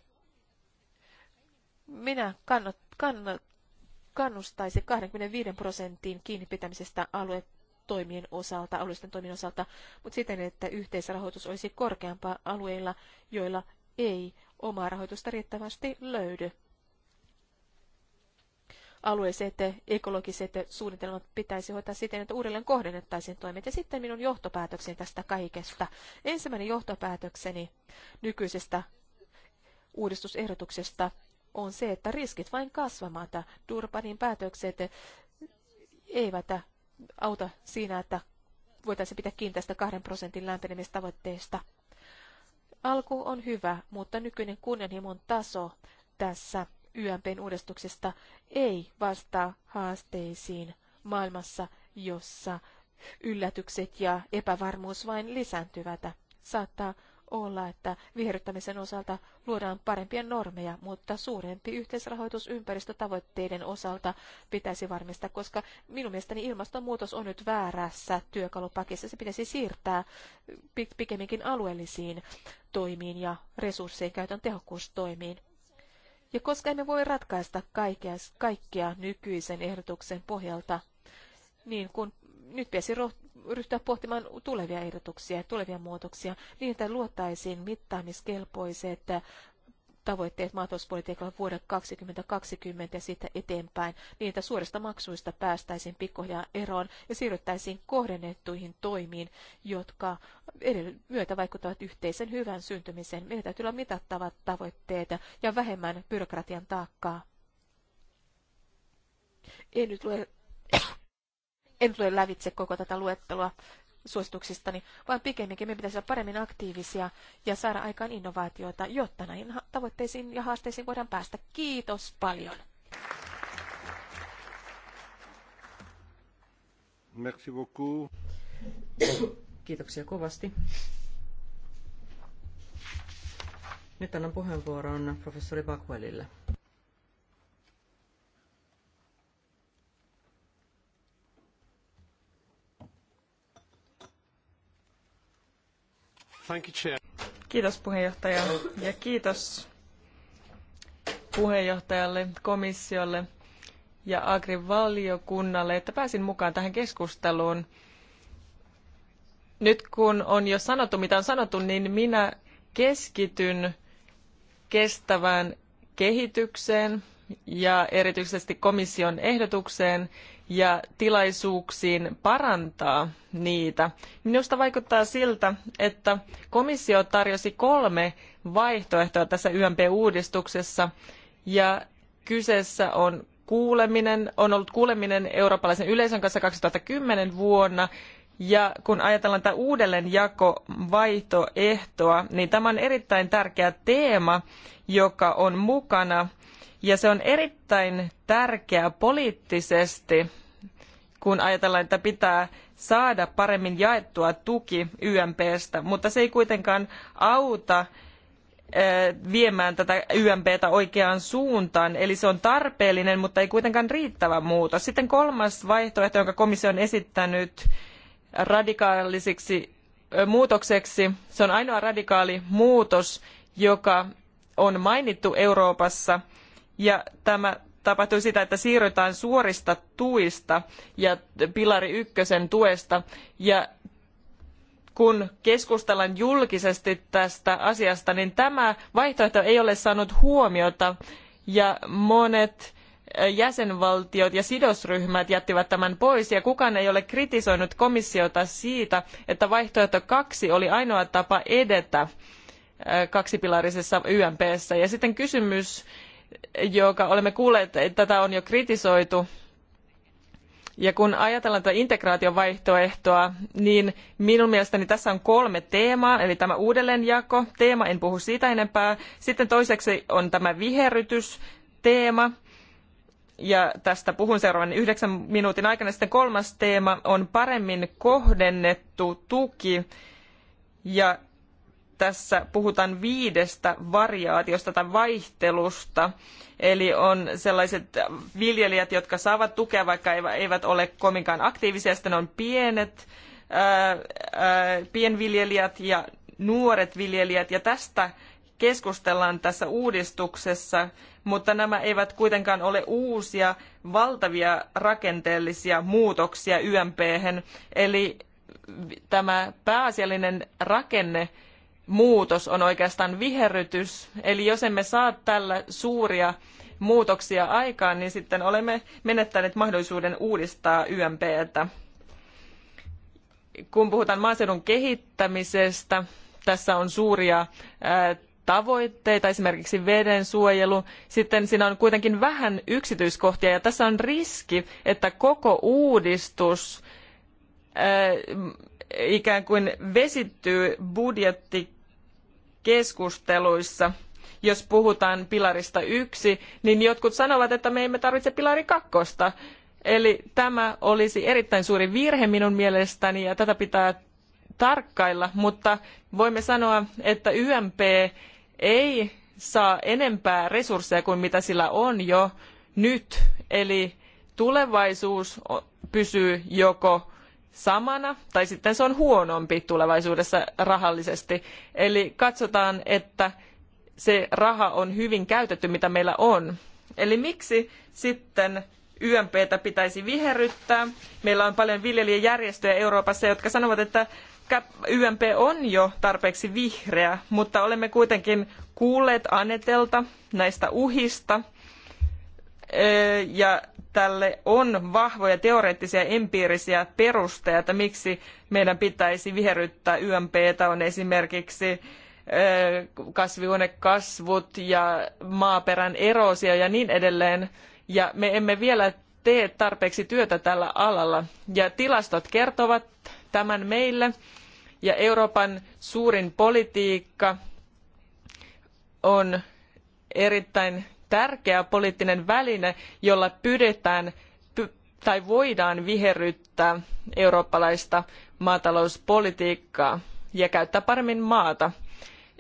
Minä kannat, kannat, kannustaisi 25 prosentin kiinnipitämisestä alue toimien osalta, alueellisten toimien osalta, mutta siten, että yhteisrahoitus olisi korkeampaa alueilla, joilla ei omaa rahoitusta riittävästi löydy. Alueelliset ekologiset suunnitelmat pitäisi hoitaa siten, että uudelleen kohdennettaisiin toimet. Ja sitten minun johtopäätökseni tästä kaikesta. Ensimmäinen johtopäätökseni nykyisestä uudistusehdotuksesta on se, että riskit vain kasvamaan. Durbanin päätökset eivät auta siinä, että voitaisiin pitää kiinni tästä kahden prosentin lämpenemistavoitteesta. Alku on hyvä, mutta nykyinen kunnianhimon taso tässä YMPn uudistuksesta ei vastaa haasteisiin maailmassa, jossa yllätykset ja epävarmuus vain lisääntyvät. Saattaa olla, että viherryttämisen osalta luodaan parempia normeja, mutta suurempi yhteisrahoitus ympäristötavoitteiden osalta pitäisi varmistaa, koska minun mielestäni ilmastonmuutos on nyt väärässä työkalupakissa. Se pitäisi siirtää pikemminkin alueellisiin toimiin ja resurssien käytön tehokkuustoimiin. Ja koska emme voi ratkaista kaikkea, kaikkea nykyisen ehdotuksen pohjalta, niin kun nyt pitäisi ryhtyä pohtimaan tulevia ehdotuksia ja tulevia muutoksia niin, että luottaisiin mittaamiskelpoiset tavoitteet maatalouspolitiikalla vuodelle 2020 ja siitä eteenpäin, niin että suorista maksuista päästäisiin pikkuhiljaa eroon ja siirryttäisiin kohdennettuihin toimiin, jotka myötä vaikuttavat yhteisen hyvän syntymiseen. Meillä täytyy olla mitattavat tavoitteet ja vähemmän byrokratian taakkaa. En nyt lue en tule lävitse koko tätä luettelua suosituksistani, vaan pikemminkin me pitäisi olla paremmin aktiivisia ja saada aikaan innovaatioita, jotta näihin tavoitteisiin ja haasteisiin voidaan päästä. Kiitos paljon. Merci beaucoup. Kiitoksia kovasti. Nyt annan puheenvuoron professori Bakwellille. Thank you, Chair. Kiitos puheenjohtaja ja kiitos puheenjohtajalle, komissiolle ja Agrin valiokunnalle, että pääsin mukaan tähän keskusteluun. Nyt kun on jo sanottu, mitä on sanottu, niin minä keskityn kestävään kehitykseen ja erityisesti komission ehdotukseen ja tilaisuuksiin parantaa niitä. Minusta vaikuttaa siltä, että komissio tarjosi kolme vaihtoehtoa tässä YMP-uudistuksessa ja kyseessä on kuuleminen, on ollut kuuleminen eurooppalaisen yleisön kanssa 2010 vuonna ja kun ajatellaan tätä uudelleenjakovaihtoehtoa, niin tämä on erittäin tärkeä teema, joka on mukana. Ja se on erittäin tärkeä poliittisesti kun ajatellaan, että pitää saada paremmin jaettua tuki YMPstä, mutta se ei kuitenkaan auta viemään tätä YMPtä oikeaan suuntaan. Eli se on tarpeellinen, mutta ei kuitenkaan riittävä muutos. Sitten kolmas vaihtoehto, jonka komissio on esittänyt radikaalisiksi muutokseksi, se on ainoa radikaali muutos, joka on mainittu Euroopassa, ja tämä tapahtui sitä, että siirrytään suorista tuista ja pilari ykkösen tuesta. Ja kun keskustellaan julkisesti tästä asiasta, niin tämä vaihtoehto ei ole saanut huomiota ja monet jäsenvaltiot ja sidosryhmät jättivät tämän pois ja kukaan ei ole kritisoinut komissiota siitä, että vaihtoehto kaksi oli ainoa tapa edetä kaksipilarisessa YMPssä. Ja sitten kysymys joka olemme kuulleet, tätä on jo kritisoitu. Ja kun ajatellaan tätä integraation vaihtoehtoa, niin minun mielestäni tässä on kolme teemaa, eli tämä uudelleenjako, teema, en puhu siitä enempää. Sitten toiseksi on tämä viherrytys, teema, ja tästä puhun seuraavan yhdeksän minuutin aikana. Sitten kolmas teema on paremmin kohdennettu tuki ja tässä puhutaan viidestä variaatiosta tai vaihtelusta. Eli on sellaiset viljelijät, jotka saavat tukea, vaikka eivät ole kovinkaan aktiivisia. Sitten on pienet ää, ää, pienviljelijät ja nuoret viljelijät. Ja tästä keskustellaan tässä uudistuksessa, mutta nämä eivät kuitenkaan ole uusia valtavia rakenteellisia muutoksia YMP:hen. hen Eli tämä pääasiallinen rakenne muutos on oikeastaan viherrytys. Eli jos emme saa tällä suuria muutoksia aikaan, niin sitten olemme menettäneet mahdollisuuden uudistaa YMPtä. Kun puhutaan maaseudun kehittämisestä, tässä on suuria tavoitteita, esimerkiksi vedensuojelu. Sitten siinä on kuitenkin vähän yksityiskohtia ja tässä on riski, että koko uudistus ikään kuin vesittyy budjettikeskusteluissa. Jos puhutaan pilarista yksi, niin jotkut sanovat, että me emme tarvitse pilari kakkosta. Eli tämä olisi erittäin suuri virhe minun mielestäni ja tätä pitää tarkkailla, mutta voimme sanoa, että YMP ei saa enempää resursseja kuin mitä sillä on jo nyt. Eli tulevaisuus pysyy joko samana, tai sitten se on huonompi tulevaisuudessa rahallisesti. Eli katsotaan, että se raha on hyvin käytetty, mitä meillä on. Eli miksi sitten YMPtä pitäisi viherryttää? Meillä on paljon viljelijäjärjestöjä Euroopassa, jotka sanovat, että YMP on jo tarpeeksi vihreä, mutta olemme kuitenkin kuulleet Anetelta näistä uhista, ja tälle on vahvoja teoreettisia empiirisiä perusteita, miksi meidän pitäisi viherryttää YMPtä on esimerkiksi kasvihuonekasvut ja maaperän eroosio ja niin edelleen. Ja me emme vielä tee tarpeeksi työtä tällä alalla. Ja tilastot kertovat tämän meille. Ja Euroopan suurin politiikka on erittäin tärkeä poliittinen väline, jolla pyritään tai voidaan viherryttää eurooppalaista maatalouspolitiikkaa ja käyttää paremmin maata.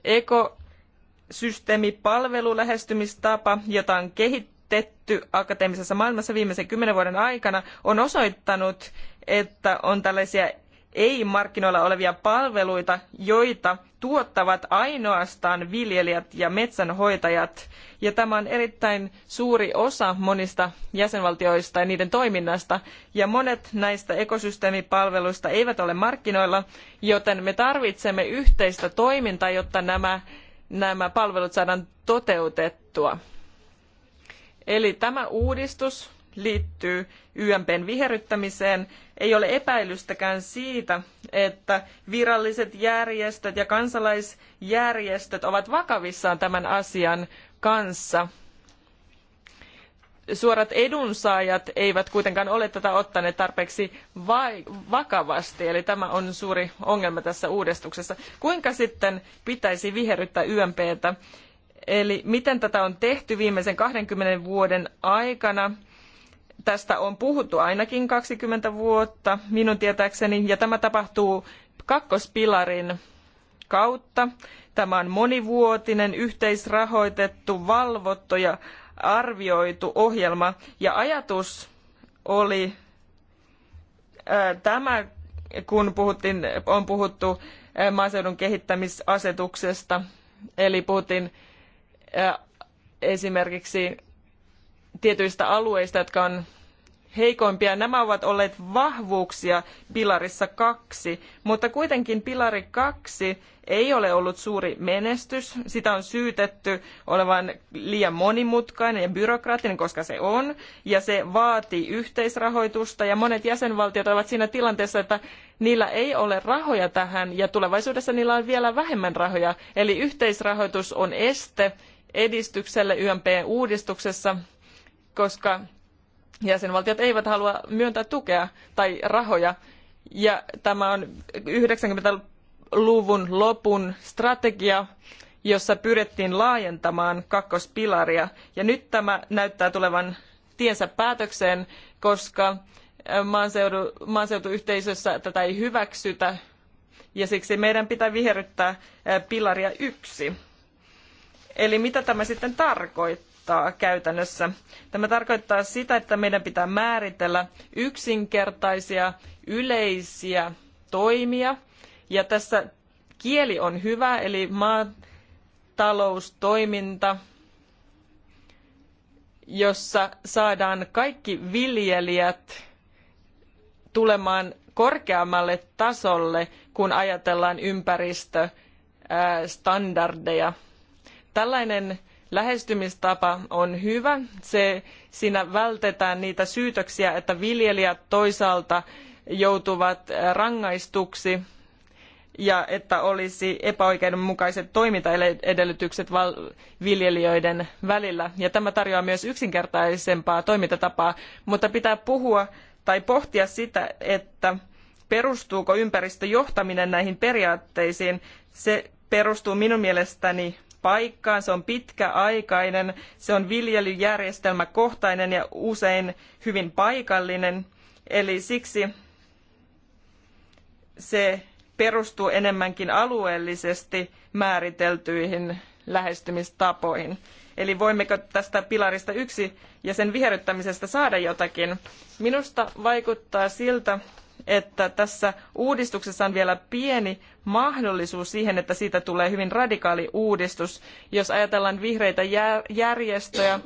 Ekosysteemipalvelulähestymistapa, jota on kehitetty akateemisessa maailmassa viimeisen kymmenen vuoden aikana, on osoittanut, että on tällaisia ei-markkinoilla olevia palveluita, joita tuottavat ainoastaan viljelijät ja metsänhoitajat, ja tämä on erittäin suuri osa monista jäsenvaltioista ja niiden toiminnasta, ja monet näistä ekosysteemipalveluista eivät ole markkinoilla, joten me tarvitsemme yhteistä toimintaa, jotta nämä, nämä palvelut saadaan toteutettua. Eli tämä uudistus liittyy YMPn viherryttämiseen, ei ole epäilystäkään siitä, että viralliset järjestöt ja kansalaisjärjestöt ovat vakavissaan tämän asian kanssa. Suorat edunsaajat eivät kuitenkaan ole tätä ottaneet tarpeeksi vakavasti, eli tämä on suuri ongelma tässä uudistuksessa. Kuinka sitten pitäisi viherryttää YMPtä? Eli miten tätä on tehty viimeisen 20 vuoden aikana? Tästä on puhuttu ainakin 20 vuotta minun tietääkseni ja tämä tapahtuu kakkospilarin kautta. Tämä on monivuotinen, yhteisrahoitettu, valvottu ja arvioitu ohjelma. Ja ajatus oli ää, tämä, kun puhuttiin, on puhuttu ää, maaseudun kehittämisasetuksesta, eli puhuttiin ää, esimerkiksi tietyistä alueista, jotka on heikoimpia. Nämä ovat olleet vahvuuksia pilarissa kaksi, mutta kuitenkin pilari kaksi ei ole ollut suuri menestys. Sitä on syytetty olevan liian monimutkainen ja byrokraattinen, koska se on, ja se vaatii yhteisrahoitusta, ja monet jäsenvaltiot ovat siinä tilanteessa, että niillä ei ole rahoja tähän, ja tulevaisuudessa niillä on vielä vähemmän rahoja. Eli yhteisrahoitus on este edistykselle YMP-uudistuksessa, koska jäsenvaltiot eivät halua myöntää tukea tai rahoja. Ja tämä on 90-luvun lopun strategia, jossa pyrittiin laajentamaan kakkospilaria. Ja nyt tämä näyttää tulevan tiensä päätökseen, koska maaseudu, maaseutuyhteisössä tätä ei hyväksytä ja siksi meidän pitää viherryttää pilaria yksi. Eli mitä tämä sitten tarkoittaa? tarkoittaa käytännössä. Tämä tarkoittaa sitä, että meidän pitää määritellä yksinkertaisia yleisiä toimia. Ja tässä kieli on hyvä, eli maataloustoiminta, jossa saadaan kaikki viljelijät tulemaan korkeammalle tasolle, kun ajatellaan ympäristöstandardeja. Tällainen lähestymistapa on hyvä. Se, siinä vältetään niitä syytöksiä, että viljelijät toisaalta joutuvat äh, rangaistuksi ja että olisi epäoikeudenmukaiset toimintaedellytykset viljelijöiden välillä. Ja tämä tarjoaa myös yksinkertaisempaa toimintatapaa, mutta pitää puhua tai pohtia sitä, että perustuuko ympäristöjohtaminen näihin periaatteisiin. Se perustuu minun mielestäni paikkaan, se on pitkäaikainen, se on viljelyjärjestelmäkohtainen ja usein hyvin paikallinen. Eli siksi se perustuu enemmänkin alueellisesti määriteltyihin lähestymistapoihin. Eli voimmeko tästä pilarista yksi ja sen viherryttämisestä saada jotakin? Minusta vaikuttaa siltä, että tässä uudistuksessa on vielä pieni mahdollisuus siihen, että siitä tulee hyvin radikaali uudistus, jos ajatellaan vihreitä järjestöjä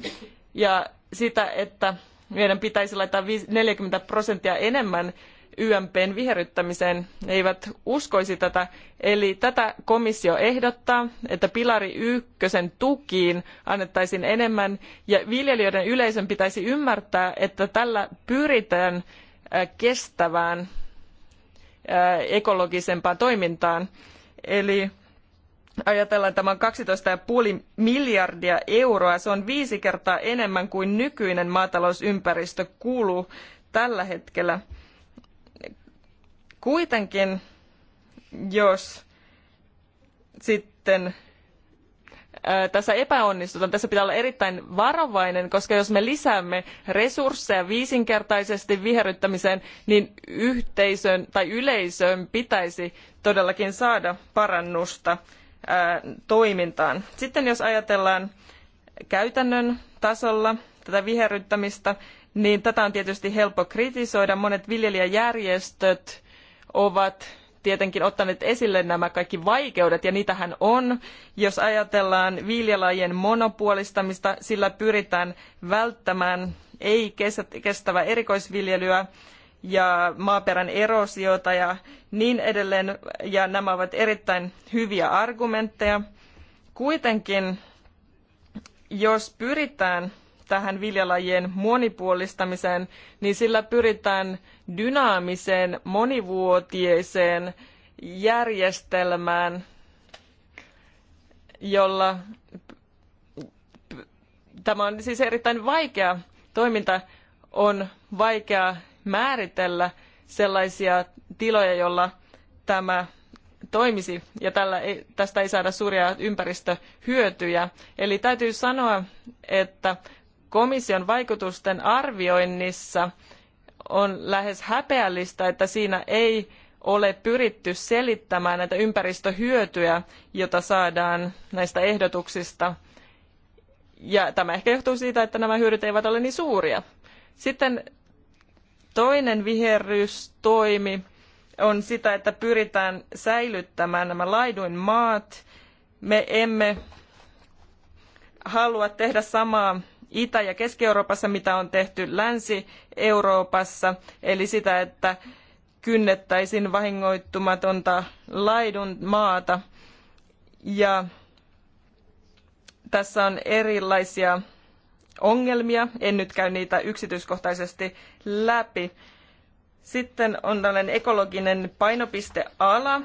ja sitä, että meidän pitäisi laittaa 40 prosenttia enemmän YMPn viherryttämiseen, ne eivät uskoisi tätä. Eli tätä komissio ehdottaa, että pilari ykkösen tukiin annettaisiin enemmän ja viljelijöiden yleisön pitäisi ymmärtää, että tällä pyritään kestävään ekologisempaan toimintaan. Eli ajatellaan tämän viisi miljardia euroa. Se on viisi kertaa enemmän kuin nykyinen maatalousympäristö kuuluu tällä hetkellä. Kuitenkin, jos sitten tässä epäonnistutaan. Tässä pitää olla erittäin varovainen, koska jos me lisäämme resursseja viisinkertaisesti viherryttämiseen, niin yhteisön tai yleisön pitäisi todellakin saada parannusta toimintaan. Sitten jos ajatellaan käytännön tasolla tätä viherryttämistä, niin tätä on tietysti helppo kritisoida. Monet viljelijäjärjestöt ovat tietenkin ottaneet esille nämä kaikki vaikeudet, ja niitähän on. Jos ajatellaan viljalajien monopuolistamista, sillä pyritään välttämään ei-kestävää erikoisviljelyä, ja maaperän erosiota ja niin edelleen, ja nämä ovat erittäin hyviä argumentteja. Kuitenkin, jos pyritään tähän viljalajien monipuolistamiseen, niin sillä pyritään dynaamiseen, monivuotieiseen järjestelmään, jolla tämä on siis erittäin vaikea toiminta, on vaikea määritellä sellaisia tiloja, jolla tämä toimisi ja tällä ei, tästä ei saada suuria ympäristöhyötyjä. Eli täytyy sanoa, että komission vaikutusten arvioinnissa on lähes häpeällistä, että siinä ei ole pyritty selittämään näitä ympäristöhyötyjä, joita saadaan näistä ehdotuksista. Ja tämä ehkä johtuu siitä, että nämä hyödyt eivät ole niin suuria. Sitten toinen viherrystoimi on sitä, että pyritään säilyttämään nämä maat. Me emme halua tehdä samaa Itä- ja Keski-Euroopassa, mitä on tehty Länsi-Euroopassa, eli sitä, että kynnettäisiin vahingoittumatonta laidun maata. Ja tässä on erilaisia ongelmia, en nyt käy niitä yksityiskohtaisesti läpi. Sitten on tällainen ekologinen painopisteala,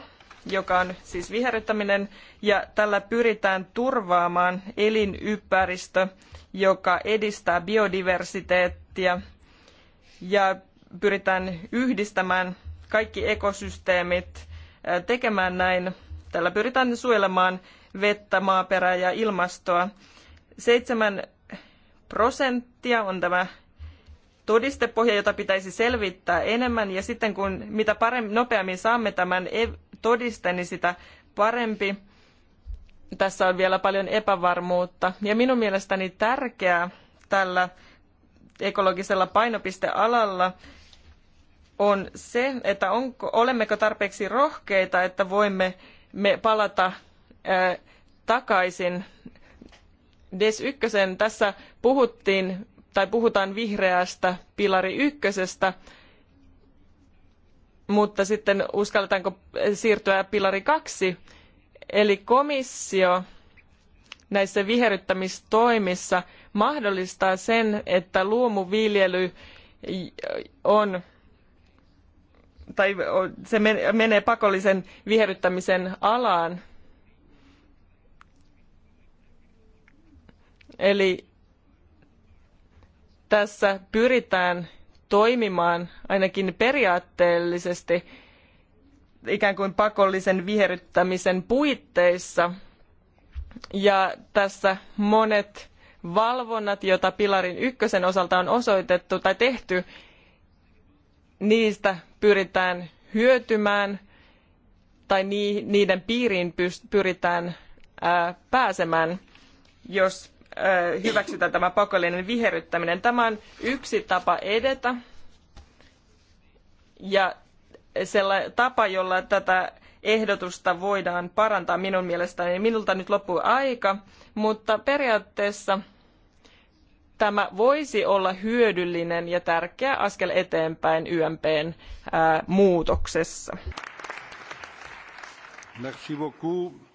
joka on siis viherryttäminen, ja tällä pyritään turvaamaan elinympäristö, joka edistää biodiversiteettia, ja pyritään yhdistämään kaikki ekosysteemit tekemään näin. Tällä pyritään suojelemaan vettä, maaperää ja ilmastoa. Seitsemän prosenttia on tämä todistepohja, jota pitäisi selvittää enemmän. Ja sitten kun mitä paremmin, nopeammin saamme tämän todiste, niin sitä parempi. Tässä on vielä paljon epävarmuutta. Ja minun mielestäni tärkeää tällä ekologisella painopistealalla on se, että onko, olemmeko tarpeeksi rohkeita, että voimme me palata ää, takaisin. DES 1, tässä puhuttiin tai puhutaan vihreästä pilari ykkösestä, mutta sitten uskalletaanko siirtyä pilari kaksi, eli komissio näissä viherryttämistoimissa mahdollistaa sen, että luomuviljely on tai se menee pakollisen viherryttämisen alaan. Eli tässä pyritään toimimaan ainakin periaatteellisesti ikään kuin pakollisen viherryttämisen puitteissa. Ja tässä monet valvonnat, joita pilarin ykkösen osalta on osoitettu tai tehty, niistä pyritään hyötymään tai niiden piiriin pyritään pääsemään, jos hyväksytään tämä pakollinen viherryttäminen. Tämä on yksi tapa edetä ja sellainen tapa, jolla tätä ehdotusta voidaan parantaa minun mielestäni. Minulta nyt loppuu aika, mutta periaatteessa tämä voisi olla hyödyllinen ja tärkeä askel eteenpäin YMPn muutoksessa. Merci beaucoup.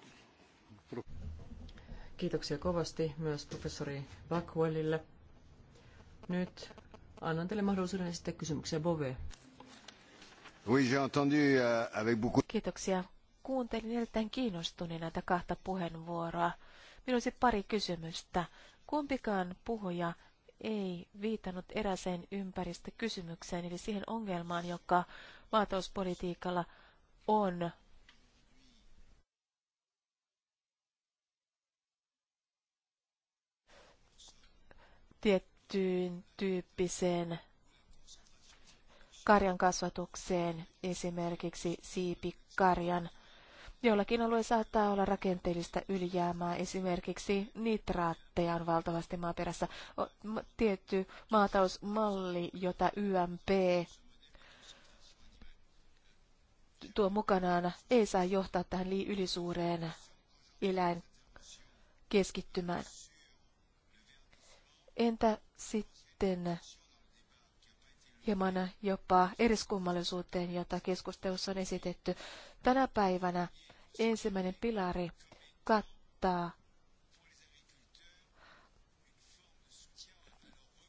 Kiitoksia kovasti myös professori Backwellille. Nyt annan teille mahdollisuuden esittää kysymyksiä Bove. Euh, Kiitoksia. Kuuntelin erittäin kiinnostuneena näitä kahta puheenvuoroa. Minulla olisi pari kysymystä. Kumpikaan puhuja ei viitannut eräseen ympäristökysymykseen, eli siihen ongelmaan, joka maatalouspolitiikalla on tiettyyn tyyppiseen karjan kasvatukseen, esimerkiksi siipikarjan. Jollakin alue saattaa olla rakenteellista ylijäämää, esimerkiksi nitraatteja on valtavasti maaperässä. Tietty maatausmalli, jota YMP tuo mukanaan, ei saa johtaa tähän ylisuureen eläinkeskittymään. keskittymään. Entä sitten hieman jopa eriskummallisuuteen, jota keskustelussa on esitetty. Tänä päivänä ensimmäinen pilari kattaa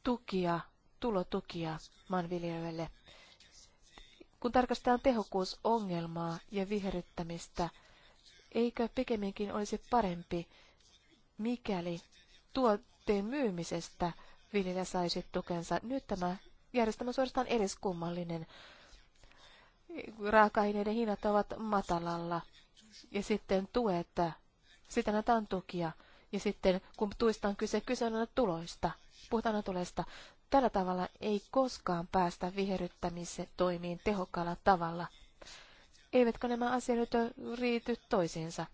tukia, tulotukia maanviljelijöille. Kun tarkastetaan tehokkuusongelmaa ja viherryttämistä, eikö pikemminkin olisi parempi, mikäli tuo tuotteen myymisestä viljelijä saisi tukensa. Nyt tämä järjestelmä suorastaan eriskummallinen. Raaka-aineiden hinnat ovat matalalla ja sitten tuet, sitä annetaan tukia. Ja sitten kun tuista on kyse, kyse on tuloista, puhutaan tuloista. Tällä tavalla ei koskaan päästä viherryttämisen toimiin tehokkaalla tavalla. Eivätkö nämä asiat riity toisiinsa?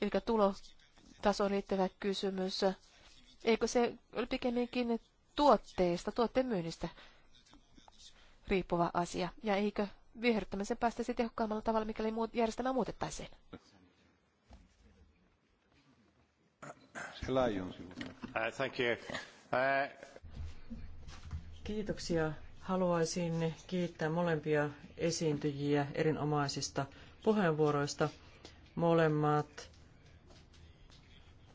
Eli tulo tasoon liittyvä kysymys. Eikö se ole pikemminkin tuotteista, tuotteen myynnistä riippuva asia? Ja eikö viherryttämisen päästäisi tehokkaammalla tavalla, mikäli muut järjestelmä muutettaisiin? Uh, thank you. Uh, Kiitoksia. Haluaisin kiittää molempia esiintyjiä erinomaisista puheenvuoroista. Molemmat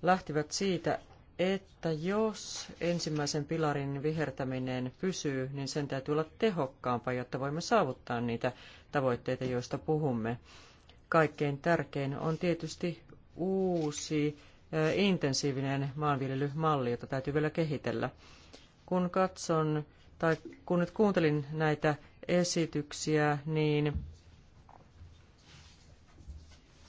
lähtivät siitä, että jos ensimmäisen pilarin vihertäminen pysyy, niin sen täytyy olla tehokkaampaa, jotta voimme saavuttaa niitä tavoitteita, joista puhumme. Kaikkein tärkein on tietysti uusi intensiivinen maanviljelymalli, jota täytyy vielä kehitellä. Kun katson tai kun nyt kuuntelin näitä esityksiä, niin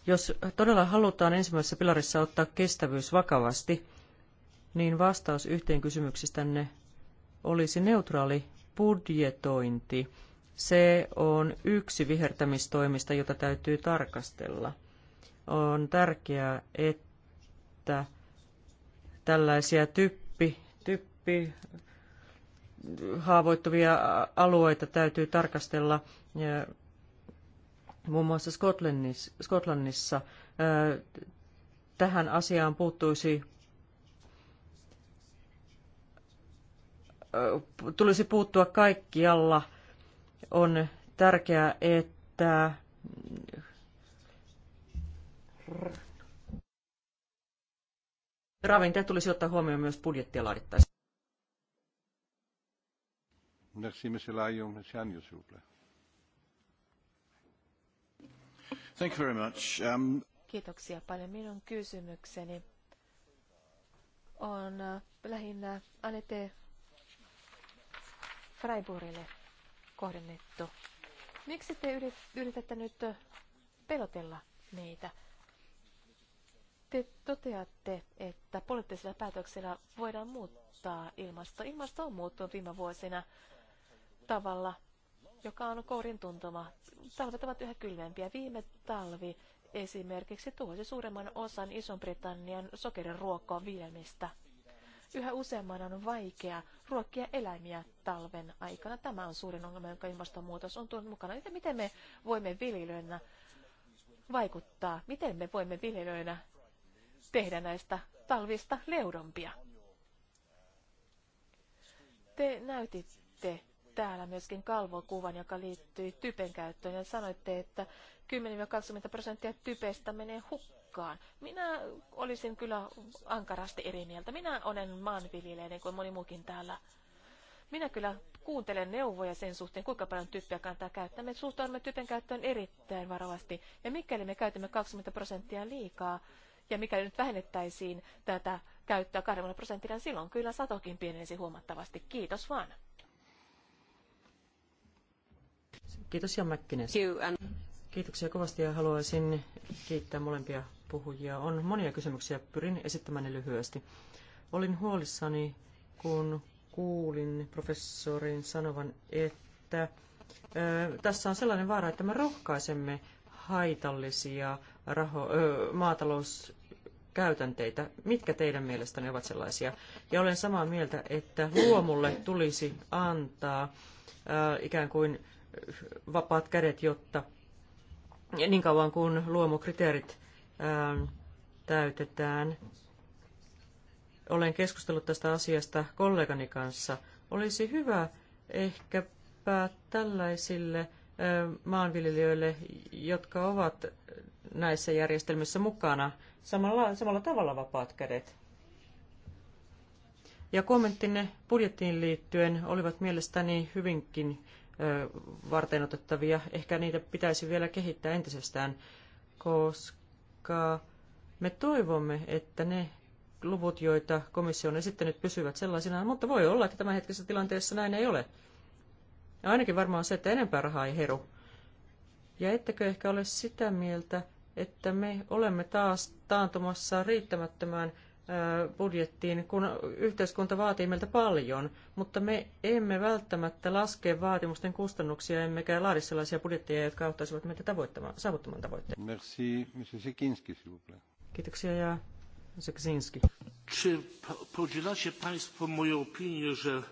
jos todella halutaan ensimmäisessä pilarissa ottaa kestävyys vakavasti, niin vastaus yhteen kysymyksistänne olisi neutraali budjetointi. Se on yksi vihertämistoimista, jota täytyy tarkastella. On tärkeää, että tällaisia typpi, typpi haavoittuvia alueita täytyy tarkastella muun muassa Skotlannissa, Skotlannissa tähän asiaan puuttuisi tulisi puuttua kaikkialla. On tärkeää, että ravinteet tulisi ottaa huomioon myös budjettia laadittaessa. Merci, monsieur Lyon. Monsieur Agnew, s'il vous plaît. Um, Kiitoksia paljon. Minun kysymykseni on äh, lähinnä Anette Freiburille kohdennettu. Miksi te yritätte nyt äh, pelotella meitä? Te toteatte, että poliittisilla päätöksillä voidaan muuttaa ilmasto. Ilmasto on muuttunut viime vuosina tavalla, joka on kourin tuntuma. Talvet ovat yhä kylmempiä. Viime talvi esimerkiksi tuhosi suuremman osan iso britannian sokerin ruokoon viemistä. Yhä useamman on vaikea ruokkia eläimiä talven aikana. Tämä on suurin ongelma, jonka ilmastonmuutos on tuonut mukana. Joten miten me voimme viljelyönä vaikuttaa? Miten me voimme viljelyönä tehdä näistä talvista leudompia? Te näytitte täällä myöskin kalvokuvan, joka liittyy typen käyttöön, ja sanoitte, että 10-20 prosenttia typestä menee hukkaan. Minä olisin kyllä ankarasti eri mieltä. Minä olen maanviljelijä, niin kuin moni muukin täällä. Minä kyllä kuuntelen neuvoja sen suhteen, kuinka paljon typpiä kantaa käyttää. Me suhtaudumme typen käyttöön erittäin varovasti. Ja mikäli me käytämme 20 prosenttia liikaa, ja mikäli nyt vähennettäisiin tätä käyttöä 20 prosenttia, niin silloin kyllä satokin pienenisi huomattavasti. Kiitos vaan. Kiitos ja Mäkkinen. Kiitoksia kovasti ja haluaisin kiittää molempia puhujia. On monia kysymyksiä, pyrin esittämään ne lyhyesti. Olin huolissani, kun kuulin professorin sanovan, että ää, tässä on sellainen vaara, että me rohkaisemme haitallisia raho, ö, maatalouskäytänteitä. Mitkä teidän mielestänne ovat sellaisia? Ja olen samaa mieltä, että luomulle tulisi antaa ää, ikään kuin vapaat kädet, jotta niin kauan kuin luomukriteerit täytetään. Olen keskustellut tästä asiasta kollegani kanssa. Olisi hyvä ehkäpä tällaisille maanviljelijöille, jotka ovat näissä järjestelmissä mukana, samalla, samalla tavalla vapaat kädet. Ja kommenttinne budjettiin liittyen olivat mielestäni hyvinkin varteenotettavia. Ehkä niitä pitäisi vielä kehittää entisestään, koska me toivomme, että ne luvut, joita komissio on esittänyt, pysyvät sellaisinaan, mutta voi olla, että hetkessä tilanteessa näin ei ole. Ja ainakin varmaan se, että enempää rahaa ei heru. Ja ettekö ehkä ole sitä mieltä, että me olemme taas taantumassa riittämättömään budjettiin, kun yhteiskunta vaatii meiltä paljon, mutta me emme välttämättä laske vaatimusten kustannuksia, emmekä laadi sellaisia budjetteja, jotka auttaisivat meitä tavoittamaan, saavuttamaan tavoitteen. Merci, monsieur Sikinski, Kiitoksia ja Sekinski. Czy podzielacie państwo moją opinię, że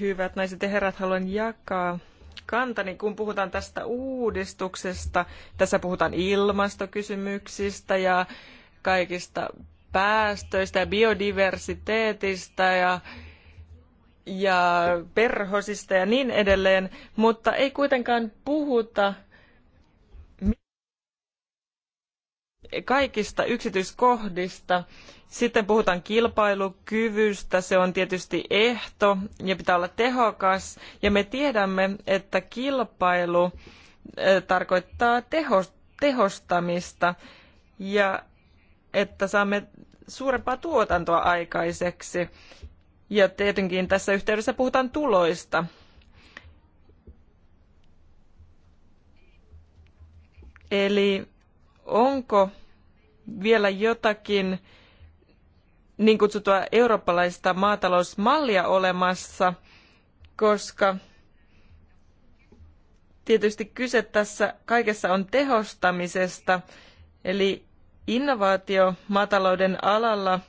Hyvät naiset ja herrat, haluan jakaa kantani, kun puhutaan tästä uudistuksesta. Tässä puhutaan ilmastokysymyksistä ja kaikista päästöistä ja biodiversiteetistä ja, ja perhosista ja niin edelleen, mutta ei kuitenkaan puhuta kaikista yksityiskohdista. Sitten puhutaan kilpailukyvystä, se on tietysti ehto ja pitää olla tehokas. Ja me tiedämme, että kilpailu eh, tarkoittaa teho, tehostamista. Ja että saamme suurempaa tuotantoa aikaiseksi. Ja tietenkin tässä yhteydessä puhutaan tuloista. Eli onko vielä jotakin niin kutsutua eurooppalaista maatalousmallia olemassa, koska tietysti kyse tässä kaikessa on tehostamisesta, eli innovaatio maatalouden alalla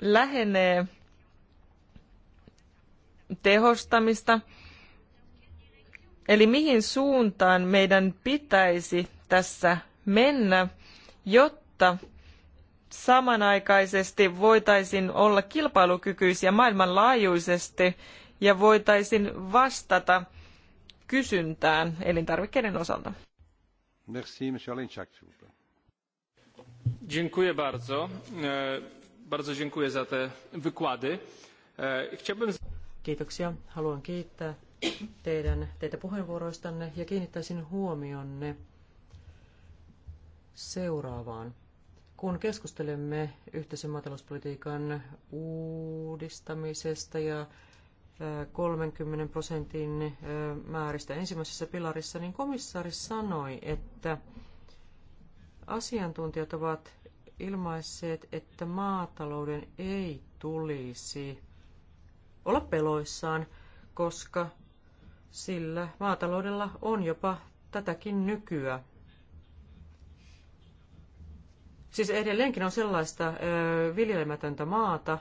lähenee tehostamista. Eli mihin suuntaan meidän pitäisi tässä mennä, jotta samanaikaisesti voitaisiin olla kilpailukykyisiä maailmanlaajuisesti ja voitaisiin vastata kysyntään elintarvikkeiden osalta. Merci, monsieur E, bardzo. dziękuję za te wykłady. E, Kiitoksia. Haluan kiittää teidän, teitä puheenvuoroistanne ja kiinnittäisin huomionne seuraavaan. Kun keskustelemme yhteisen maatalouspolitiikan uudistamisesta ja 30 prosentin määristä ensimmäisessä pilarissa, niin komissaari sanoi, että Asiantuntijat ovat ilmaisseet, että maatalouden ei tulisi olla peloissaan, koska sillä maataloudella on jopa tätäkin nykyä. Siis edelleenkin on sellaista ö, viljelemätöntä maata,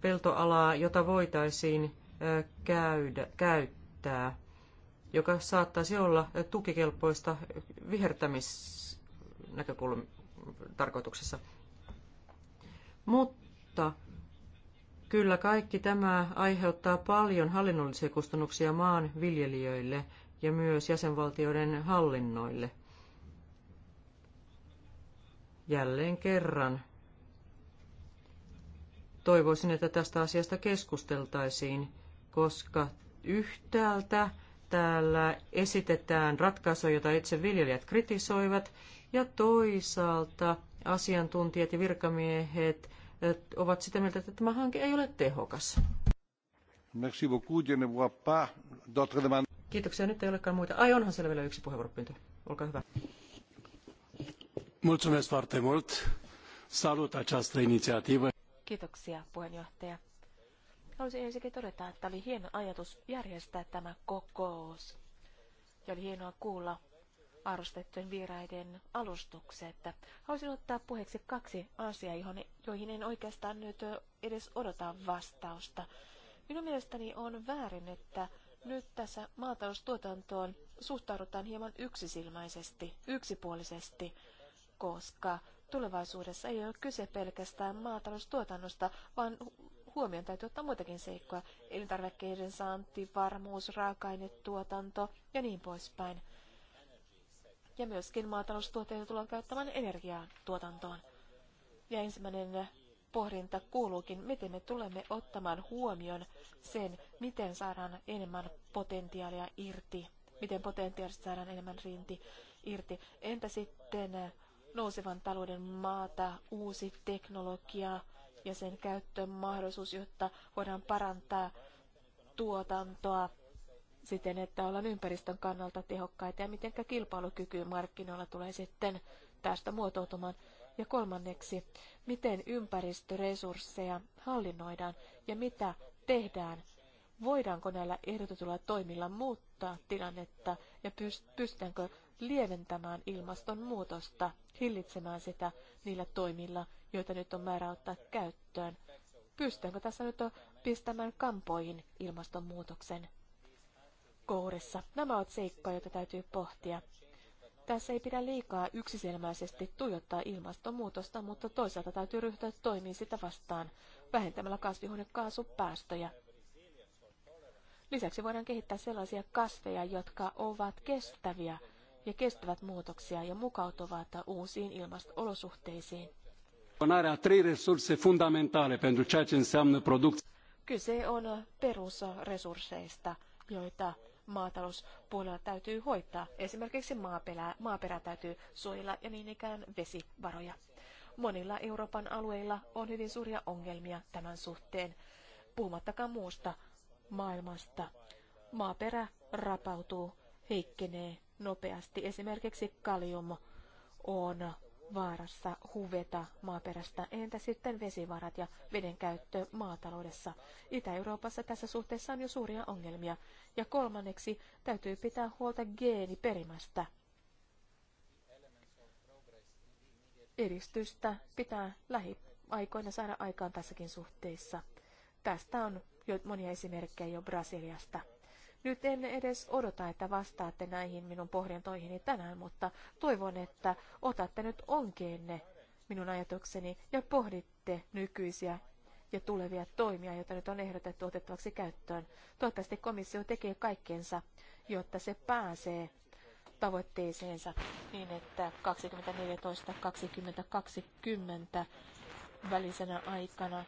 peltoalaa, jota voitaisiin ö, käydä, käyttää, joka saattaisi olla tukikelpoista vihertämis näkökulmatarkoituksessa. Mutta kyllä kaikki tämä aiheuttaa paljon hallinnollisia kustannuksia maan viljelijöille ja myös jäsenvaltioiden hallinnoille. Jälleen kerran toivoisin, että tästä asiasta keskusteltaisiin, koska yhtäältä täällä esitetään ratkaisuja, joita itse viljelijät kritisoivat, ja toisaalta asiantuntijat ja virkamiehet ovat sitä mieltä, että tämä hanke ei ole tehokas. Merci beaucoup. Je ne vois pas d'autres demandes. Kiitoksia. Nyt ei olekaan muita. Ai, onhan siellä vielä yksi puheenvuoropyyntö. Olkaa hyvä. Mulțumesc foarte mult. Salut această inițiativă. Kiitoksia, puheenjohtaja. Haluaisin ensinnäkin todeta, että oli hieno ajatus järjestää tämä kokous. Ja oli hienoa kuulla arvostettujen vieraiden alustukset. Haluaisin ottaa puheeksi kaksi asiaa, joihin en oikeastaan nyt edes odota vastausta. Minun mielestäni on väärin, että nyt tässä maataloustuotantoon suhtaudutaan hieman yksisilmäisesti, yksipuolisesti, koska tulevaisuudessa ei ole kyse pelkästään maataloustuotannosta, vaan huomioon täytyy ottaa muitakin seikkoja, elintarvikkeiden saanti, varmuus, raaka-ainetuotanto ja niin poispäin. Ja myöskin maataloustuotteita tullaan käyttämään energiatuotantoon. Ja ensimmäinen pohdinta kuuluukin, miten me tulemme ottamaan huomioon sen, miten saadaan enemmän potentiaalia irti, miten potentiaalista saadaan enemmän rinti irti. Entä sitten nousevan talouden maata, uusi teknologia, ja sen käyttöön mahdollisuus, jotta voidaan parantaa tuotantoa siten, että ollaan ympäristön kannalta tehokkaita ja miten kilpailukyky markkinoilla tulee sitten tästä muotoutumaan. Ja kolmanneksi, miten ympäristöresursseja hallinnoidaan ja mitä tehdään. Voidaanko näillä ehdotetulla toimilla muuttaa tilannetta ja pystytäänkö lieventämään ilmastonmuutosta, hillitsemään sitä niillä toimilla, joita nyt on määrä ottaa käyttöön. Pystynkö tässä nyt pistämään kampoihin ilmastonmuutoksen kourissa? Nämä ovat seikkoja, joita täytyy pohtia. Tässä ei pidä liikaa yksisilmäisesti tuijottaa ilmastonmuutosta, mutta toisaalta täytyy ryhtyä toimiin sitä vastaan vähentämällä kasvihuonekaasupäästöjä. Lisäksi voidaan kehittää sellaisia kasveja, jotka ovat kestäviä ja kestävät muutoksia ja mukautuvat uusiin ilmasto-olosuhteisiin. Donarea trei resurse fundamentale pentru ceea ce înseamnă producție. Kyse on perusresursseista, joita maatalouspuolella täytyy hoitaa. Esimerkiksi maaperää, maaperää täytyy suojella ja niin ikään vesivaroja. Monilla Euroopan alueilla on hyvin suuria ongelmia tämän suhteen, puhumattakaan muusta maailmasta. Maaperä rapautuu, heikkenee nopeasti. Esimerkiksi kalium on vaarassa huveta maaperästä. Entä sitten vesivarat ja veden käyttö maataloudessa? Itä-Euroopassa tässä suhteessa on jo suuria ongelmia. Ja kolmanneksi täytyy pitää huolta geeniperimästä. Edistystä pitää lähiaikoina saada aikaan tässäkin suhteessa. Tästä on jo monia esimerkkejä jo Brasiliasta. Nyt en edes odota, että vastaatte näihin minun pohdintoihini tänään, mutta toivon, että otatte nyt onkeenne minun ajatukseni ja pohditte nykyisiä ja tulevia toimia, joita nyt on ehdotettu otettavaksi käyttöön. Toivottavasti komissio tekee kaikkensa, jotta se pääsee tavoitteeseensa niin, että 2014-2020 välisenä aikana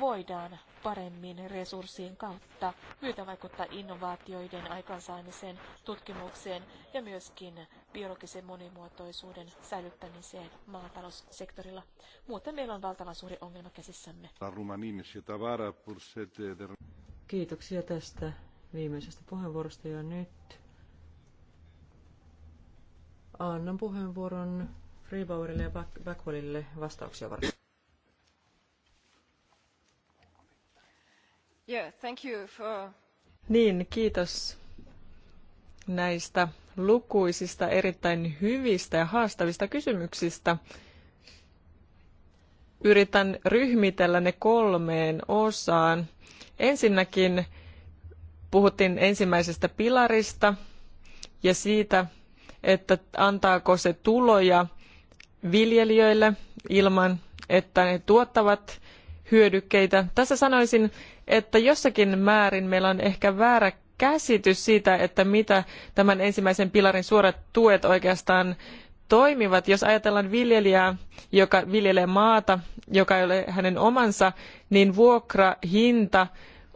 voidaan paremmin resurssien kautta myötä vaikuttaa innovaatioiden aikaansaamiseen, tutkimukseen ja myöskin biologisen monimuotoisuuden säilyttämiseen maataloussektorilla. Muuten meillä on valtavan suuri ongelma käsissämme. Kiitoksia tästä viimeisestä puheenvuorosta ja nyt annan puheenvuoron Freebauerille ja Backwellille vastauksia varten. Niin, kiitos näistä lukuisista erittäin hyvistä ja haastavista kysymyksistä. Yritän ryhmitellä ne kolmeen osaan. Ensinnäkin puhuttiin ensimmäisestä pilarista ja siitä, että antaako se tuloja viljelijöille ilman, että ne tuottavat hyödykkeitä. Tässä sanoisin, että jossakin määrin meillä on ehkä väärä käsitys siitä, että mitä tämän ensimmäisen pilarin suorat tuet oikeastaan toimivat. Jos ajatellaan viljelijää, joka viljelee maata, joka ei ole hänen omansa, niin vuokrahinta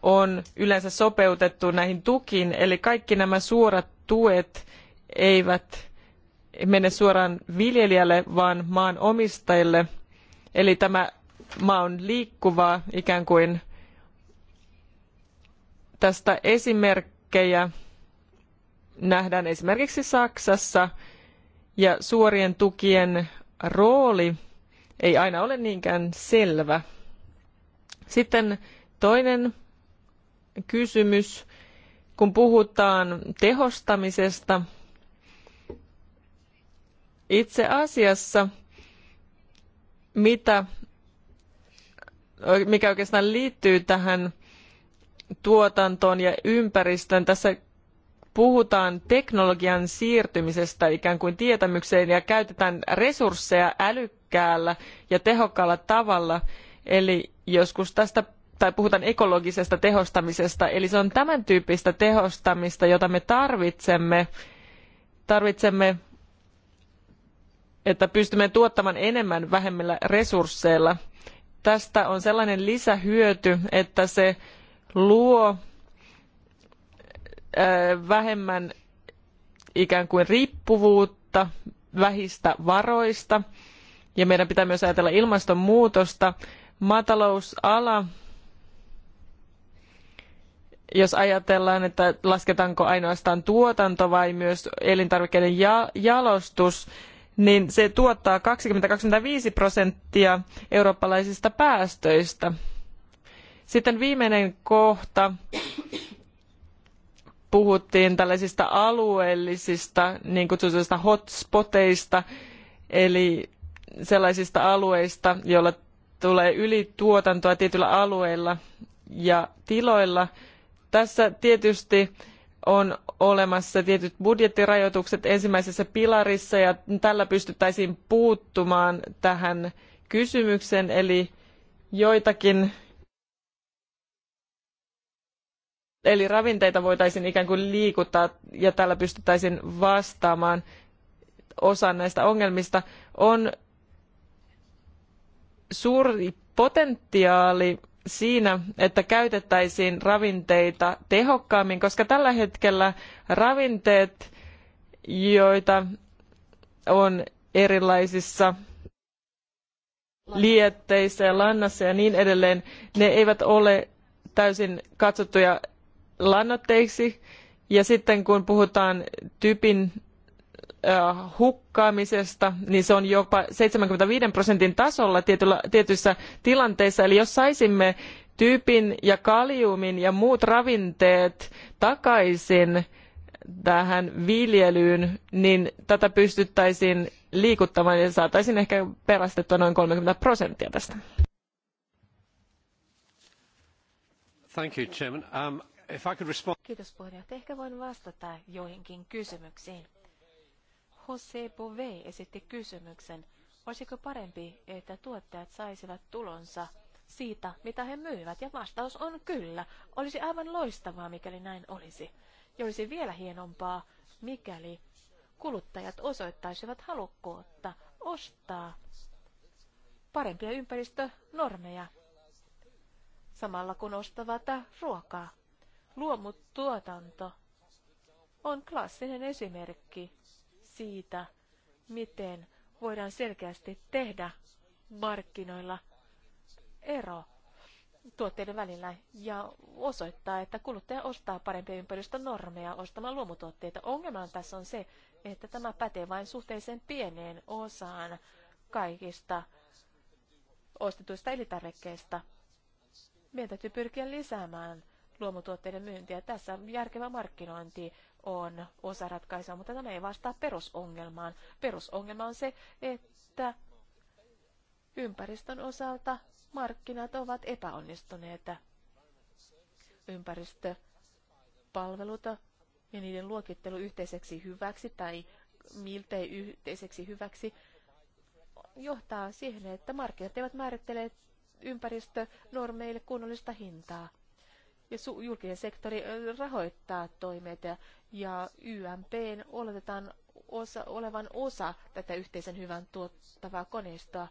on yleensä sopeutettu näihin tukiin, eli kaikki nämä suorat tuet eivät mene suoraan viljelijälle, vaan maanomistajille. Eli tämä maa on liikkuva ikään kuin tästä esimerkkejä nähdään esimerkiksi Saksassa ja suorien tukien rooli ei aina ole niinkään selvä. Sitten toinen kysymys, kun puhutaan tehostamisesta, itse asiassa mitä mikä oikeastaan liittyy tähän tuotantoon ja ympäristöön. Tässä puhutaan teknologian siirtymisestä ikään kuin tietämykseen ja käytetään resursseja älykkäällä ja tehokkaalla tavalla. Eli joskus tästä tai puhutaan ekologisesta tehostamisesta. Eli se on tämän tyyppistä tehostamista, jota me tarvitsemme. Tarvitsemme, että pystymme tuottamaan enemmän vähemmillä resursseilla – tästä on sellainen lisähyöty, että se luo vähemmän ikään kuin riippuvuutta vähistä varoista ja meidän pitää myös ajatella ilmastonmuutosta. Maatalousala, jos ajatellaan, että lasketaanko ainoastaan tuotanto vai myös elintarvikkeiden jalostus, niin se tuottaa 20 prosenttia eurooppalaisista päästöistä. Sitten viimeinen kohta puhuttiin tällaisista alueellisista niin kutsutuista hotspoteista, eli sellaisista alueista, joilla tulee ylituotantoa tietyillä alueilla ja tiloilla. Tässä tietysti on olemassa tietyt budjettirajoitukset ensimmäisessä pilarissa ja tällä pystyttäisiin puuttumaan tähän kysymykseen eli joitakin eli ravinteita voitaisiin ikään kuin liikuttaa ja tällä pystyttäisiin vastaamaan osaan näistä ongelmista on suuri potentiaali siinä, että käytettäisiin ravinteita tehokkaammin, koska tällä hetkellä ravinteet, joita on erilaisissa lietteissä ja lannassa ja niin edelleen, ne eivät ole täysin katsottuja lannoitteiksi. Ja sitten kun puhutaan typin hukkaamisesta, niin se on jopa 75 prosentin tasolla tietyissä tilanteissa. Eli jos saisimme tyypin ja kaliumin ja muut ravinteet takaisin tähän viljelyyn, niin tätä pystyttäisiin liikuttamaan ja saataisiin ehkä pelastettua noin 30 prosenttia tästä. Thank you, Chairman. Um, if I could respond... Kiitos puheenjohtaja. Ehkä voin vastata joihinkin kysymyksiin. Jose Bove esitti kysymyksen, olisiko parempi, että tuottajat saisivat tulonsa siitä, mitä he myyvät, ja vastaus on kyllä. Olisi aivan loistavaa, mikäli näin olisi. Ja olisi vielä hienompaa, mikäli kuluttajat osoittaisivat halukkuutta ostaa parempia ympäristönormeja samalla kun ostavat ruokaa. Luomutuotanto on klassinen esimerkki siitä, miten voidaan selkeästi tehdä markkinoilla ero tuotteiden välillä ja osoittaa, että kuluttaja ostaa parempia ympäristön normeja ostamaan luomutuotteita. Ongelma tässä on se, että tämä pätee vain suhteellisen pieneen osaan kaikista ostetuista elintarvikkeista. Meidän täytyy pyrkiä lisäämään luomutuotteiden myyntiä. Tässä on järkevä markkinointi, on osa ratkaisua, mutta tämä ei vastaa perusongelmaan. Perusongelma on se, että ympäristön osalta markkinat ovat epäonnistuneet. Ympäristöpalvelut ja niiden luokittelu yhteiseksi hyväksi tai miltei yhteiseksi hyväksi johtaa siihen, että markkinat eivät määrittele ympäristönormeille kunnollista hintaa ja julkinen sektori rahoittaa toimet ja YMP oletetaan osa, olevan osa tätä yhteisen hyvän tuottavaa koneistoa.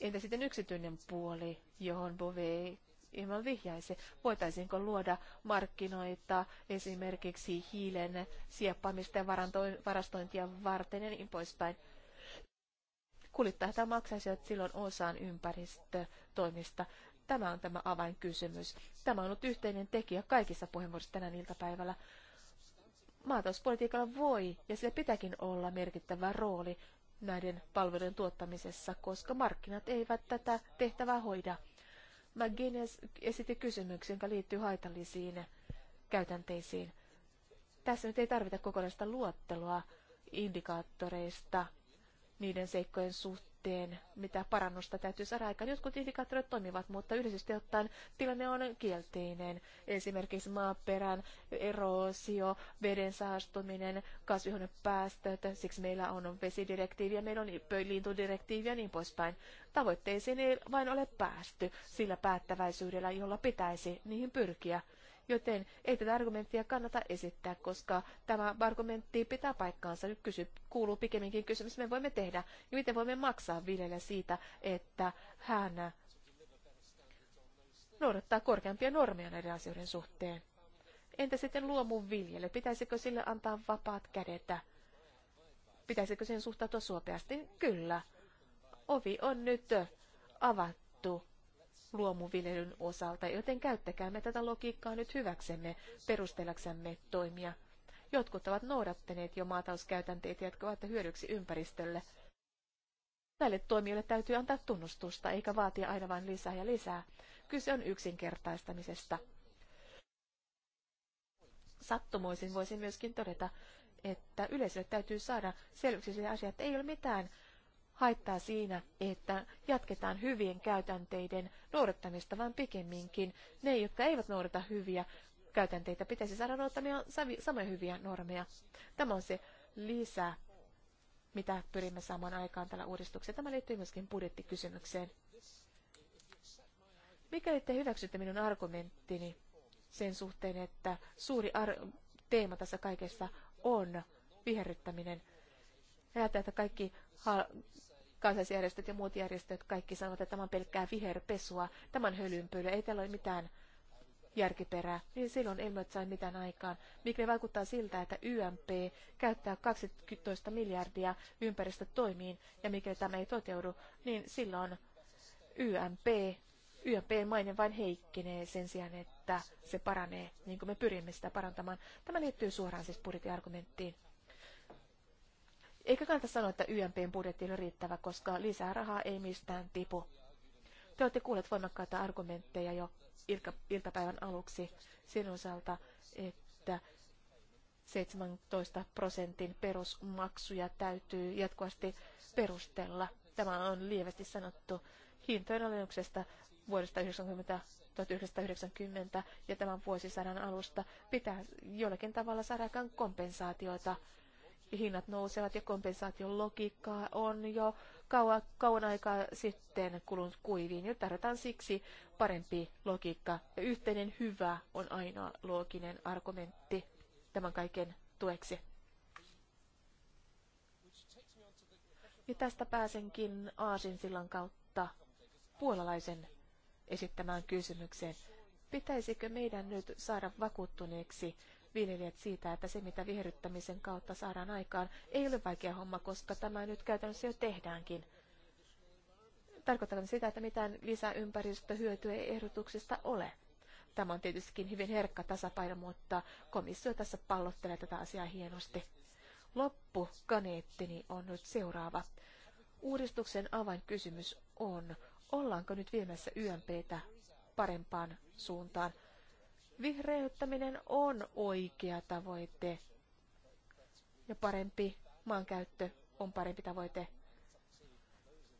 Entä sitten yksityinen puoli, johon Bove ilman vihjaisi? Voitaisiinko luoda markkinoita esimerkiksi hiilen sieppaamista ja varastointia varten ja niin poispäin? Kuljettajat maksaisivat silloin osaan ympäristötoimista. Tämä on tämä avainkysymys. Tämä on ollut yhteinen tekijä kaikissa puheenvuoroissa tänään iltapäivällä. Maatalouspolitiikalla voi ja sillä pitäkin olla merkittävä rooli näiden palvelujen tuottamisessa, koska markkinat eivät tätä tehtävää hoida. McGuinness esitti kysymyksen, joka liittyy haitallisiin käytänteisiin. Tässä nyt ei tarvita kokonaista luottelua indikaattoreista niiden seikkojen suhteen, mitä parannusta täytyy saada aikaan. Jotkut indikaattorit toimivat, mutta yleisesti ottaen tilanne on kielteinen. Esimerkiksi maaperän eroosio, veden saastuminen, kasvihuonepäästöt, siksi meillä on vesidirektiiviä, meillä on lintudirektiivi ja niin poispäin. Tavoitteisiin ei vain ole päästy sillä päättäväisyydellä, jolla pitäisi niihin pyrkiä Joten ei tätä argumenttia kannata esittää, koska tämä argumentti pitää paikkaansa. Nyt kysy, kuuluu pikemminkin kysymys, me voimme tehdä ja miten voimme maksaa viljelijä siitä, että hän noudattaa korkeampia normeja näiden asioiden suhteen. Entä sitten viljelijä Pitäisikö sille antaa vapaat kädet? Pitäisikö sen suhtautua suopeasti? Kyllä. Ovi on nyt avattu luomuviljelyn osalta, joten käyttäkäämme tätä logiikkaa nyt hyväksemme perustelaksemme toimia. Jotkut ovat noudattaneet jo maatauskäytänteitä, jotka ovat hyödyksi ympäristölle. Näille toimijoille täytyy antaa tunnustusta, eikä vaatia aina vain lisää ja lisää. Kyse on yksinkertaistamisesta. Sattumoisin voisin myöskin todeta, että yleisölle täytyy saada selväksi se asia, että ei ole mitään haittaa siinä, että jatketaan hyvien käytänteiden noudattamista, vaan pikemminkin ne, jotka eivät noudata hyviä käytänteitä, pitäisi saada noudattamia samoja hyviä normeja. Tämä on se lisä, mitä pyrimme saamaan aikaan tällä uudistuksella. Tämä liittyy myöskin budjettikysymykseen. Mikäli te hyväksytte minun argumenttini sen suhteen, että suuri teema tässä kaikessa on viherryttäminen, ajattelee, että kaikki kansalaisjärjestöt ja muut järjestöt kaikki sanovat, että tämä on pelkkää viherpesua, tämä on hölynpölyä, ei täällä ole mitään järkiperää, niin silloin emme saa mitään aikaan. Mikä vaikuttaa siltä, että YMP käyttää 12 miljardia ympäristötoimiin, ja mikäli tämä ei toteudu, niin silloin YMP, YMP-maine vain heikkenee sen sijaan, että se paranee, niin kuin me pyrimme sitä parantamaan. Tämä liittyy suoraan siis budjettiargumenttiin. Eikä kannata sanoa, että YMPn budjetti oli riittävä, koska lisää rahaa ei mistään tipu. Te olette kuulleet voimakkaita argumentteja jo iltapäivän aluksi sen osalta, että 17 prosentin perusmaksuja täytyy jatkuvasti perustella. Tämä on lievästi sanottu hintojen alennuksesta vuodesta 1990 ja tämän vuosisadan alusta pitää jollakin tavalla saada kompensaatiota hinnat nousevat ja kompensaation logiikkaa on jo kauan, kauan aikaa sitten kulunut kuiviin. Nyt tarvitaan siksi parempi logiikka. Ja yhteinen hyvä on ainoa looginen argumentti tämän kaiken tueksi. Ja tästä pääsenkin Aasinsillan kautta puolalaisen esittämään kysymykseen. Pitäisikö meidän nyt saada vakuuttuneeksi viljelijät siitä, että se mitä viherryttämisen kautta saadaan aikaan ei ole vaikea homma, koska tämä nyt käytännössä jo tehdäänkin. Tarkoitan sitä, että mitään lisäympäristöhyötyä ei ehdotuksista ole. Tämä on tietystikin hyvin herkkä tasapaino, mutta komissio tässä pallottelee tätä asiaa hienosti. kaneettini on nyt seuraava. Uudistuksen avainkysymys on, ollaanko nyt viemässä YMPtä parempaan suuntaan Vihreyttäminen on oikea tavoite ja parempi maankäyttö on parempi tavoite,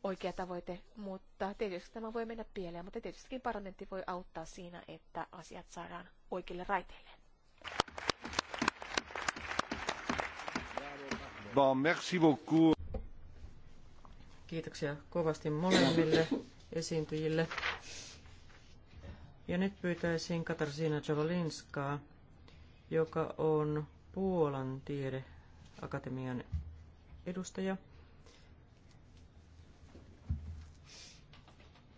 oikea tavoite, mutta tietysti tämä voi mennä pieleen, mutta tietystikin parlamentti voi auttaa siinä, että asiat saadaan oikeille raiteille. Bon, merci beaucoup. Kiitoksia kovasti molemmille esiintyjille. Ja nyt pyytäisin Katarzyna Czolinskaa, joka on Puolan tiedeakatemian edustaja.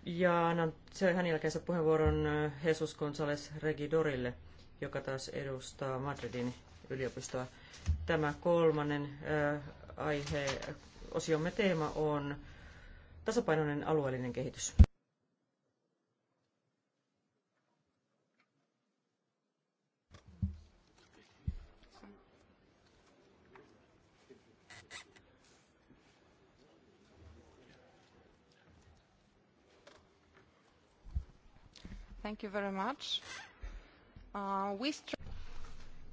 Ja annan hänen jälkeensä puheenvuoron äh, Jesus González Regidorille, joka taas edustaa Madridin yliopistoa. Tämä kolmannen äh, aihe, osiomme teema on tasapainoinen alueellinen kehitys. Uh,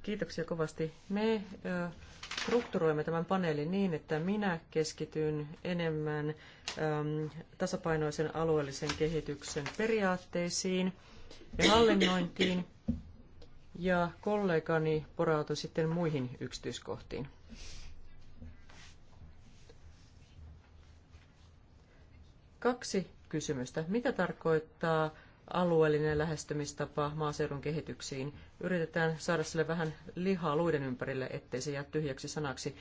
Kiitoksia kovasti. Me strukturoimme tämän paneelin niin, että minä keskityn enemmän tasapainoisen alueellisen kehityksen periaatteisiin ja hallinnointiin, ja kollegani porautui sitten muihin yksityiskohtiin. Kaksi kysymystä. Mitä tarkoittaa alueellinen lähestymistapa maaseudun kehityksiin. Yritetään saada sille vähän lihaa luiden ympärille, ettei se jää tyhjäksi sanaksi.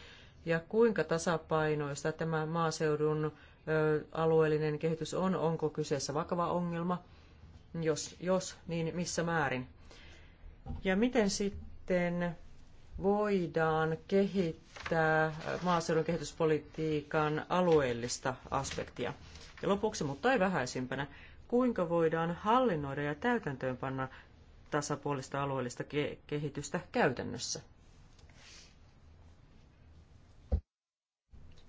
Ja kuinka tasapainoista tämä maaseudun alueellinen kehitys on? Onko kyseessä vakava ongelma? Jos, jos niin missä määrin? Ja miten sitten voidaan kehittää maaseudun kehityspolitiikan alueellista aspektia? Ja lopuksi, mutta ei vähäisimpänä, kuinka voidaan hallinnoida ja täytäntöönpanna tasapuolista alueellista ke- kehitystä käytännössä.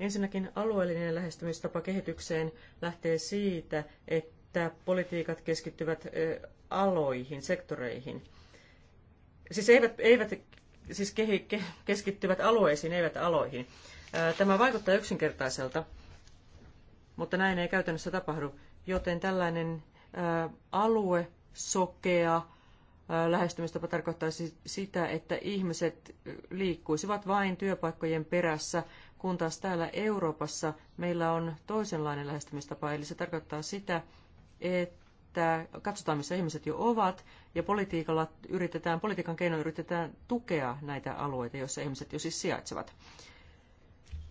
Ensinnäkin alueellinen lähestymistapa kehitykseen lähtee siitä, että politiikat keskittyvät aloihin, sektoreihin. Siis eivät, eivät siis kehi, ke, keskittyvät alueisiin, eivät aloihin. Tämä vaikuttaa yksinkertaiselta, mutta näin ei käytännössä tapahdu joten tällainen alue sokea lähestymistapa tarkoittaisi sitä, että ihmiset liikkuisivat vain työpaikkojen perässä, kun taas täällä Euroopassa meillä on toisenlainen lähestymistapa. Eli se tarkoittaa sitä, että katsotaan, missä ihmiset jo ovat, ja politiikalla yritetään, politiikan keinoin yritetään tukea näitä alueita, joissa ihmiset jo siis sijaitsevat.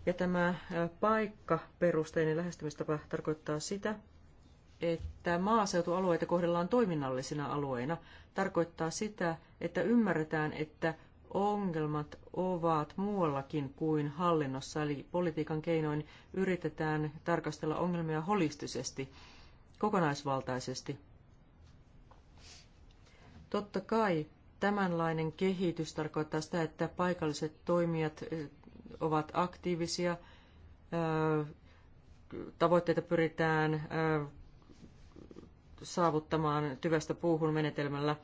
Ja tämä paikkaperusteinen lähestymistapa tarkoittaa sitä, että maaseutualueita kohdellaan toiminnallisina alueina, tarkoittaa sitä, että ymmärretään, että ongelmat ovat muuallakin kuin hallinnossa, eli politiikan keinoin yritetään tarkastella ongelmia holistisesti, kokonaisvaltaisesti. Totta kai tämänlainen kehitys tarkoittaa sitä, että paikalliset toimijat eh, ovat aktiivisia, tavoitteita pyritään saavuttamaan tyvestä puuhun menetelmällä,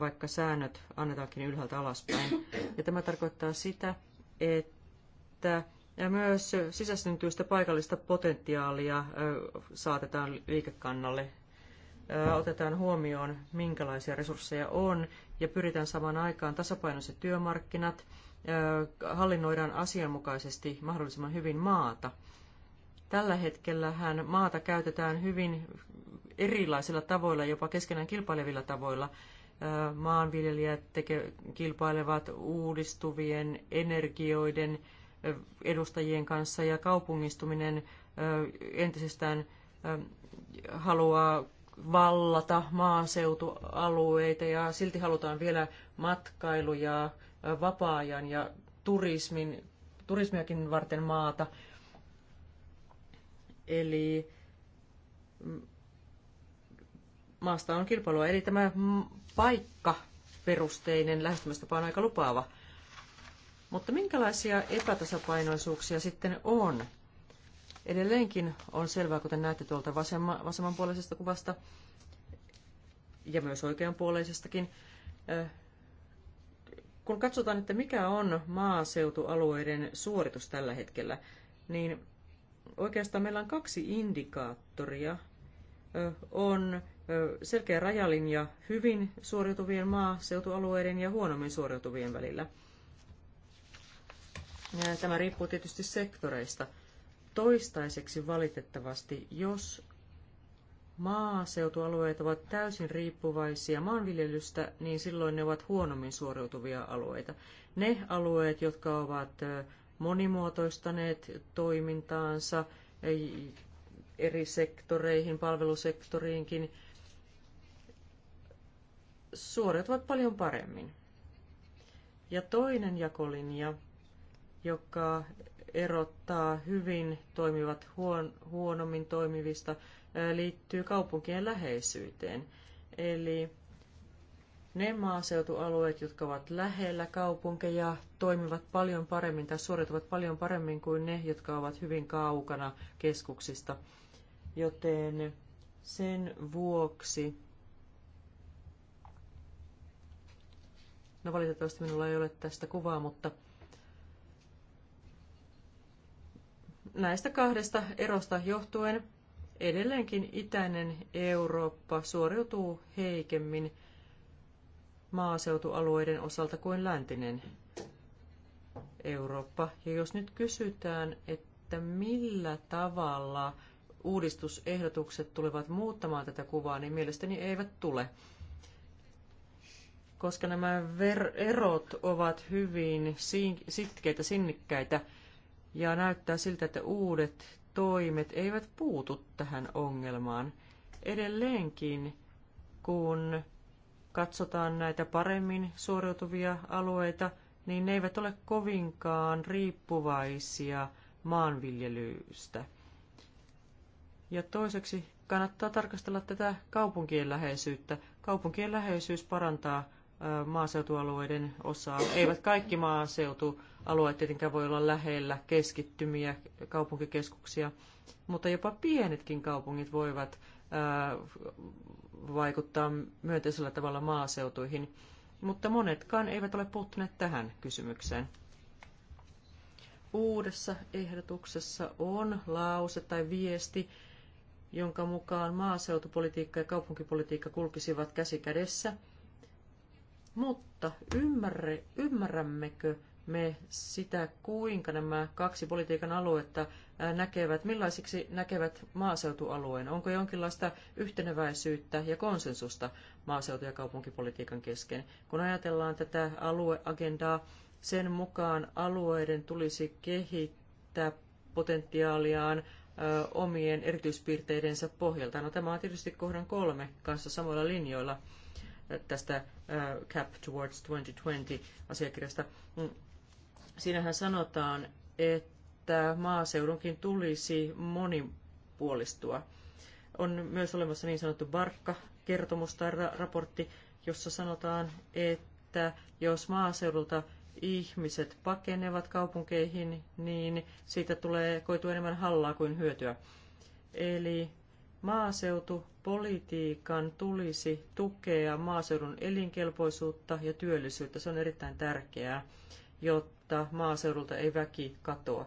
vaikka säännöt annetaankin ylhäältä alaspäin. Ja tämä tarkoittaa sitä, että ja myös sisäsyntyistä paikallista potentiaalia saatetaan liikekannalle. Otetaan huomioon, minkälaisia resursseja on, ja pyritään samaan aikaan tasapainoiset työmarkkinat, hallinnoidaan asianmukaisesti mahdollisimman hyvin maata. Tällä hetkellä maata käytetään hyvin erilaisilla tavoilla, jopa keskenään kilpailevilla tavoilla. Maanviljelijät teke, kilpailevat uudistuvien energioiden edustajien kanssa ja kaupungistuminen entisestään haluaa vallata maaseutualueita ja silti halutaan vielä matkailu ja vapaa-ajan ja turismin, turismiakin varten maata. Eli mm, maasta on kilpailua. Eli tämä paikkaperusteinen lähestymistapa on aika lupaava. Mutta minkälaisia epätasapainoisuuksia sitten on? Edelleenkin on selvää, kuten näette tuolta vasemma, vasemmanpuoleisesta kuvasta ja myös oikeanpuoleisestakin, kun katsotaan, että mikä on maaseutualueiden suoritus tällä hetkellä, niin oikeastaan meillä on kaksi indikaattoria, on selkeä rajalinja hyvin suoriutuvien maaseutualueiden ja huonommin suoriutuvien välillä. Tämä riippuu tietysti sektoreista. Toistaiseksi valitettavasti, jos maaseutualueet ovat täysin riippuvaisia maanviljelystä, niin silloin ne ovat huonommin suoriutuvia alueita. Ne alueet, jotka ovat monimuotoistaneet toimintaansa, eri sektoreihin, palvelusektoriinkin, suoriutuvat paljon paremmin. Ja toinen jakolinja, joka erottaa hyvin toimivat huon, huonommin toimivista, liittyy kaupunkien läheisyyteen. Eli ne maaseutualueet, jotka ovat lähellä kaupunkeja, toimivat paljon paremmin tai suoriutuvat paljon paremmin kuin ne, jotka ovat hyvin kaukana keskuksista – joten sen vuoksi... No valitettavasti minulla ei ole tästä kuvaa, mutta näistä kahdesta erosta johtuen edelleenkin itäinen Eurooppa suoriutuu heikemmin maaseutualueiden osalta kuin läntinen Eurooppa. Ja jos nyt kysytään, että millä tavalla uudistusehdotukset tulevat muuttamaan tätä kuvaa, niin mielestäni eivät tule. Koska nämä erot ovat hyvin sitkeitä, sinnikkäitä, ja näyttää siltä, että uudet toimet eivät puutu tähän ongelmaan. Edelleenkin, kun katsotaan näitä paremmin suoriutuvia alueita, niin ne eivät ole kovinkaan riippuvaisia maanviljelystä – ja toiseksi kannattaa tarkastella tätä kaupunkien läheisyyttä. Kaupunkien läheisyys parantaa maaseutualueiden osaa. Eivät kaikki maaseutualueet tietenkään voi olla lähellä keskittymiä kaupunkikeskuksia, mutta jopa pienetkin kaupungit voivat vaikuttaa myönteisellä tavalla maaseutuihin, mutta monetkaan eivät ole puuttuneet tähän kysymykseen. Uudessa ehdotuksessa on lause tai viesti, jonka mukaan maaseutupolitiikka ja kaupunkipolitiikka kulkisivat käsi kädessä. Mutta ymmärre, ymmärrämmekö me sitä, kuinka nämä kaksi politiikan aluetta näkevät, millaisiksi näkevät maaseutualueen? Onko jonkinlaista yhteneväisyyttä ja konsensusta maaseutu- ja kaupunkipolitiikan kesken? Kun ajatellaan tätä alueagendaa, sen mukaan alueiden tulisi kehittää potentiaaliaan omien erityispiirteidensä pohjalta. No, tämä on tietysti kohdan kolme kanssa samoilla linjoilla tästä Cap Towards 2020-asiakirjasta. Mm. Siinähän sanotaan, että maaseudunkin tulisi monipuolistua. On myös olemassa niin sanottu Barkka-kertomus tai raportti, jossa sanotaan, että jos maaseudulta ihmiset pakenevat kaupunkeihin, niin siitä tulee koitu enemmän hallaa kuin hyötyä. Eli maaseutupolitiikan tulisi tukea maaseudun elinkelpoisuutta ja työllisyyttä. Se on erittäin tärkeää, jotta maaseudulta ei väki katoa.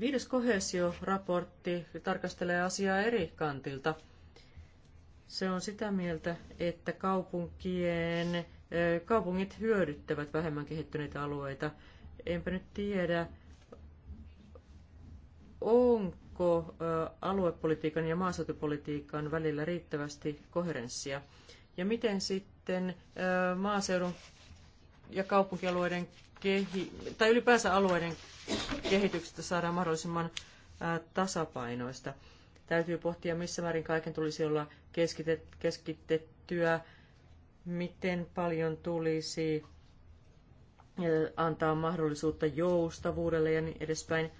Viides kohesioraportti tarkastelee asiaa eri kantilta. Se on sitä mieltä, että kaupunkien kaupungit hyödyttävät vähemmän kehittyneitä alueita. Enpä nyt tiedä, onko aluepolitiikan ja maaseutupolitiikan välillä riittävästi koherenssia. Ja miten sitten maaseudun ja kaupunkialueiden kehi- tai ylipäänsä alueiden kehityksestä saadaan mahdollisimman tasapainoista. Täytyy pohtia, missä määrin kaiken tulisi olla keskitettyä miten paljon tulisi eh, antaa mahdollisuutta joustavuudelle ja niin edespäin.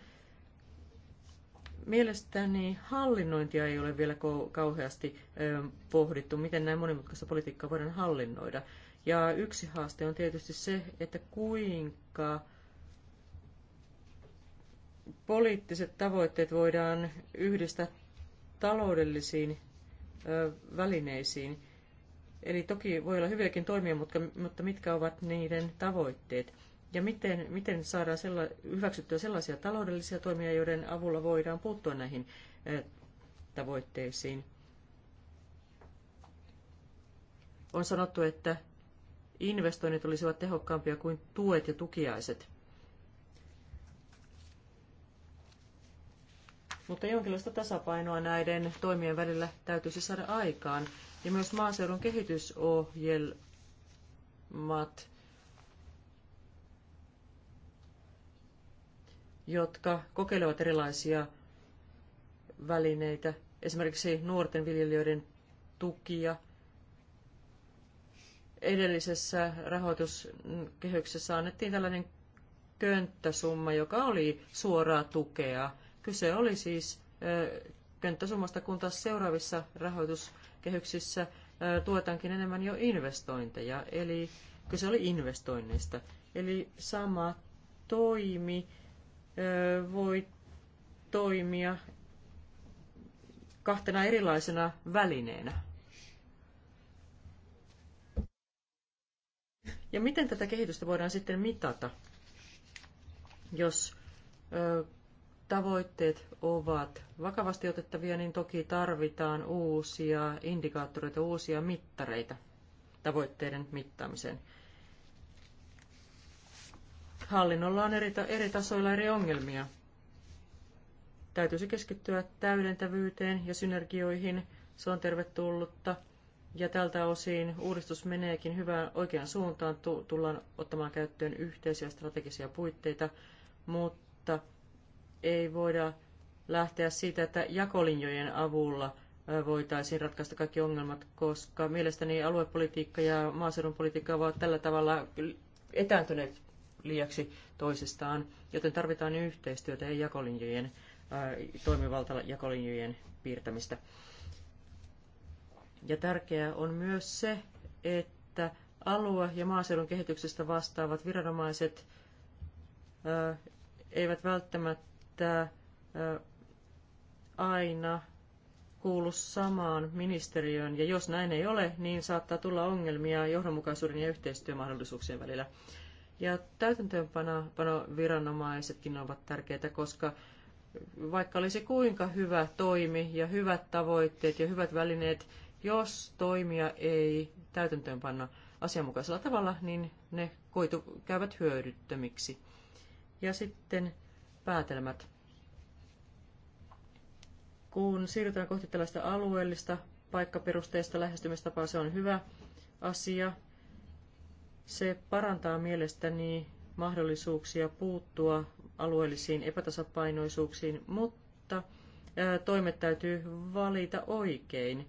Mielestäni hallinnointia ei ole vielä kauheasti eh, pohdittu, miten näin monimutkaista politiikkaa voidaan hallinnoida. Ja yksi haaste on tietysti se, että kuinka poliittiset tavoitteet voidaan yhdistää taloudellisiin eh, välineisiin. Eli toki voi olla hyviäkin toimia, mutta, mutta mitkä ovat niiden tavoitteet? Ja miten, miten saadaan sella, hyväksyttyä sellaisia taloudellisia toimia, joiden avulla voidaan puuttua näihin eh, tavoitteisiin? On sanottu, että investoinnit olisivat tehokkaampia kuin tuet ja tukiaiset. Mutta jonkinlaista tasapainoa näiden toimien välillä täytyisi saada aikaan. Ja myös maaseudun kehitysohjelmat, jotka kokeilevat erilaisia välineitä, esimerkiksi nuorten viljelijöiden tukia. Edellisessä rahoituskehyksessä annettiin tällainen könttäsumma, joka oli suoraa tukea. Kyse oli siis könttäsummasta, kun taas seuraavissa rahoitus kehyksissä tuetaankin enemmän jo investointeja, eli kyse oli investoinneista. Eli sama toimi voi toimia kahtena erilaisena välineenä. Ja miten tätä kehitystä voidaan sitten mitata, jos tavoitteet ovat vakavasti otettavia, niin toki tarvitaan uusia indikaattoreita, uusia mittareita tavoitteiden mittaamiseen. Hallinnolla on eri, eri tasoilla eri ongelmia. Täytyisi keskittyä täydentävyyteen ja synergioihin. Se on tervetullutta. Ja tältä osin uudistus meneekin hyvään oikeaan suuntaan. Tullaan ottamaan käyttöön yhteisiä strategisia puitteita, mutta ei voida lähteä siitä, että jakolinjojen avulla voitaisiin ratkaista kaikki ongelmat, koska mielestäni aluepolitiikka ja maaseudun politiikka ovat tällä tavalla etääntyneet liiaksi toisistaan, joten tarvitaan yhteistyötä ja jakolinjojen, toimivalta jakolinjojen piirtämistä. Ja tärkeää on myös se, että alue- ja maaseudun kehityksestä vastaavat viranomaiset eivät välttämättä että aina kuulu samaan ministeriöön, ja jos näin ei ole, niin saattaa tulla ongelmia johdonmukaisuuden ja yhteistyömahdollisuuksien välillä. Ja täytäntöönpanoviranomaisetkin ovat tärkeitä, koska vaikka olisi kuinka hyvä toimi ja hyvät tavoitteet ja hyvät välineet, jos toimia ei täytäntöönpanna asianmukaisella tavalla, niin ne koitu, käyvät hyödyttömiksi. Ja sitten päätelmät. Kun siirrytään kohti tällaista alueellista paikkaperusteista lähestymistapaa, se on hyvä asia. Se parantaa mielestäni mahdollisuuksia puuttua alueellisiin epätasapainoisuuksiin, mutta toimet täytyy valita oikein.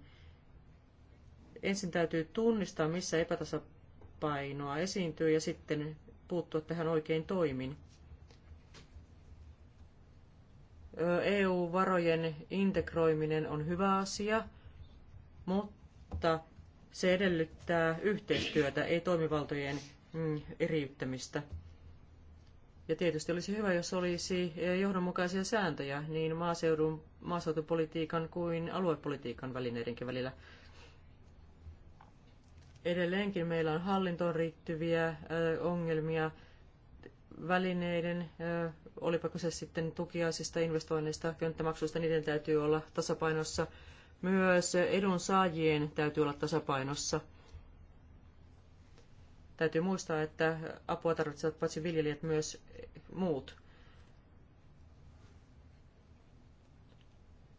Ensin täytyy tunnistaa, missä epätasapainoa esiintyy ja sitten puuttua tähän oikein toimin. EU-varojen integroiminen on hyvä asia, mutta se edellyttää yhteistyötä, ei toimivaltojen mm, eriyttämistä. Ja tietysti olisi hyvä, jos olisi e, johdonmukaisia sääntöjä niin maaseudun, maaseutupolitiikan kuin aluepolitiikan välineidenkin välillä. Edelleenkin meillä on hallintoon riittyviä ongelmia välineiden olipa kyse sitten tukiaisista, investoinneista, könttämaksuista, niiden täytyy olla tasapainossa. Myös edunsaajien täytyy olla tasapainossa. Täytyy muistaa, että apua tarvitsevat paitsi viljelijät myös muut.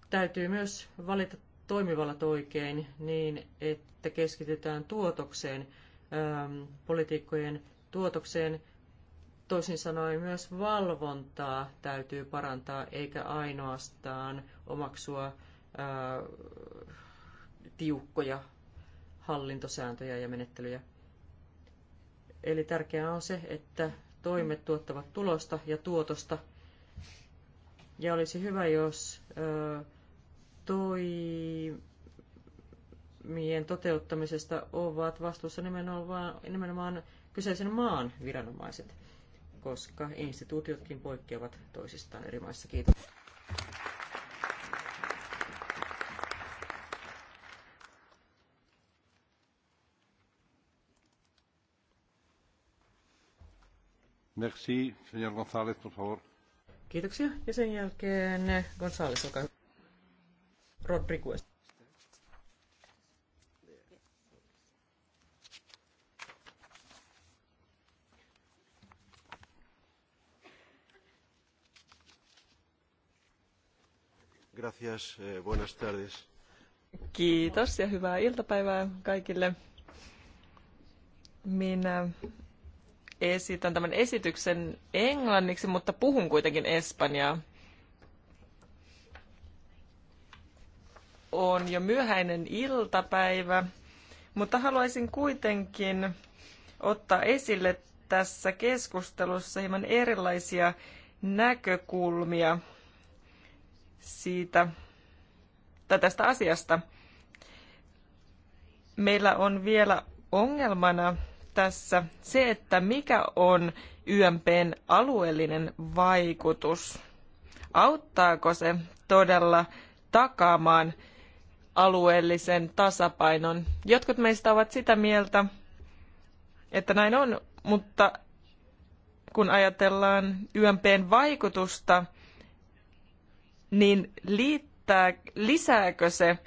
Täytyy myös valita toimivallat oikein niin, että keskitytään tuotokseen, ähm, politiikkojen tuotokseen, Toisin sanoen myös valvontaa täytyy parantaa, eikä ainoastaan omaksua ää, tiukkoja hallintosääntöjä ja menettelyjä. Eli tärkeää on se, että toimet tuottavat tulosta ja tuotosta. Ja olisi hyvä, jos ää, toimien toteuttamisesta ovat vastuussa nimenomaan, nimenomaan kyseisen maan viranomaiset koska instituutiotkin poikkeavat toisistaan eri maissa. Kiitos. Merci, señor González, por favor. Kiitoksia. Ja sen jälkeen González, olkaa hyvä. Rodriguez. Gracias, eh, buenas tardes. Kiitos ja hyvää iltapäivää kaikille. Minä esitän tämän esityksen englanniksi, mutta puhun kuitenkin espanjaa. On jo myöhäinen iltapäivä, mutta haluaisin kuitenkin ottaa esille tässä keskustelussa hieman erilaisia näkökulmia – siitä tai tästä asiasta. Meillä on vielä ongelmana tässä se, että mikä on YMPn alueellinen vaikutus. Auttaako se todella takaamaan alueellisen tasapainon? Jotkut meistä ovat sitä mieltä, että näin on, mutta kun ajatellaan YMPn vaikutusta niin liittää, lisääkö se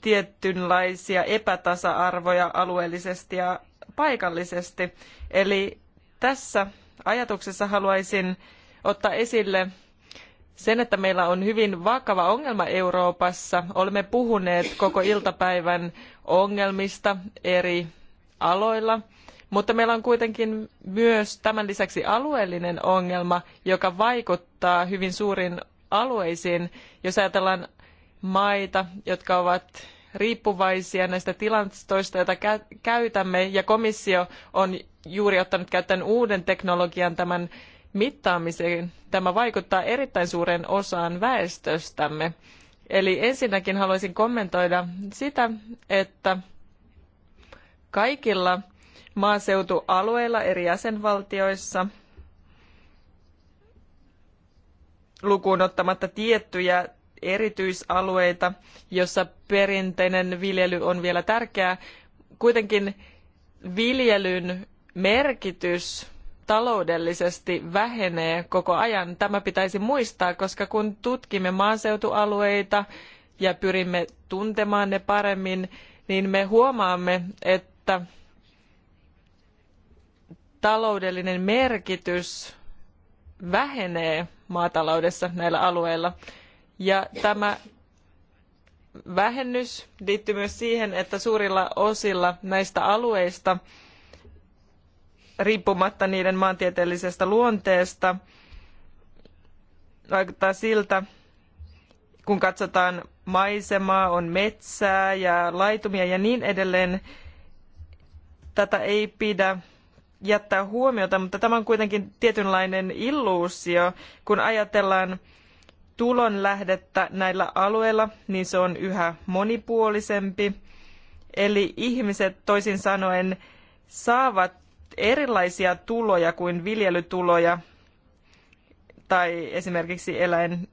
tietynlaisia epätasa-arvoja alueellisesti ja paikallisesti. Eli tässä ajatuksessa haluaisin ottaa esille sen, että meillä on hyvin vakava ongelma Euroopassa. Olemme puhuneet koko iltapäivän ongelmista eri aloilla, mutta meillä on kuitenkin myös tämän lisäksi alueellinen ongelma, joka vaikuttaa hyvin suurin alueisiin. Jos ajatellaan maita, jotka ovat riippuvaisia näistä tilastoista, joita käytämme, ja komissio on juuri ottanut käyttöön uuden teknologian tämän mittaamiseen. Tämä vaikuttaa erittäin suureen osaan väestöstämme. Eli ensinnäkin haluaisin kommentoida sitä, että kaikilla maaseutualueilla eri jäsenvaltioissa – lukuun ottamatta tiettyjä erityisalueita, jossa perinteinen viljely on vielä tärkeää. Kuitenkin viljelyn merkitys taloudellisesti vähenee koko ajan. Tämä pitäisi muistaa, koska kun tutkimme maaseutualueita ja pyrimme tuntemaan ne paremmin, niin me huomaamme, että taloudellinen merkitys vähenee maataloudessa näillä alueilla. Ja tämä vähennys liittyy myös siihen, että suurilla osilla näistä alueista, riippumatta niiden maantieteellisestä luonteesta, vaikuttaa siltä, kun katsotaan maisemaa, on metsää ja laitumia ja niin edelleen, tätä ei pidä jättää huomiota, mutta tämä on kuitenkin tietynlainen illuusio, kun ajatellaan tulonlähdettä näillä alueilla, niin se on yhä monipuolisempi. Eli ihmiset toisin sanoen saavat erilaisia tuloja kuin viljelytuloja tai esimerkiksi eläin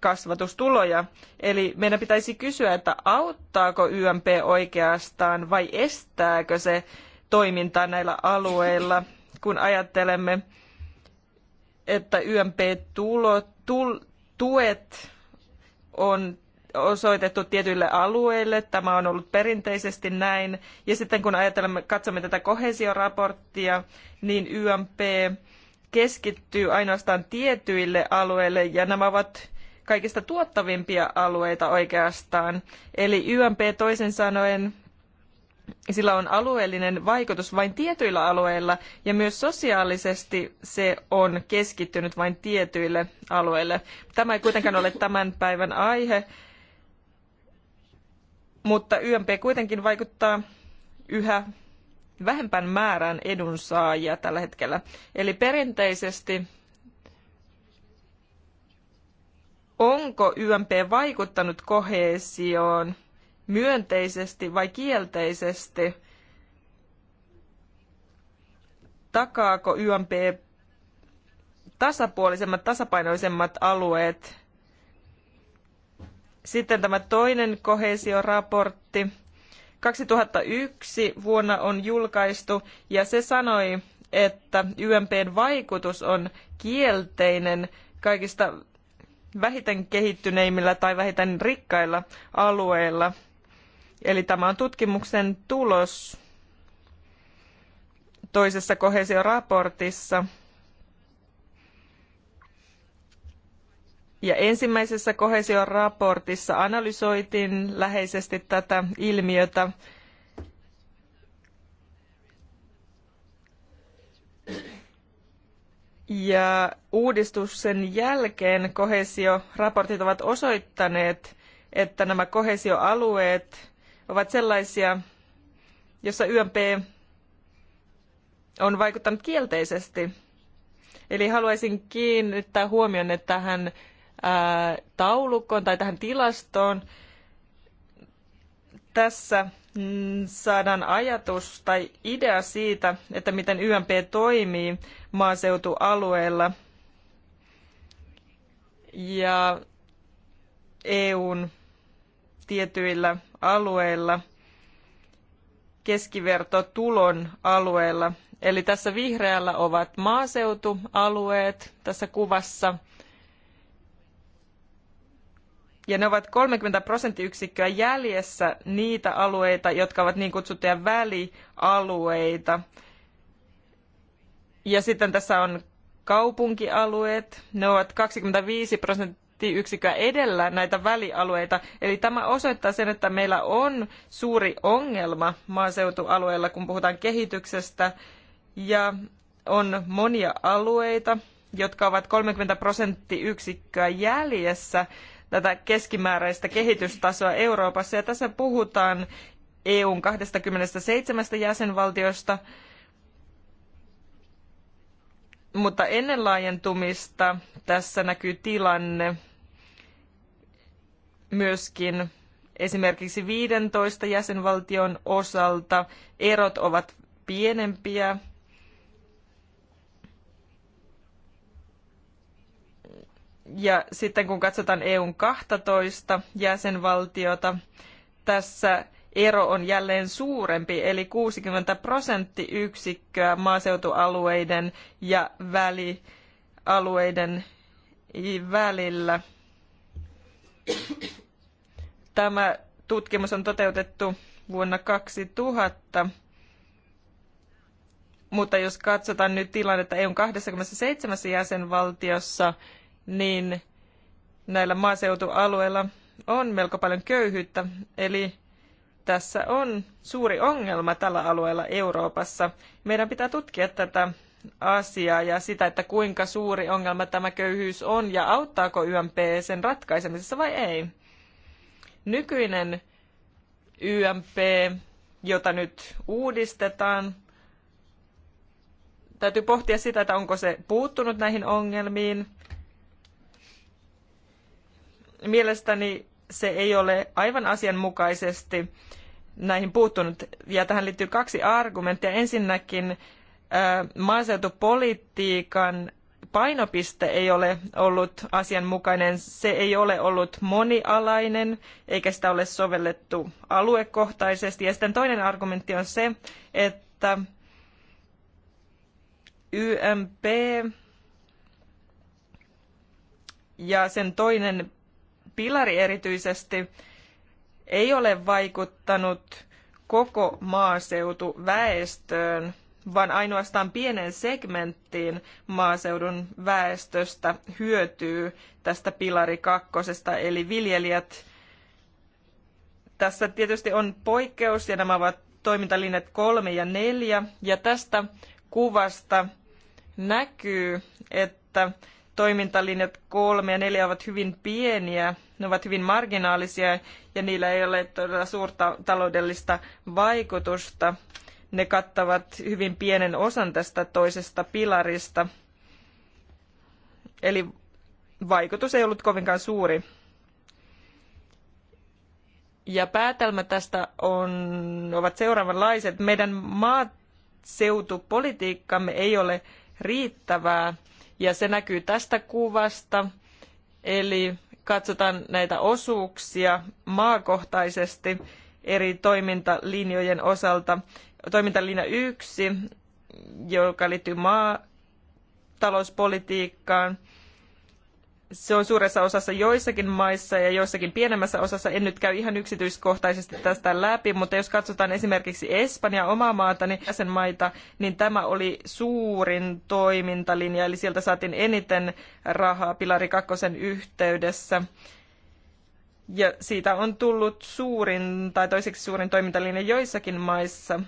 kasvatustuloja. Eli meidän pitäisi kysyä, että auttaako YMP oikeastaan vai estääkö se toimintaa näillä alueilla, kun ajattelemme, että YMP-tuet on osoitettu tietyille alueille. Tämä on ollut perinteisesti näin. Ja sitten kun ajattelemme, katsomme tätä kohesioraporttia, niin YMP keskittyy ainoastaan tietyille alueille ja nämä ovat kaikista tuottavimpia alueita oikeastaan. Eli YMP toisin sanoen sillä on alueellinen vaikutus vain tietyillä alueilla ja myös sosiaalisesti se on keskittynyt vain tietyille alueille. Tämä ei kuitenkaan ole tämän päivän aihe, mutta YMP kuitenkin vaikuttaa yhä vähempään määrään edunsaajia tällä hetkellä. Eli perinteisesti onko YMP vaikuttanut kohesioon myönteisesti vai kielteisesti, takaako YMP tasapuolisemmat, tasapainoisemmat alueet. Sitten tämä toinen kohesioraportti. 2001 vuonna on julkaistu ja se sanoi, että YMPn vaikutus on kielteinen kaikista vähiten kehittyneimmillä tai vähiten rikkailla alueilla – Eli tämä on tutkimuksen tulos toisessa kohesioraportissa. Ja ensimmäisessä kohesioraportissa analysoitiin läheisesti tätä ilmiötä. Ja uudistuksen jälkeen kohesioraportit ovat osoittaneet, että nämä kohesioalueet ovat sellaisia, jossa YMP on vaikuttanut kielteisesti. Eli haluaisin kiinnittää huomionne tähän ää, taulukkoon tai tähän tilastoon. Tässä mm, saadaan ajatus tai idea siitä, että miten YMP toimii maaseutualueella ja EUn tietyillä alueilla, keskivertotulon alueilla. Eli tässä vihreällä ovat maaseutualueet tässä kuvassa. Ja ne ovat 30 prosenttiyksikköä jäljessä niitä alueita, jotka ovat niin kutsuttuja välialueita. Ja sitten tässä on kaupunkialueet. Ne ovat 25 prosenttiyksikköä edellä näitä välialueita. Eli tämä osoittaa sen, että meillä on suuri ongelma maaseutualueilla, kun puhutaan kehityksestä. Ja on monia alueita, jotka ovat 30 prosenttiyksikköä jäljessä tätä keskimääräistä kehitystasoa Euroopassa. Ja tässä puhutaan EUn 27 jäsenvaltiosta, mutta ennen laajentumista tässä näkyy tilanne, myöskin esimerkiksi 15 jäsenvaltion osalta erot ovat pienempiä. Ja sitten kun katsotaan EUn 12 jäsenvaltiota, tässä ero on jälleen suurempi, eli 60 prosenttiyksikköä maaseutualueiden ja välialueiden välillä. Tämä tutkimus on toteutettu vuonna 2000, mutta jos katsotaan nyt tilannetta EUn 27 jäsenvaltiossa, niin näillä maaseutualueilla on melko paljon köyhyyttä, eli tässä on suuri ongelma tällä alueella Euroopassa. Meidän pitää tutkia tätä asiaa ja sitä, että kuinka suuri ongelma tämä köyhyys on ja auttaako YMP sen ratkaisemisessa vai ei. Nykyinen YMP, jota nyt uudistetaan, täytyy pohtia sitä, että onko se puuttunut näihin ongelmiin. Mielestäni se ei ole aivan asianmukaisesti näihin puuttunut. Ja tähän liittyy kaksi argumenttia. Ensinnäkin maaseutupolitiikan painopiste ei ole ollut asianmukainen. Se ei ole ollut monialainen, eikä sitä ole sovellettu aluekohtaisesti. Ja sitten toinen argumentti on se, että YMP ja sen toinen pilari erityisesti ei ole vaikuttanut koko maaseutuväestöön vaan ainoastaan pienen segmenttiin maaseudun väestöstä hyötyy tästä pilari kakkosesta, eli viljelijät. Tässä tietysti on poikkeus, ja nämä ovat toimintalinjat kolme ja neljä, ja tästä kuvasta näkyy, että toimintalinjat kolme ja neljä ovat hyvin pieniä, ne ovat hyvin marginaalisia ja niillä ei ole todella suurta taloudellista vaikutusta. Ne kattavat hyvin pienen osan tästä toisesta pilarista. Eli vaikutus ei ollut kovinkaan suuri. Ja päätelmä tästä on, ovat seuraavanlaiset. Meidän maaseutupolitiikkamme ei ole riittävää ja se näkyy tästä kuvasta. Eli katsotaan näitä osuuksia maakohtaisesti eri toimintalinjojen osalta toimintalinja yksi, joka liittyy maatalouspolitiikkaan. Se on suuressa osassa joissakin maissa ja joissakin pienemmässä osassa. En nyt käy ihan yksityiskohtaisesti tästä läpi, mutta jos katsotaan esimerkiksi Espanjaa omaa maatani niin jäsenmaita, niin tämä oli suurin toimintalinja, eli sieltä saatiin eniten rahaa Pilari kakkosen yhteydessä. Ja siitä on tullut suurin tai toiseksi suurin toimintalinja joissakin maissa –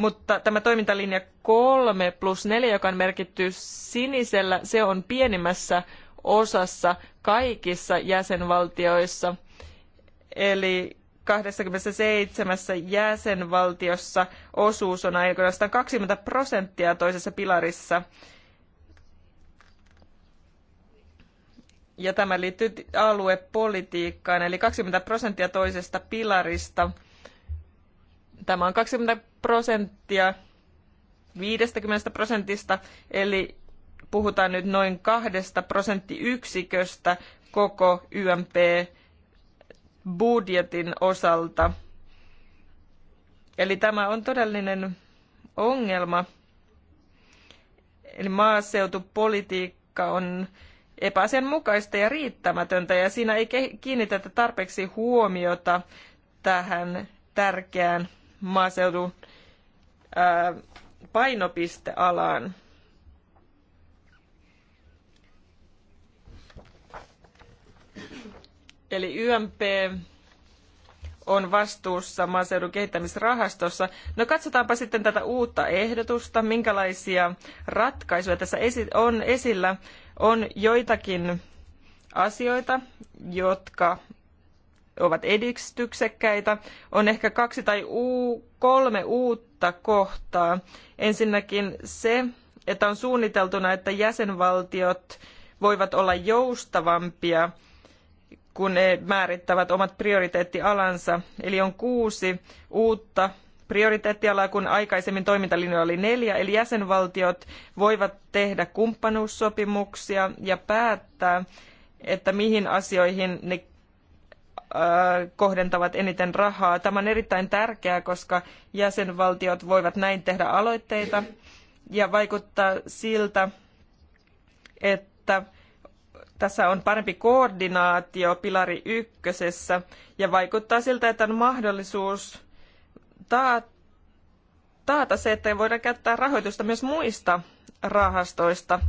mutta tämä toimintalinja kolme plus neljä, joka on merkitty sinisellä, se on pienimmässä osassa kaikissa jäsenvaltioissa. Eli 27 jäsenvaltiossa osuus on ainoastaan 20 prosenttia toisessa pilarissa. Ja tämä liittyy aluepolitiikkaan, eli 20 prosenttia toisesta pilarista. Tämä on 20 prosenttia 50 prosentista, eli puhutaan nyt noin kahdesta prosenttiyksiköstä koko YMP-budjetin osalta. Eli tämä on todellinen ongelma. Eli maaseutupolitiikka on epäasianmukaista ja riittämätöntä ja siinä ei kiinnitetä tarpeeksi huomiota tähän tärkeään maaseudun painopistealaan. Eli YMP on vastuussa maaseudun kehittämisrahastossa. No katsotaanpa sitten tätä uutta ehdotusta, minkälaisia ratkaisuja tässä on esillä. On joitakin asioita, jotka ovat edistyksekkäitä. On ehkä kaksi tai kolme uutta kohtaa. Ensinnäkin se, että on suunniteltuna, että jäsenvaltiot voivat olla joustavampia, kun ne määrittävät omat prioriteettialansa. Eli on kuusi uutta prioriteettialaa, kun aikaisemmin toimintalinjoja oli neljä, eli jäsenvaltiot voivat tehdä kumppanuussopimuksia ja päättää, että mihin asioihin ne kohdentavat eniten rahaa. Tämä on erittäin tärkeää, koska jäsenvaltiot voivat näin tehdä aloitteita ja vaikuttaa siltä, että tässä on parempi koordinaatio pilari ykkösessä ja vaikuttaa siltä, että on mahdollisuus taata se, että voidaan käyttää rahoitusta myös muista rahastoista.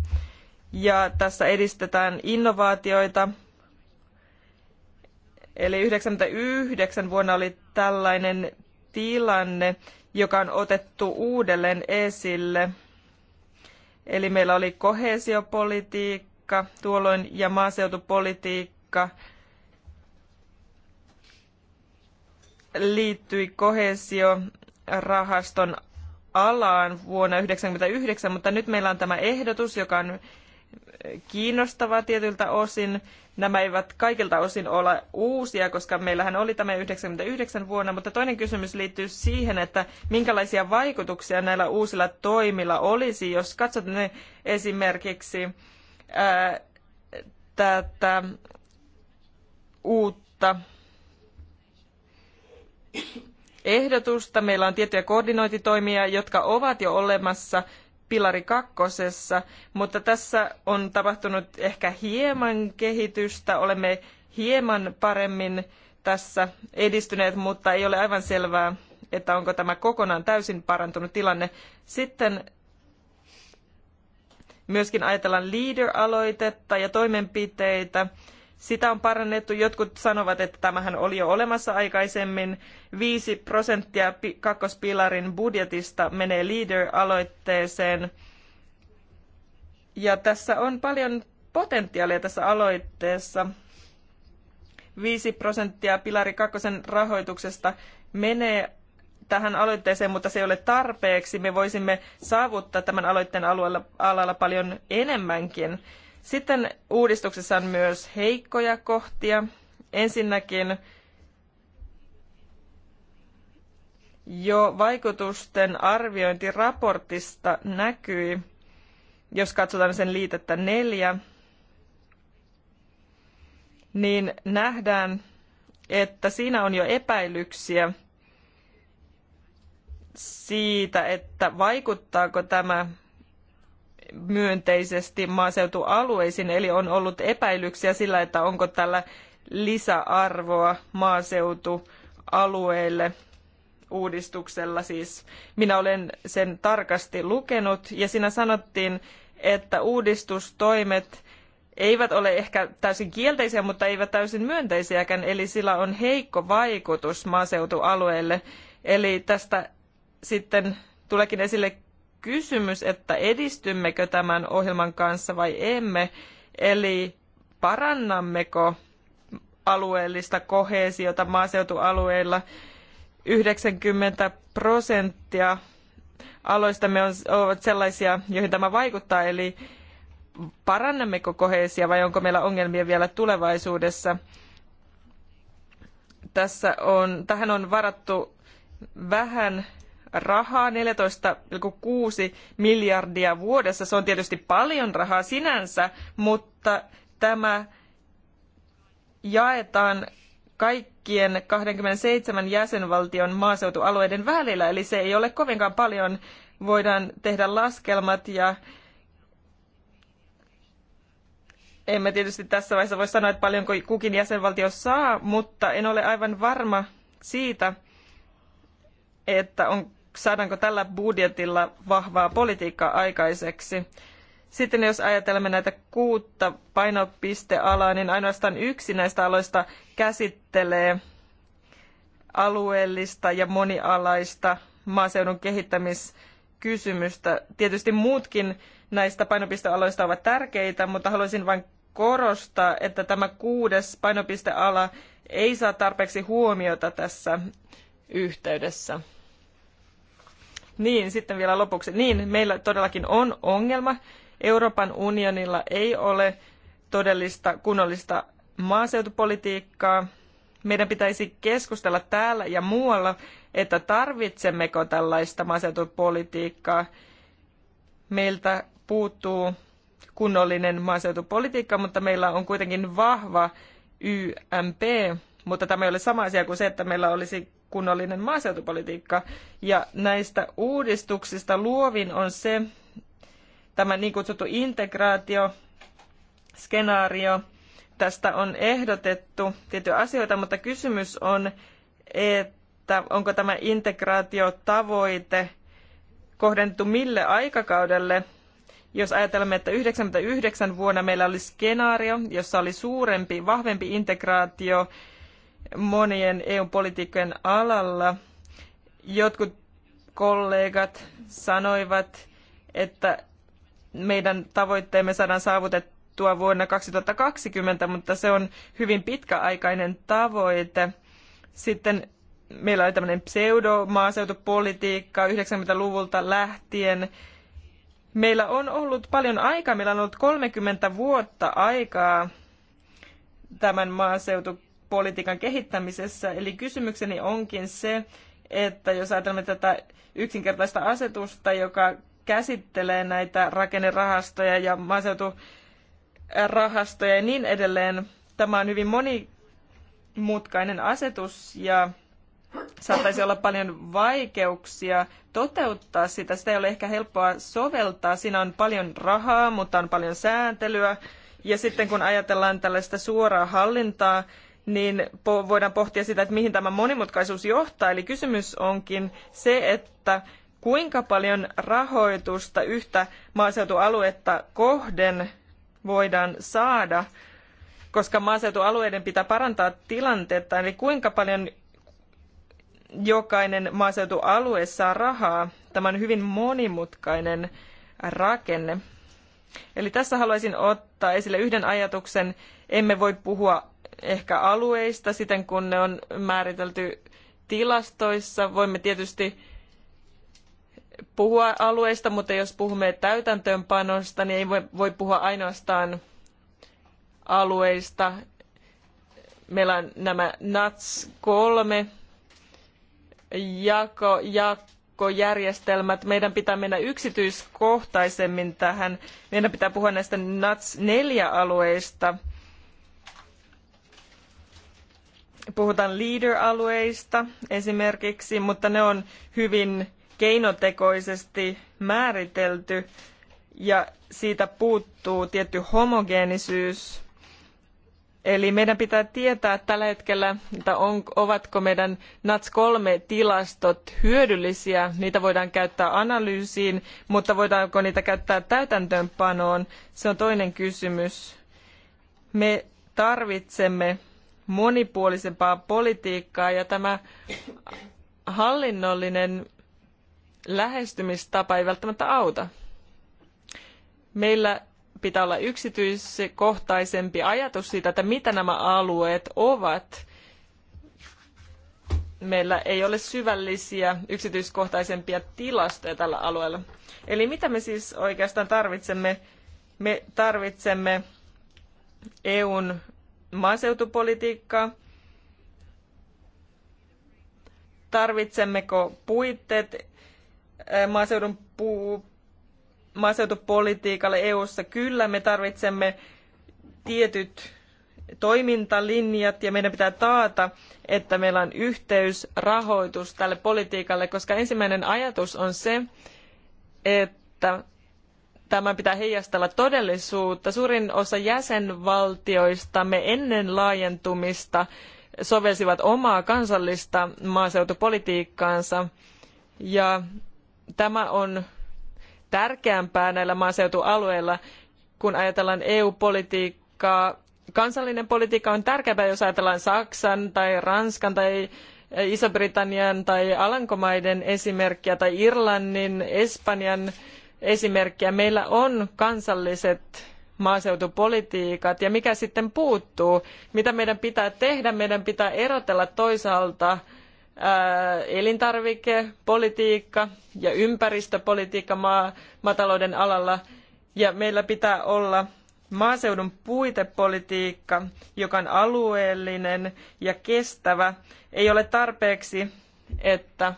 Ja tässä edistetään innovaatioita Eli 99 vuonna oli tällainen tilanne, joka on otettu uudelleen esille. Eli meillä oli kohesiopolitiikka tuolloin ja maaseutupolitiikka liittyi kohesiorahaston alaan vuonna 1999, mutta nyt meillä on tämä ehdotus, joka on kiinnostavaa tietyiltä osin. Nämä eivät kaikilta osin ole uusia, koska meillähän oli tämä 99 vuonna, mutta toinen kysymys liittyy siihen, että minkälaisia vaikutuksia näillä uusilla toimilla olisi, jos katsot ne esimerkiksi ää, tätä uutta ehdotusta. Meillä on tiettyjä koordinointitoimia, jotka ovat jo olemassa, pilari kakkosessa, mutta tässä on tapahtunut ehkä hieman kehitystä. Olemme hieman paremmin tässä edistyneet, mutta ei ole aivan selvää, että onko tämä kokonaan täysin parantunut tilanne. Sitten myöskin ajatellaan leader-aloitetta ja toimenpiteitä sitä on parannettu. Jotkut sanovat, että tämähän oli jo olemassa aikaisemmin. Viisi prosenttia kakkospilarin budjetista menee Leader-aloitteeseen. Ja tässä on paljon potentiaalia tässä aloitteessa. Viisi prosenttia pilari kakkosen rahoituksesta menee tähän aloitteeseen, mutta se ei ole tarpeeksi. Me voisimme saavuttaa tämän aloitteen alueella, alalla paljon enemmänkin. Sitten uudistuksessa on myös heikkoja kohtia. Ensinnäkin jo vaikutusten arviointiraportista näkyi, jos katsotaan sen liitettä neljä, niin nähdään, että siinä on jo epäilyksiä siitä, että vaikuttaako tämä myönteisesti maaseutualueisiin, eli on ollut epäilyksiä sillä, että onko tällä lisäarvoa maaseutualueille uudistuksella. Siis minä olen sen tarkasti lukenut ja siinä sanottiin, että uudistustoimet eivät ole ehkä täysin kielteisiä, mutta eivät täysin myönteisiäkään, eli sillä on heikko vaikutus maaseutualueelle. Eli tästä sitten tuleekin esille kysymys, että edistymmekö tämän ohjelman kanssa vai emme, eli parannammeko alueellista kohesiota maaseutualueilla. 90 prosenttia aloistamme on, ovat sellaisia, joihin tämä vaikuttaa, eli parannammeko kohesia vai onko meillä ongelmia vielä tulevaisuudessa. Tässä on, tähän on varattu vähän rahaa, 14,6 miljardia vuodessa. Se on tietysti paljon rahaa sinänsä, mutta tämä jaetaan kaikkien 27 jäsenvaltion maaseutualueiden välillä, eli se ei ole kovinkaan paljon. Voidaan tehdä laskelmat ja emme tietysti tässä vaiheessa voi sanoa, että paljonko kukin jäsenvaltio saa, mutta en ole aivan varma siitä, että on, saadaanko tällä budjetilla vahvaa politiikkaa aikaiseksi. Sitten jos ajatelemme näitä kuutta painopistealaa, niin ainoastaan yksi näistä aloista käsittelee alueellista ja monialaista maaseudun kehittämiskysymystä. Tietysti muutkin näistä painopistealoista ovat tärkeitä, mutta haluaisin vain korostaa, että tämä kuudes painopisteala ei saa tarpeeksi huomiota tässä yhteydessä. Niin, sitten vielä lopuksi. Niin, meillä todellakin on ongelma. Euroopan unionilla ei ole todellista kunnollista maaseutupolitiikkaa. Meidän pitäisi keskustella täällä ja muualla, että tarvitsemmeko tällaista maaseutupolitiikkaa. Meiltä puuttuu kunnollinen maaseutupolitiikka, mutta meillä on kuitenkin vahva YMP, mutta tämä ei ole sama asia kuin se, että meillä olisi kunnollinen maaseutupolitiikka. Ja näistä uudistuksista luovin on se, tämä niin kutsuttu integraatio, skenaario. Tästä on ehdotettu tiettyjä asioita, mutta kysymys on, että onko tämä integraatiotavoite kohdentu mille aikakaudelle. Jos ajatellaan, että 99 vuonna meillä oli skenaario, jossa oli suurempi, vahvempi integraatio monien EU-politiikkojen alalla. Jotkut kollegat sanoivat, että meidän tavoitteemme saadaan saavutettua vuonna 2020, mutta se on hyvin pitkäaikainen tavoite. Sitten meillä oli tämmöinen pseudomaaseutupolitiikka 90-luvulta lähtien. Meillä on ollut paljon aikaa, meillä on ollut 30 vuotta aikaa tämän maaseutu politiikan kehittämisessä. Eli kysymykseni onkin se, että jos ajatellaan tätä yksinkertaista asetusta, joka käsittelee näitä rakennerahastoja ja maaseuturahastoja ja niin edelleen, tämä on hyvin monimutkainen asetus ja saattaisi olla paljon vaikeuksia toteuttaa sitä. Sitä ei ole ehkä helppoa soveltaa. Siinä on paljon rahaa, mutta on paljon sääntelyä. Ja sitten kun ajatellaan tällaista suoraa hallintaa, niin po- voidaan pohtia sitä, että mihin tämä monimutkaisuus johtaa. Eli kysymys onkin se, että kuinka paljon rahoitusta yhtä maaseutualuetta kohden voidaan saada, koska maaseutualueiden pitää parantaa tilannetta, eli kuinka paljon jokainen maaseutualue saa rahaa. Tämä on hyvin monimutkainen rakenne. Eli tässä haluaisin ottaa esille yhden ajatuksen. Emme voi puhua ehkä alueista siten, kun ne on määritelty tilastoissa. Voimme tietysti puhua alueista, mutta jos puhumme täytäntöönpanosta, niin ei voi, puhua ainoastaan alueista. Meillä on nämä NATS 3 jako, Meidän pitää mennä yksityiskohtaisemmin tähän. Meidän pitää puhua näistä NATS 4 alueista – puhutaan leader-alueista esimerkiksi, mutta ne on hyvin keinotekoisesti määritelty ja siitä puuttuu tietty homogeenisyys. Eli meidän pitää tietää tällä hetkellä, että on, ovatko meidän NATS 3 tilastot hyödyllisiä. Niitä voidaan käyttää analyysiin, mutta voidaanko niitä käyttää täytäntöönpanoon, se on toinen kysymys. Me tarvitsemme monipuolisempaa politiikkaa ja tämä hallinnollinen lähestymistapa ei välttämättä auta. Meillä pitää olla yksityiskohtaisempi ajatus siitä, että mitä nämä alueet ovat. Meillä ei ole syvällisiä, yksityiskohtaisempia tilastoja tällä alueella. Eli mitä me siis oikeastaan tarvitsemme? Me tarvitsemme EUn maaseutupolitiikkaa? Tarvitsemmeko puitteet maaseudun puu, maaseutupolitiikalle EU:ssa? Kyllä, me tarvitsemme tietyt toimintalinjat ja meidän pitää taata, että meillä on yhteys, rahoitus tälle politiikalle, koska ensimmäinen ajatus on se, että Tämä pitää heijastella todellisuutta. Suurin osa jäsenvaltioistamme ennen laajentumista sovelsivat omaa kansallista maaseutupolitiikkaansa ja tämä on tärkeämpää näillä maaseutualueilla, kun ajatellaan EU-politiikkaa. Kansallinen politiikka on tärkeämpää, jos ajatellaan Saksan tai Ranskan tai Iso-Britannian tai Alankomaiden esimerkkiä tai Irlannin, Espanjan esimerkkiä. Meillä on kansalliset maaseutupolitiikat ja mikä sitten puuttuu, mitä meidän pitää tehdä, meidän pitää erotella toisaalta elintarvikepolitiikka ja ympäristöpolitiikka maa, maatalouden alalla ja meillä pitää olla maaseudun puitepolitiikka, joka on alueellinen ja kestävä. Ei ole tarpeeksi, että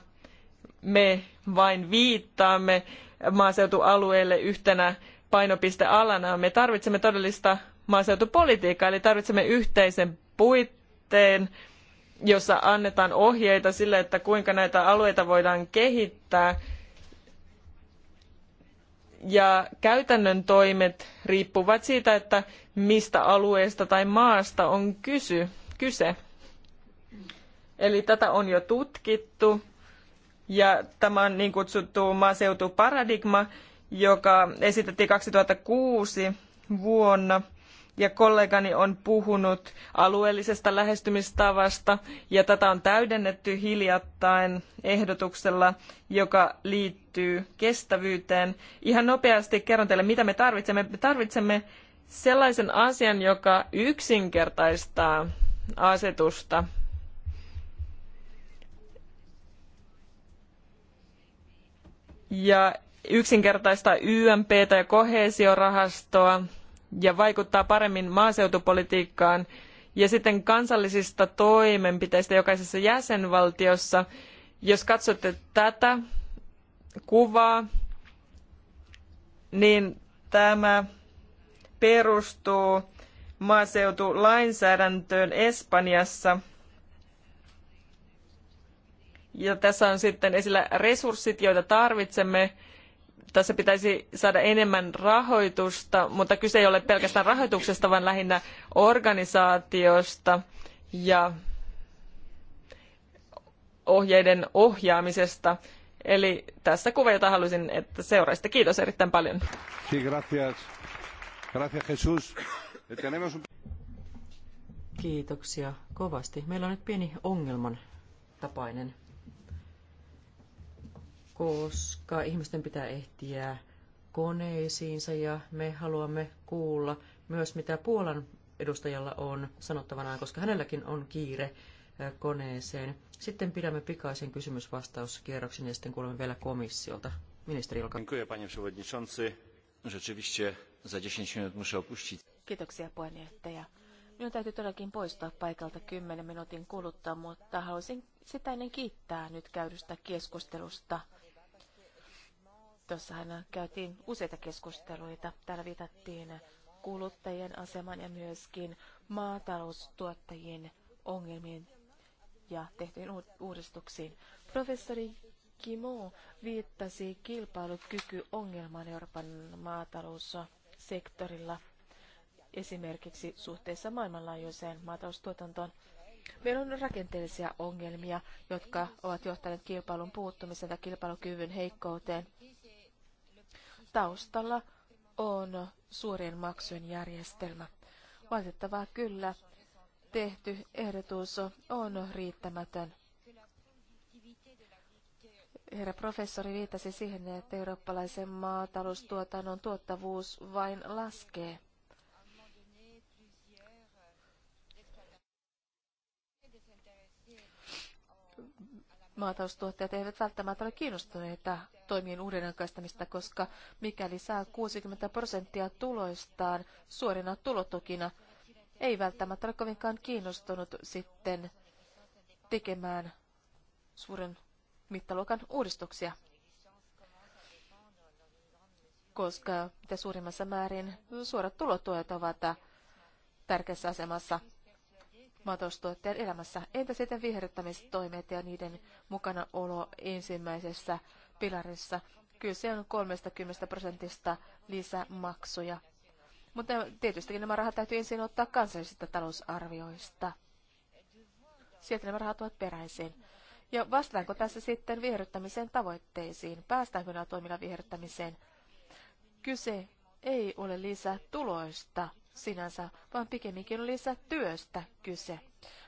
me vain viittaamme maaseutualueille yhtenä painopistealana. Me tarvitsemme todellista maaseutupolitiikkaa, eli tarvitsemme yhteisen puitteen, jossa annetaan ohjeita sille, että kuinka näitä alueita voidaan kehittää. Ja käytännön toimet riippuvat siitä, että mistä alueesta tai maasta on kysy, kyse. Eli tätä on jo tutkittu ja tämä on niin kutsuttu maaseutuparadigma, joka esitettiin 2006 vuonna. Ja kollegani on puhunut alueellisesta lähestymistavasta, ja tätä on täydennetty hiljattain ehdotuksella, joka liittyy kestävyyteen. Ihan nopeasti kerron teille, mitä me tarvitsemme. Me tarvitsemme sellaisen asian, joka yksinkertaistaa asetusta ja yksinkertaistaa tä ja koheesiorahastoa ja vaikuttaa paremmin maaseutupolitiikkaan ja sitten kansallisista toimenpiteistä jokaisessa jäsenvaltiossa. Jos katsotte tätä kuvaa, niin tämä perustuu maaseutulainsäädäntöön Espanjassa – ja tässä on sitten esillä resurssit, joita tarvitsemme. Tässä pitäisi saada enemmän rahoitusta, mutta kyse ei ole pelkästään rahoituksesta, vaan lähinnä organisaatiosta ja ohjeiden ohjaamisesta. Eli tässä kuva, jota halusin, että seuraisitte. Kiitos erittäin paljon. Eh, Kiitoksia kovasti. Meillä on nyt pieni ongelman tapainen koska ihmisten pitää ehtiä koneisiinsa ja me haluamme kuulla myös, mitä Puolan edustajalla on sanottavanaan, koska hänelläkin on kiire äh, koneeseen. Sitten pidämme pikaisen kysymysvastauskierroksen ja sitten kuulemme vielä komissiolta. Ministeri, olkaa Dziękuję, panie przewodniczący. Rzeczywiście za 10 minut muszę opuścić. Kiitoksia, puheenjohtaja. Minun täytyy todellakin poistua paikalta 10 minuutin kuluttua, mutta haluaisin sitä ennen kiittää nyt käydystä keskustelusta. Tuossahan käytiin useita keskusteluita. Täällä viitattiin kuluttajien aseman ja myöskin maataloustuottajien ongelmiin ja tehtiin uudistuksiin. Professori Kimo viittasi kilpailukykyongelmaan Euroopan maataloussektorilla, esimerkiksi suhteessa maailmanlaajuiseen maataloustuotantoon. Meillä on rakenteellisia ongelmia, jotka ovat johtaneet kilpailun puuttumiseen tai kilpailukyvyn heikkouteen. Taustalla on suurien maksujen järjestelmä. Valitettavaa kyllä, tehty ehdotus on riittämätön. Herra professori viittasi siihen, että eurooppalaisen maataloustuotannon tuottavuus vain laskee. Maataloustuottajat eivät välttämättä ole kiinnostuneita toimien uudenaikaistamista, koska mikäli saa 60 prosenttia tuloistaan suorina tulotukina, ei välttämättä ole kovinkaan kiinnostunut sitten tekemään suuren mittaluokan uudistuksia, koska mitä suurimmassa määrin suorat tulotuet ovat tärkeässä asemassa maataloustuottajan elämässä. Entä sitten viherryttämistoimet ja niiden mukana olo ensimmäisessä pilarissa. Kyse on 30 prosentista lisämaksuja. Mutta tietystikin nämä rahat täytyy ensin ottaa kansallisista talousarvioista. Sieltä nämä rahat ovat peräisin. Ja vastaanko tässä sitten viherryttämisen tavoitteisiin? Päästäänkö nämä toimilla viherryttämiseen? Kyse ei ole lisätuloista sinänsä, vaan pikemminkin on lisätyöstä kyse.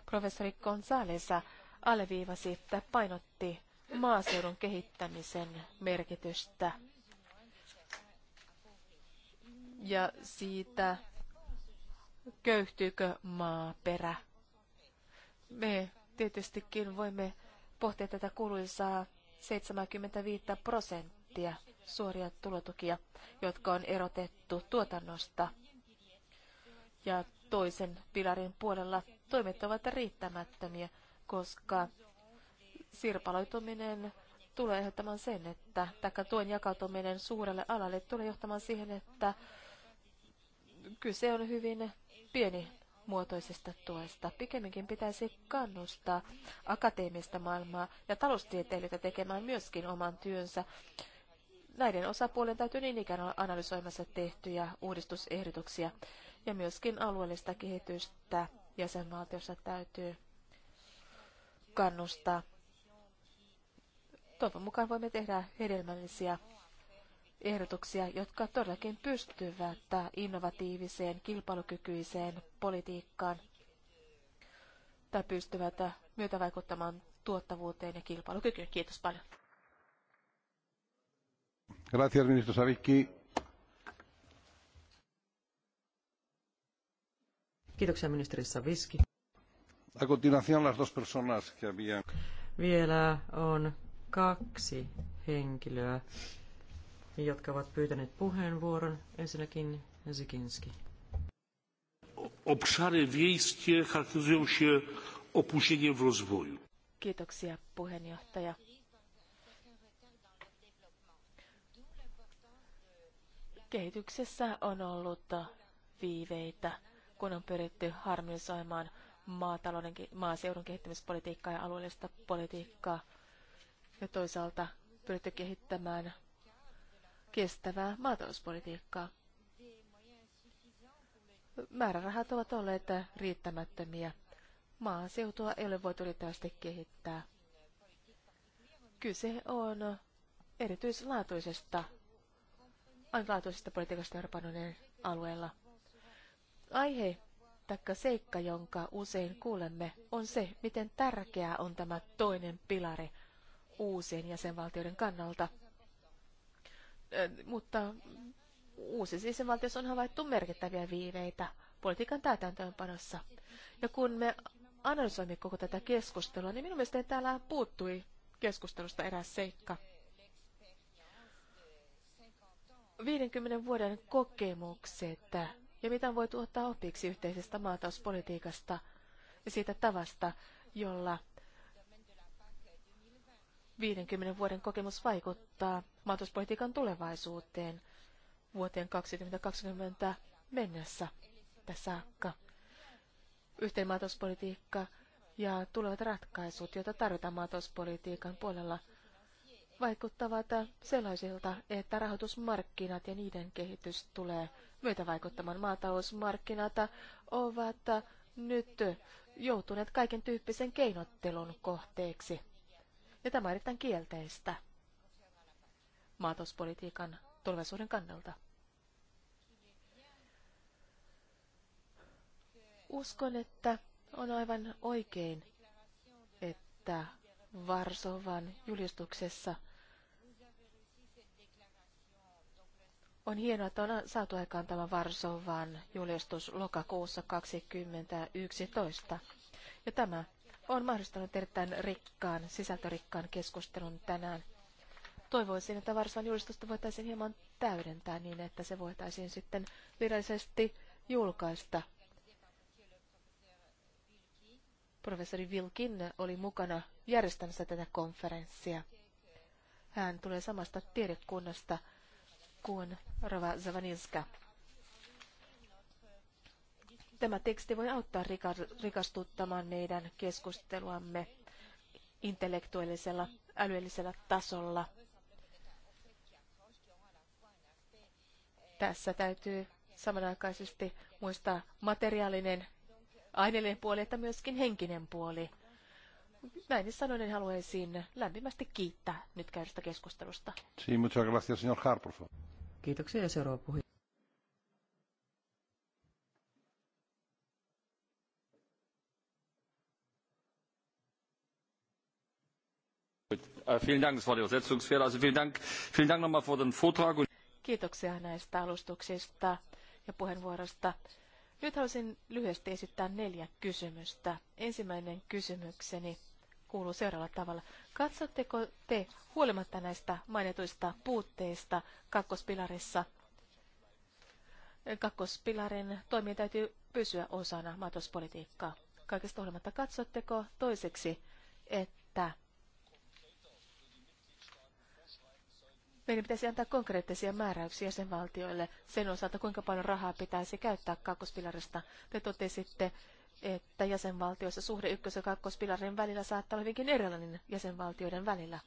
Professori Gonzalesa alleviivasi, että painotti maaseudun kehittämisen merkitystä ja siitä, köyhtyykö maaperä. Me tietystikin voimme pohtia tätä kuluisaa 75 prosenttia suoria tulotukia, jotka on erotettu tuotannosta. Ja toisen pilarin puolella toimet ovat riittämättömiä, koska sirpaloituminen tulee aiheuttamaan sen, että taikka tuen jakautuminen suurelle alalle tulee johtamaan siihen, että kyse on hyvin pieni muotoisesta tuesta. Pikemminkin pitäisi kannustaa akateemista maailmaa ja taloustieteilijöitä tekemään myöskin oman työnsä. Näiden osapuolen täytyy niin ikään olla analysoimassa tehtyjä uudistusehdotuksia ja myöskin alueellista kehitystä jäsenvaltiossa täytyy kannustaa Toivon mukaan voimme tehdä hedelmällisiä ehdotuksia, jotka todellakin pystyvät innovatiiviseen, kilpailukykyiseen politiikkaan tai pystyvät myötävaikuttamaan tuottavuuteen ja kilpailukykyyn. Kiitos paljon. Gracias, ministro Savicki. Kiitoksia, ministeri Saviski. A continuación las dos personas que habían... Vielä on kaksi henkilöä, jotka ovat pyytäneet puheenvuoron. Ensinnäkin Zikinski. Obszary wiejskie charakteryzują się opóźnieniem w rozwoju. Kiitoksia puheenjohtaja. Kehityksessä on ollut viiveitä, kun on pyritty harmonisoimaan maatalouden, maaseudun kehittämispolitiikkaa ja alueellista politiikkaa – ja toisaalta pyritte kehittämään kestävää maatalouspolitiikkaa. Määrärahat ovat olleet riittämättömiä. Maaseutua ei ole voitu riittävästi kehittää. Kyse on erityislaatuisesta, ainutlaatuisesta politiikasta Euroopan alueella. Aihe tai seikka, jonka usein kuulemme, on se, miten tärkeää on tämä toinen pilari – uusien jäsenvaltioiden kannalta. Mutta uusissa jäsenvaltioissa on havaittu merkittäviä viiveitä politiikan täytäntöönpanossa. Ja kun me analysoimme koko tätä keskustelua, niin minun mielestäni täällä puuttui keskustelusta eräs seikka. 50 vuoden kokemukset ja mitä voi tuottaa opiksi yhteisestä maatalouspolitiikasta ja siitä tavasta, jolla 50 vuoden kokemus vaikuttaa maatalouspolitiikan tulevaisuuteen vuoteen 2020 mennessä tässä saakka. Yhteen maatalouspolitiikka ja tulevat ratkaisut, joita tarvitaan maatalouspolitiikan puolella, vaikuttavat sellaisilta, että rahoitusmarkkinat ja niiden kehitys tulee vaikuttamaan Maatalousmarkkinat ovat nyt joutuneet kaiken tyyppisen keinottelun kohteeksi. Ja tämä on erittäin kielteistä maatalouspolitiikan tulevaisuuden kannalta. Uskon, että on aivan oikein, että Varsovan julistuksessa On hienoa, että on saatu aikaan tämä Varsovan julistus lokakuussa 2011. Ja tämä on mahdollistanut erittäin rikkaan, sisältörikkaan keskustelun tänään. Toivoisin, että Varsovan julistusta voitaisiin hieman täydentää niin, että se voitaisiin sitten virallisesti julkaista. Professori Vilkin oli mukana järjestämässä tätä konferenssia. Hän tulee samasta tiedekunnasta kuin Rova Zavaninska. Tämä teksti voi auttaa rikastuttamaan meidän keskusteluamme intellektuellisella, älyllisellä tasolla. Tässä täytyy samanaikaisesti muistaa materiaalinen, aineellinen puoli, että myöskin henkinen puoli. Näin niin haluaisin lämpimästi kiittää nyt käydystä keskustelusta. Kiitoksia ja seuraava puhuja. Äh, Kiitoksia näistä alustuksista ja puheenvuorosta. Nyt haluaisin lyhyesti esittää neljä kysymystä. Ensimmäinen kysymykseni kuuluu seuraavalla tavalla. Katsotteko te huolimatta näistä mainituista puutteista kakkospilarissa, kakkospilarin toimien täytyy pysyä osana maatalouspolitiikkaa? Kaikesta huolimatta katsotteko toiseksi, että Meidän pitäisi antaa konkreettisia määräyksiä sen valtioille sen osalta, kuinka paljon rahaa pitäisi käyttää kakkospilarista. Te totesitte, että jäsenvaltioissa suhde ykkös- ja kakkospilarin välillä saattaa olla hyvinkin erilainen jäsenvaltioiden välillä.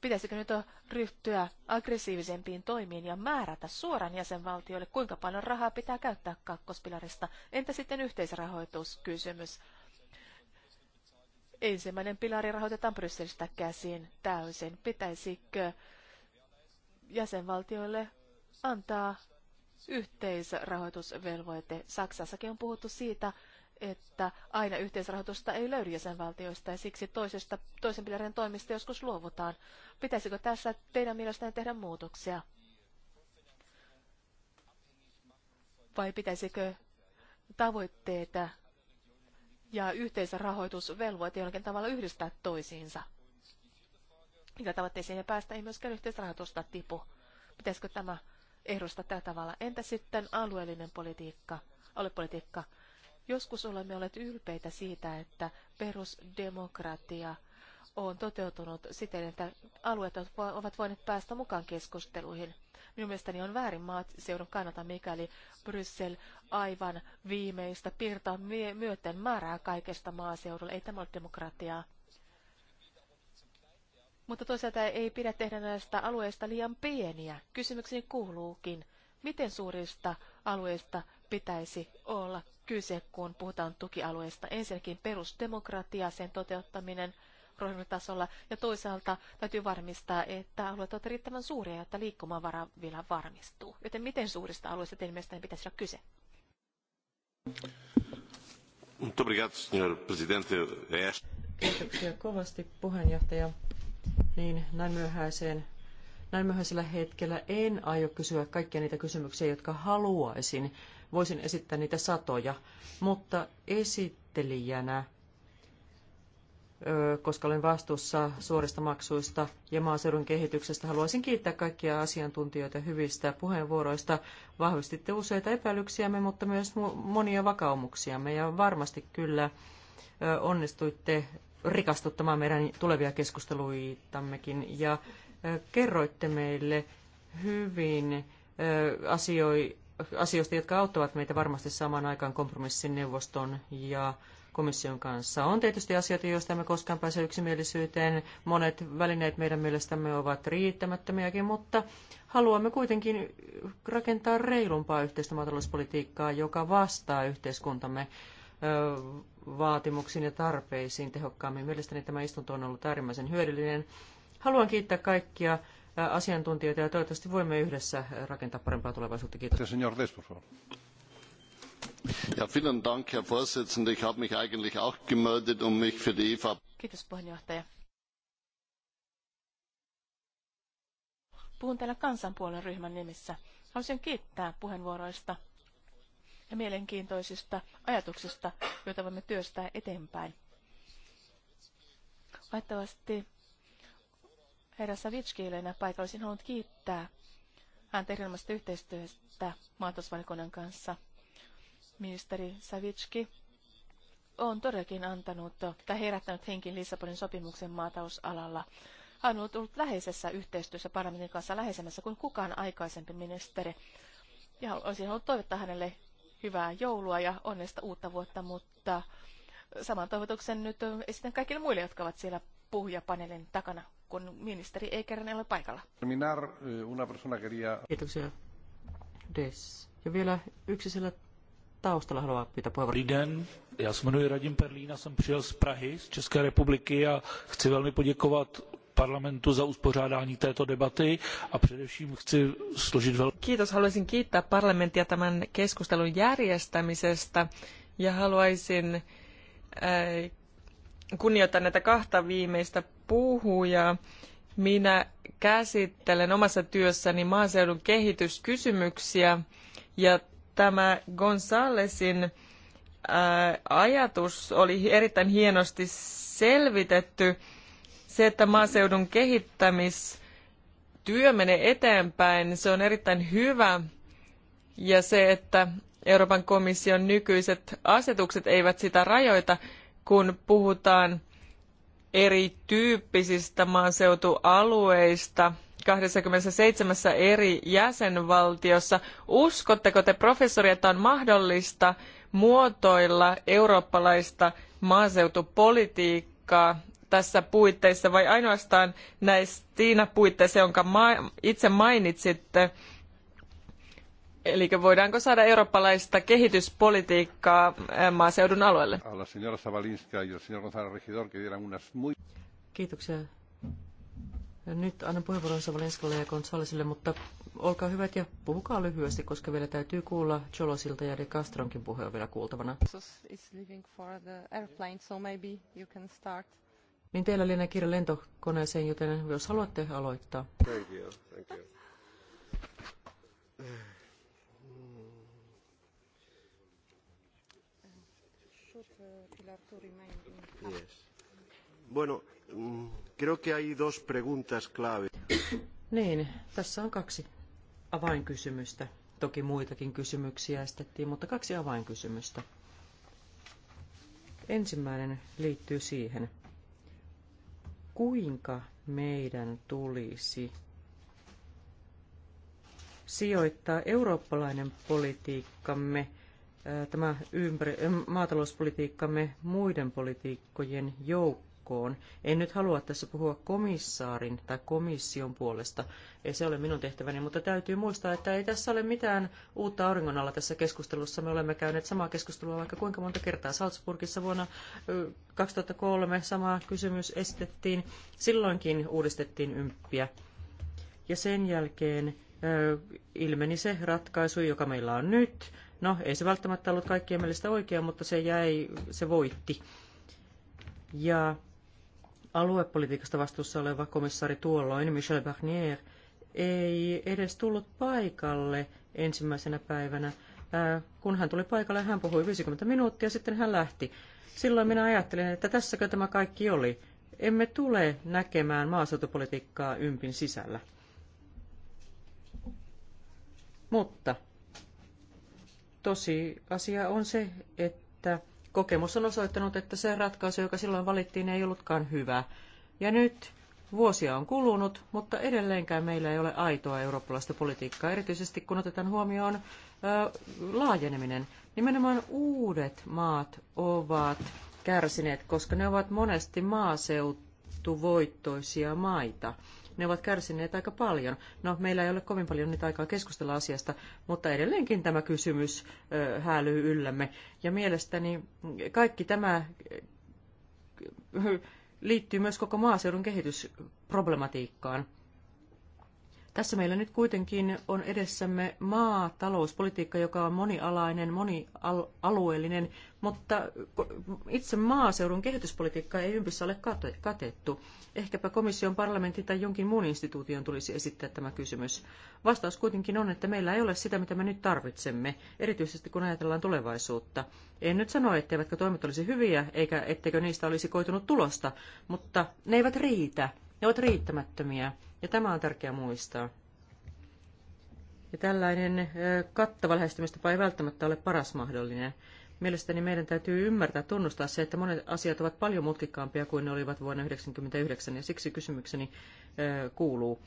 Pitäisikö nyt ryhtyä aggressiivisempiin toimiin ja määrätä suoraan jäsenvaltioille, kuinka paljon rahaa pitää käyttää kakkospilarista? Entä sitten yhteisrahoituskysymys? Ensimmäinen pilari rahoitetaan Brysselistä käsin täysin. Pitäisikö jäsenvaltioille antaa yhteisrahoitusvelvoite. Saksassakin on puhuttu siitä, että aina yhteisrahoitusta ei löydy jäsenvaltioista ja siksi toisesta, toisen pilarin toimista joskus luovutaan. Pitäisikö tässä teidän mielestänne tehdä muutoksia? Vai pitäisikö tavoitteita ja yhteisrahoitusvelvoite jollakin tavalla yhdistää toisiinsa? mikä tavoitteeseen ei päästä, ei myöskään yhteisrahoitusta tipu. Pitäisikö tämä ehdosta tällä tavalla? Entä sitten alueellinen politiikka, aluepolitiikka? Joskus olemme olleet ylpeitä siitä, että perusdemokratia on toteutunut siten, että alueet ovat voineet päästä mukaan keskusteluihin. Minun mielestäni on väärin seudun kannata, mikäli Bryssel aivan viimeistä piirtaa myöten määrää kaikesta maaseudulla. Ei tämä ole demokratiaa mutta toisaalta ei pidä tehdä näistä alueista liian pieniä. Kysymykseni kuuluukin, miten suurista alueista pitäisi olla kyse, kun puhutaan tukialueista. Ensinnäkin perusdemokratia, sen toteuttaminen tasolla ja toisaalta täytyy varmistaa, että alueet ovat riittävän suuria, että liikkumavara vielä varmistuu. Joten miten suurista alueista teidän mielestänne pitäisi olla kyse? Kiitoksia kovasti puheenjohtaja niin näin myöhäiseen näin myöhäisellä hetkellä en aio kysyä kaikkia niitä kysymyksiä, jotka haluaisin. Voisin esittää niitä satoja, mutta esittelijänä, koska olen vastuussa suorista maksuista ja maaseudun kehityksestä, haluaisin kiittää kaikkia asiantuntijoita hyvistä puheenvuoroista. Vahvistitte useita epäilyksiämme, mutta myös monia vakaumuksiamme ja varmasti kyllä onnistuitte rikastuttamaan meidän tulevia keskusteluitammekin. Ja kerroitte meille hyvin asioista, jotka auttavat meitä varmasti saamaan aikaan kompromissin neuvoston ja komission kanssa. On tietysti asioita, joista emme koskaan pääse yksimielisyyteen. Monet välineet meidän mielestämme ovat riittämättömiäkin, mutta haluamme kuitenkin rakentaa reilumpaa yhteistä maatalouspolitiikkaa, joka vastaa yhteiskuntamme vaatimuksiin ja tarpeisiin tehokkaammin. Mielestäni tämä istunto on ollut äärimmäisen hyödyllinen. Haluan kiittää kaikkia asiantuntijoita ja toivottavasti voimme yhdessä rakentaa parempaa tulevaisuutta. Kiitos. Ja, vielen Dank, Herr Vorsitzender. Ich habe mich eigentlich auch gemeldet, um mich für die Kiitos, puheenjohtaja. Puhun täällä kansanpuolen ryhmän nimissä. Haluaisin kiittää puheenvuoroista ja mielenkiintoisista ajatuksista, joita voimme työstää eteenpäin. Vaittavasti herra Savitskiilenä paikalla olisin halunnut kiittää häntä erilaisesta yhteistyöstä maatalousvalikunnan kanssa. Ministeri Savitski on todellakin antanut tai herättänyt henkin Lissabonin sopimuksen maatausalalla. Hän on ollut läheisessä yhteistyössä parlamentin kanssa läheisemmässä kuin kukaan aikaisempi ministeri. Ja olisin halunnut toivottaa hänelle hyvää joulua ja onnesta uutta vuotta, mutta saman toivotuksen nyt esitän kaikille muille, jotka ovat siellä puhujapaneelin takana, kun ministeri ei kerran ole paikalla. Terminar eh, una persona quería... Kiitoksia. Des. Ja vielä yksi siellä taustalla haluaa pitää puheenvuoron. Liden, ja se jmenuji Radim Perlín a jsem přijel z Prahy, z České republiky a chci velmi poděkovat parlamentu za uspořádání této debaty a především chci složit velkou... Kiitos, haluaisin kiittää parlamenttia tämän keskustelun järjestämisestä ja haluaisin äh, kunnioittaa näitä kahta viimeistä puhujaa. Minä käsittelen omassa työssäni maaseudun kehityskysymyksiä ja tämä Gonzalesin äh, ajatus oli erittäin hienosti selvitetty se, että maaseudun kehittämistyö menee eteenpäin, se on erittäin hyvä. Ja se, että Euroopan komission nykyiset asetukset eivät sitä rajoita, kun puhutaan erityyppisistä maaseutualueista 27 eri jäsenvaltiossa. Uskotteko te, professori, että on mahdollista muotoilla eurooppalaista maaseutupolitiikkaa tässä puitteissa vai ainoastaan näissä siinä puitteissa, jonka itse mainitsitte? Eli voidaanko saada eurooppalaista kehityspolitiikkaa eh, maaseudun alueelle? Kiitoksia. Nyt annan puheenvuoron Savalinskalle ja Gonzalesille, mutta olkaa hyvät ja puhukaa lyhyesti, koska vielä täytyy kuulla Cholosilta ja De Castronkin puhe on vielä kuultavana. Niin teillä oli kirja lentokoneeseen, joten jos haluatte aloittaa. Thank you, thank you. Yes. Bueno, mm, creo que hay dos preguntas clave. Niin, tässä on kaksi avainkysymystä. Toki muitakin kysymyksiä estettiin, mutta kaksi avainkysymystä. Ensimmäinen liittyy siihen, kuinka meidän tulisi sijoittaa eurooppalainen politiikkamme, tämä ympäri, maatalouspolitiikkamme muiden politiikkojen joukkoon jatkoon. En nyt halua tässä puhua komissaarin tai komission puolesta, ei se ole minun tehtäväni, mutta täytyy muistaa, että ei tässä ole mitään uutta auringon alla tässä keskustelussa. Me olemme käyneet samaa keskustelua vaikka kuinka monta kertaa Salzburgissa vuonna 2003 sama kysymys esitettiin. Silloinkin uudistettiin ymppiä. Ja sen jälkeen ilmeni se ratkaisu, joka meillä on nyt. No, ei se välttämättä ollut kaikkien mielestä oikea, mutta se jäi, se voitti. Ja aluepolitiikasta vastuussa oleva komissaari tuolloin, Michel Barnier, ei edes tullut paikalle ensimmäisenä päivänä. Äh, kun hän tuli paikalle, hän puhui 50 minuuttia, sitten hän lähti. Silloin minä ajattelin, että tässäkö tämä kaikki oli. Emme tule näkemään maaseutupolitiikkaa ympin sisällä. Mutta tosi asia on se, että kokemus on osoittanut, että se ratkaisu, joka silloin valittiin, ei ollutkaan hyvä. Ja nyt vuosia on kulunut, mutta edelleenkään meillä ei ole aitoa eurooppalaista politiikkaa, erityisesti kun otetaan huomioon ö, laajeneminen. Nimenomaan uudet maat ovat kärsineet, koska ne ovat monesti maaseutuvoittoisia maita. Ne ovat kärsineet aika paljon. No, meillä ei ole kovin paljon nyt aikaa keskustella asiasta, mutta edelleenkin tämä kysymys ö, häälyy yllämme. Ja mielestäni kaikki tämä liittyy myös koko maaseudun kehitysproblematiikkaan. Tässä meillä nyt kuitenkin on edessämme maatalouspolitiikka, joka on monialainen, monialueellinen, mutta itse maaseudun kehityspolitiikka ei ympissä ole katettu. Ehkäpä komission, parlamentin tai jonkin muun instituution tulisi esittää tämä kysymys. Vastaus kuitenkin on, että meillä ei ole sitä, mitä me nyt tarvitsemme, erityisesti kun ajatellaan tulevaisuutta. En nyt sano, etteivätkö toimet olisi hyviä, eikä etteikö niistä olisi koitunut tulosta, mutta ne eivät riitä. Ne ovat riittämättömiä ja tämä on tärkeää muistaa. Ja tällainen kattava lähestymistapa ei välttämättä ole paras mahdollinen. Mielestäni meidän täytyy ymmärtää tunnustaa se, että monet asiat ovat paljon mutkikkaampia kuin ne olivat vuonna 1999, ja siksi kysymykseni kuuluu,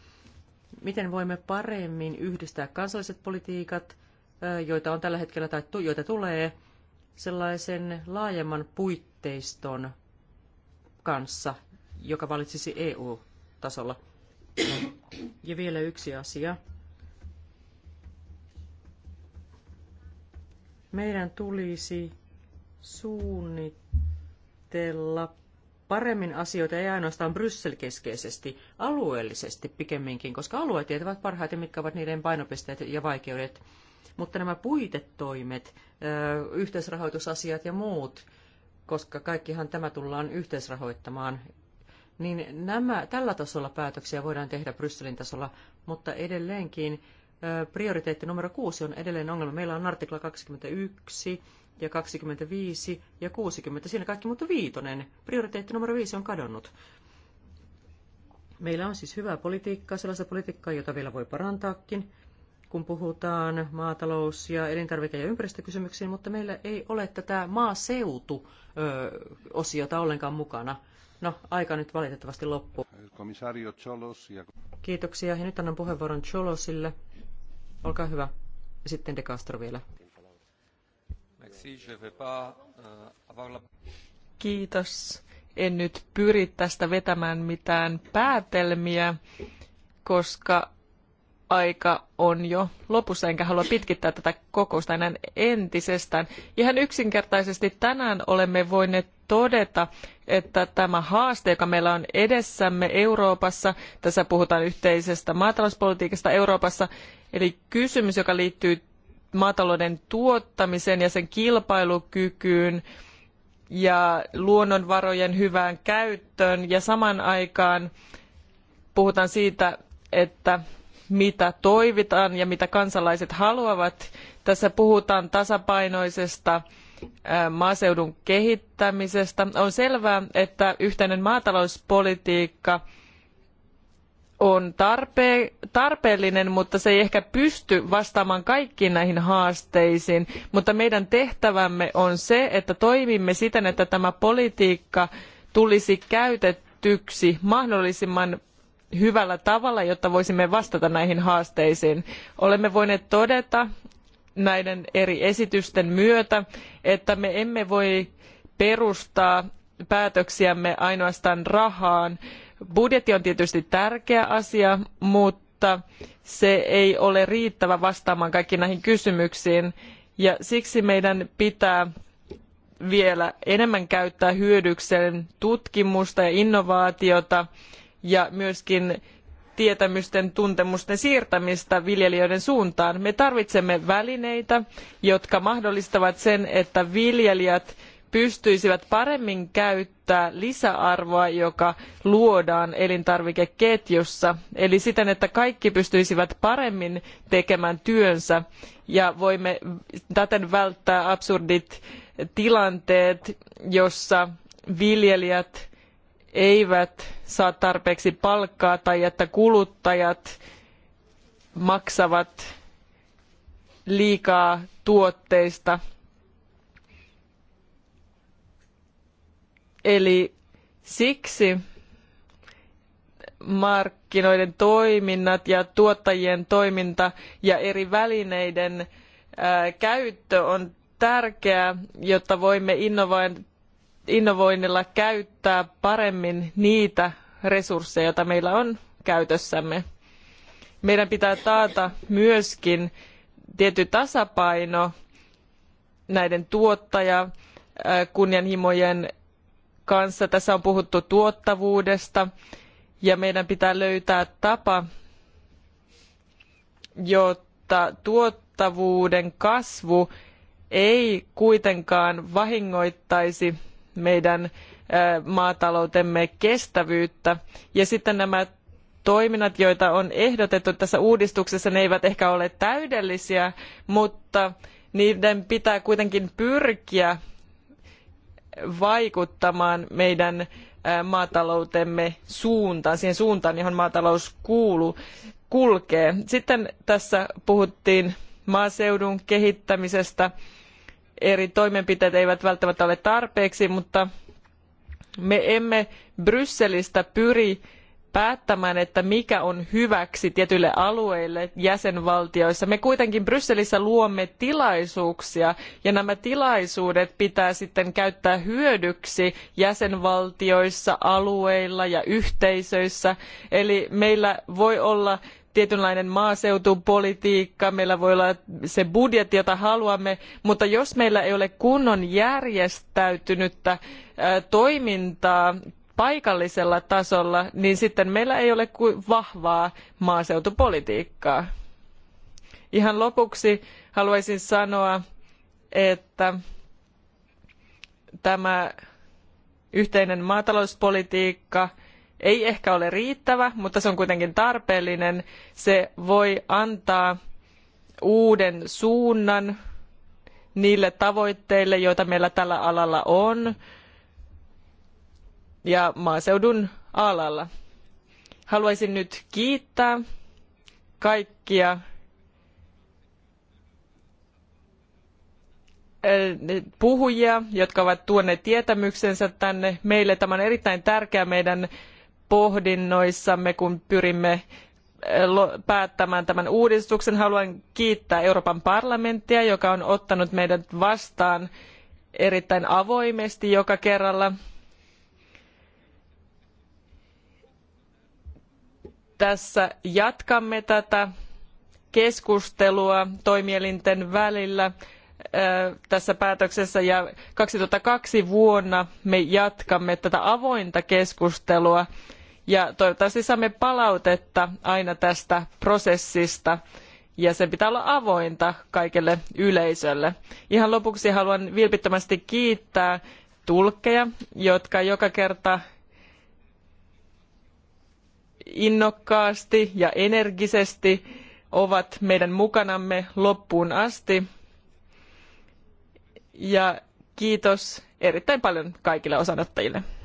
miten voimme paremmin yhdistää kansalliset politiikat, joita on tällä hetkellä tai joita tulee, sellaisen laajemman puitteiston kanssa, joka valitsisi EU-tasolla. Ja vielä yksi asia. Meidän tulisi suunnitella paremmin asioita, ei ainoastaan Bryssel-keskeisesti, alueellisesti pikemminkin, koska alueet tietävät parhaiten, mitkä ovat niiden painopisteet ja vaikeudet. Mutta nämä puitetoimet, yhteisrahoitusasiat ja muut, koska kaikkihan tämä tullaan yhteisrahoittamaan niin nämä, tällä tasolla päätöksiä voidaan tehdä Brysselin tasolla, mutta edelleenkin prioriteetti numero kuusi on edelleen ongelma. Meillä on artikla 21 ja 25 ja 60, siinä kaikki, mutta viitonen, prioriteetti numero viisi on kadonnut. Meillä on siis hyvää politiikkaa, sellaista politiikkaa, jota vielä voi parantaakin, kun puhutaan maatalous- ja elintarvike- ja ympäristökysymyksiin, mutta meillä ei ole tätä maaseutu-osiota ollenkaan mukana – No, aika nyt valitettavasti loppuu. Kiitoksia. Ja nyt annan puheenvuoron Cholosille. Olkaa hyvä. Ja sitten De Castro vielä. Kiitos. En nyt pyri tästä vetämään mitään päätelmiä, koska aika on jo lopussa, enkä halua pitkittää tätä kokousta enää entisestään. Ihan yksinkertaisesti tänään olemme voineet todeta, että tämä haaste, joka meillä on edessämme Euroopassa, tässä puhutaan yhteisestä maatalouspolitiikasta Euroopassa, eli kysymys, joka liittyy maatalouden tuottamiseen ja sen kilpailukykyyn ja luonnonvarojen hyvään käyttöön ja saman aikaan puhutaan siitä, että mitä toivotaan ja mitä kansalaiset haluavat. Tässä puhutaan tasapainoisesta maaseudun kehittämisestä. On selvää, että yhteinen maatalouspolitiikka on tarpeellinen, mutta se ei ehkä pysty vastaamaan kaikkiin näihin haasteisiin. Mutta meidän tehtävämme on se, että toimimme siten, että tämä politiikka tulisi käytettyksi mahdollisimman hyvällä tavalla, jotta voisimme vastata näihin haasteisiin. Olemme voineet todeta näiden eri esitysten myötä, että me emme voi perustaa päätöksiämme ainoastaan rahaan. Budjetti on tietysti tärkeä asia, mutta se ei ole riittävä vastaamaan kaikkiin näihin kysymyksiin. Ja siksi meidän pitää vielä enemmän käyttää hyödykseen tutkimusta ja innovaatiota ja myöskin tietämysten tuntemusten siirtämistä viljelijöiden suuntaan. Me tarvitsemme välineitä, jotka mahdollistavat sen, että viljelijät pystyisivät paremmin käyttämään lisäarvoa, joka luodaan elintarvikeketjussa. Eli siten, että kaikki pystyisivät paremmin tekemään työnsä ja voimme täten välttää absurdit tilanteet, jossa viljelijät eivät saa tarpeeksi palkkaa tai että kuluttajat maksavat liikaa tuotteista. Eli siksi markkinoiden toiminnat ja tuottajien toiminta ja eri välineiden käyttö on tärkeää, jotta voimme innovoida innovoinnilla käyttää paremmin niitä resursseja, joita meillä on käytössämme. Meidän pitää taata myöskin tietty tasapaino näiden tuottaja äh, kunnianhimojen kanssa. Tässä on puhuttu tuottavuudesta ja meidän pitää löytää tapa, jotta tuottavuuden kasvu ei kuitenkaan vahingoittaisi meidän maataloutemme kestävyyttä. Ja sitten nämä toiminnat, joita on ehdotettu tässä uudistuksessa, ne eivät ehkä ole täydellisiä, mutta niiden pitää kuitenkin pyrkiä vaikuttamaan meidän maataloutemme suuntaan, siihen suuntaan, johon maatalous kuuluu, kulkee. Sitten tässä puhuttiin maaseudun kehittämisestä eri toimenpiteet eivät välttämättä ole tarpeeksi, mutta me emme Brysselistä pyri päättämään, että mikä on hyväksi tietyille alueille jäsenvaltioissa. Me kuitenkin Brysselissä luomme tilaisuuksia ja nämä tilaisuudet pitää sitten käyttää hyödyksi jäsenvaltioissa, alueilla ja yhteisöissä. Eli meillä voi olla tietynlainen maaseutupolitiikka, meillä voi olla se budjetti, jota haluamme, mutta jos meillä ei ole kunnon järjestäytynyttä toimintaa paikallisella tasolla, niin sitten meillä ei ole kuin vahvaa maaseutupolitiikkaa. Ihan lopuksi haluaisin sanoa, että tämä yhteinen maatalouspolitiikka – ei ehkä ole riittävä, mutta se on kuitenkin tarpeellinen. Se voi antaa uuden suunnan niille tavoitteille, joita meillä tällä alalla on ja maaseudun alalla. Haluaisin nyt kiittää kaikkia eh, puhujia, jotka ovat tuoneet tietämyksensä tänne meille. Tämä on erittäin tärkeä meidän pohdinnoissamme, kun pyrimme eh, päättämään tämän uudistuksen. Haluan kiittää Euroopan parlamenttia, joka on ottanut meidät vastaan erittäin avoimesti joka kerralla. Tässä jatkamme tätä keskustelua toimielinten välillä eh, tässä päätöksessä ja 2002 vuonna me jatkamme tätä avointa keskustelua ja toivottavasti saamme palautetta aina tästä prosessista ja sen pitää olla avointa kaikelle yleisölle. Ihan lopuksi haluan vilpittömästi kiittää tulkkeja, jotka joka kerta innokkaasti ja energisesti ovat meidän mukanamme loppuun asti. Ja kiitos erittäin paljon kaikille osanottajille.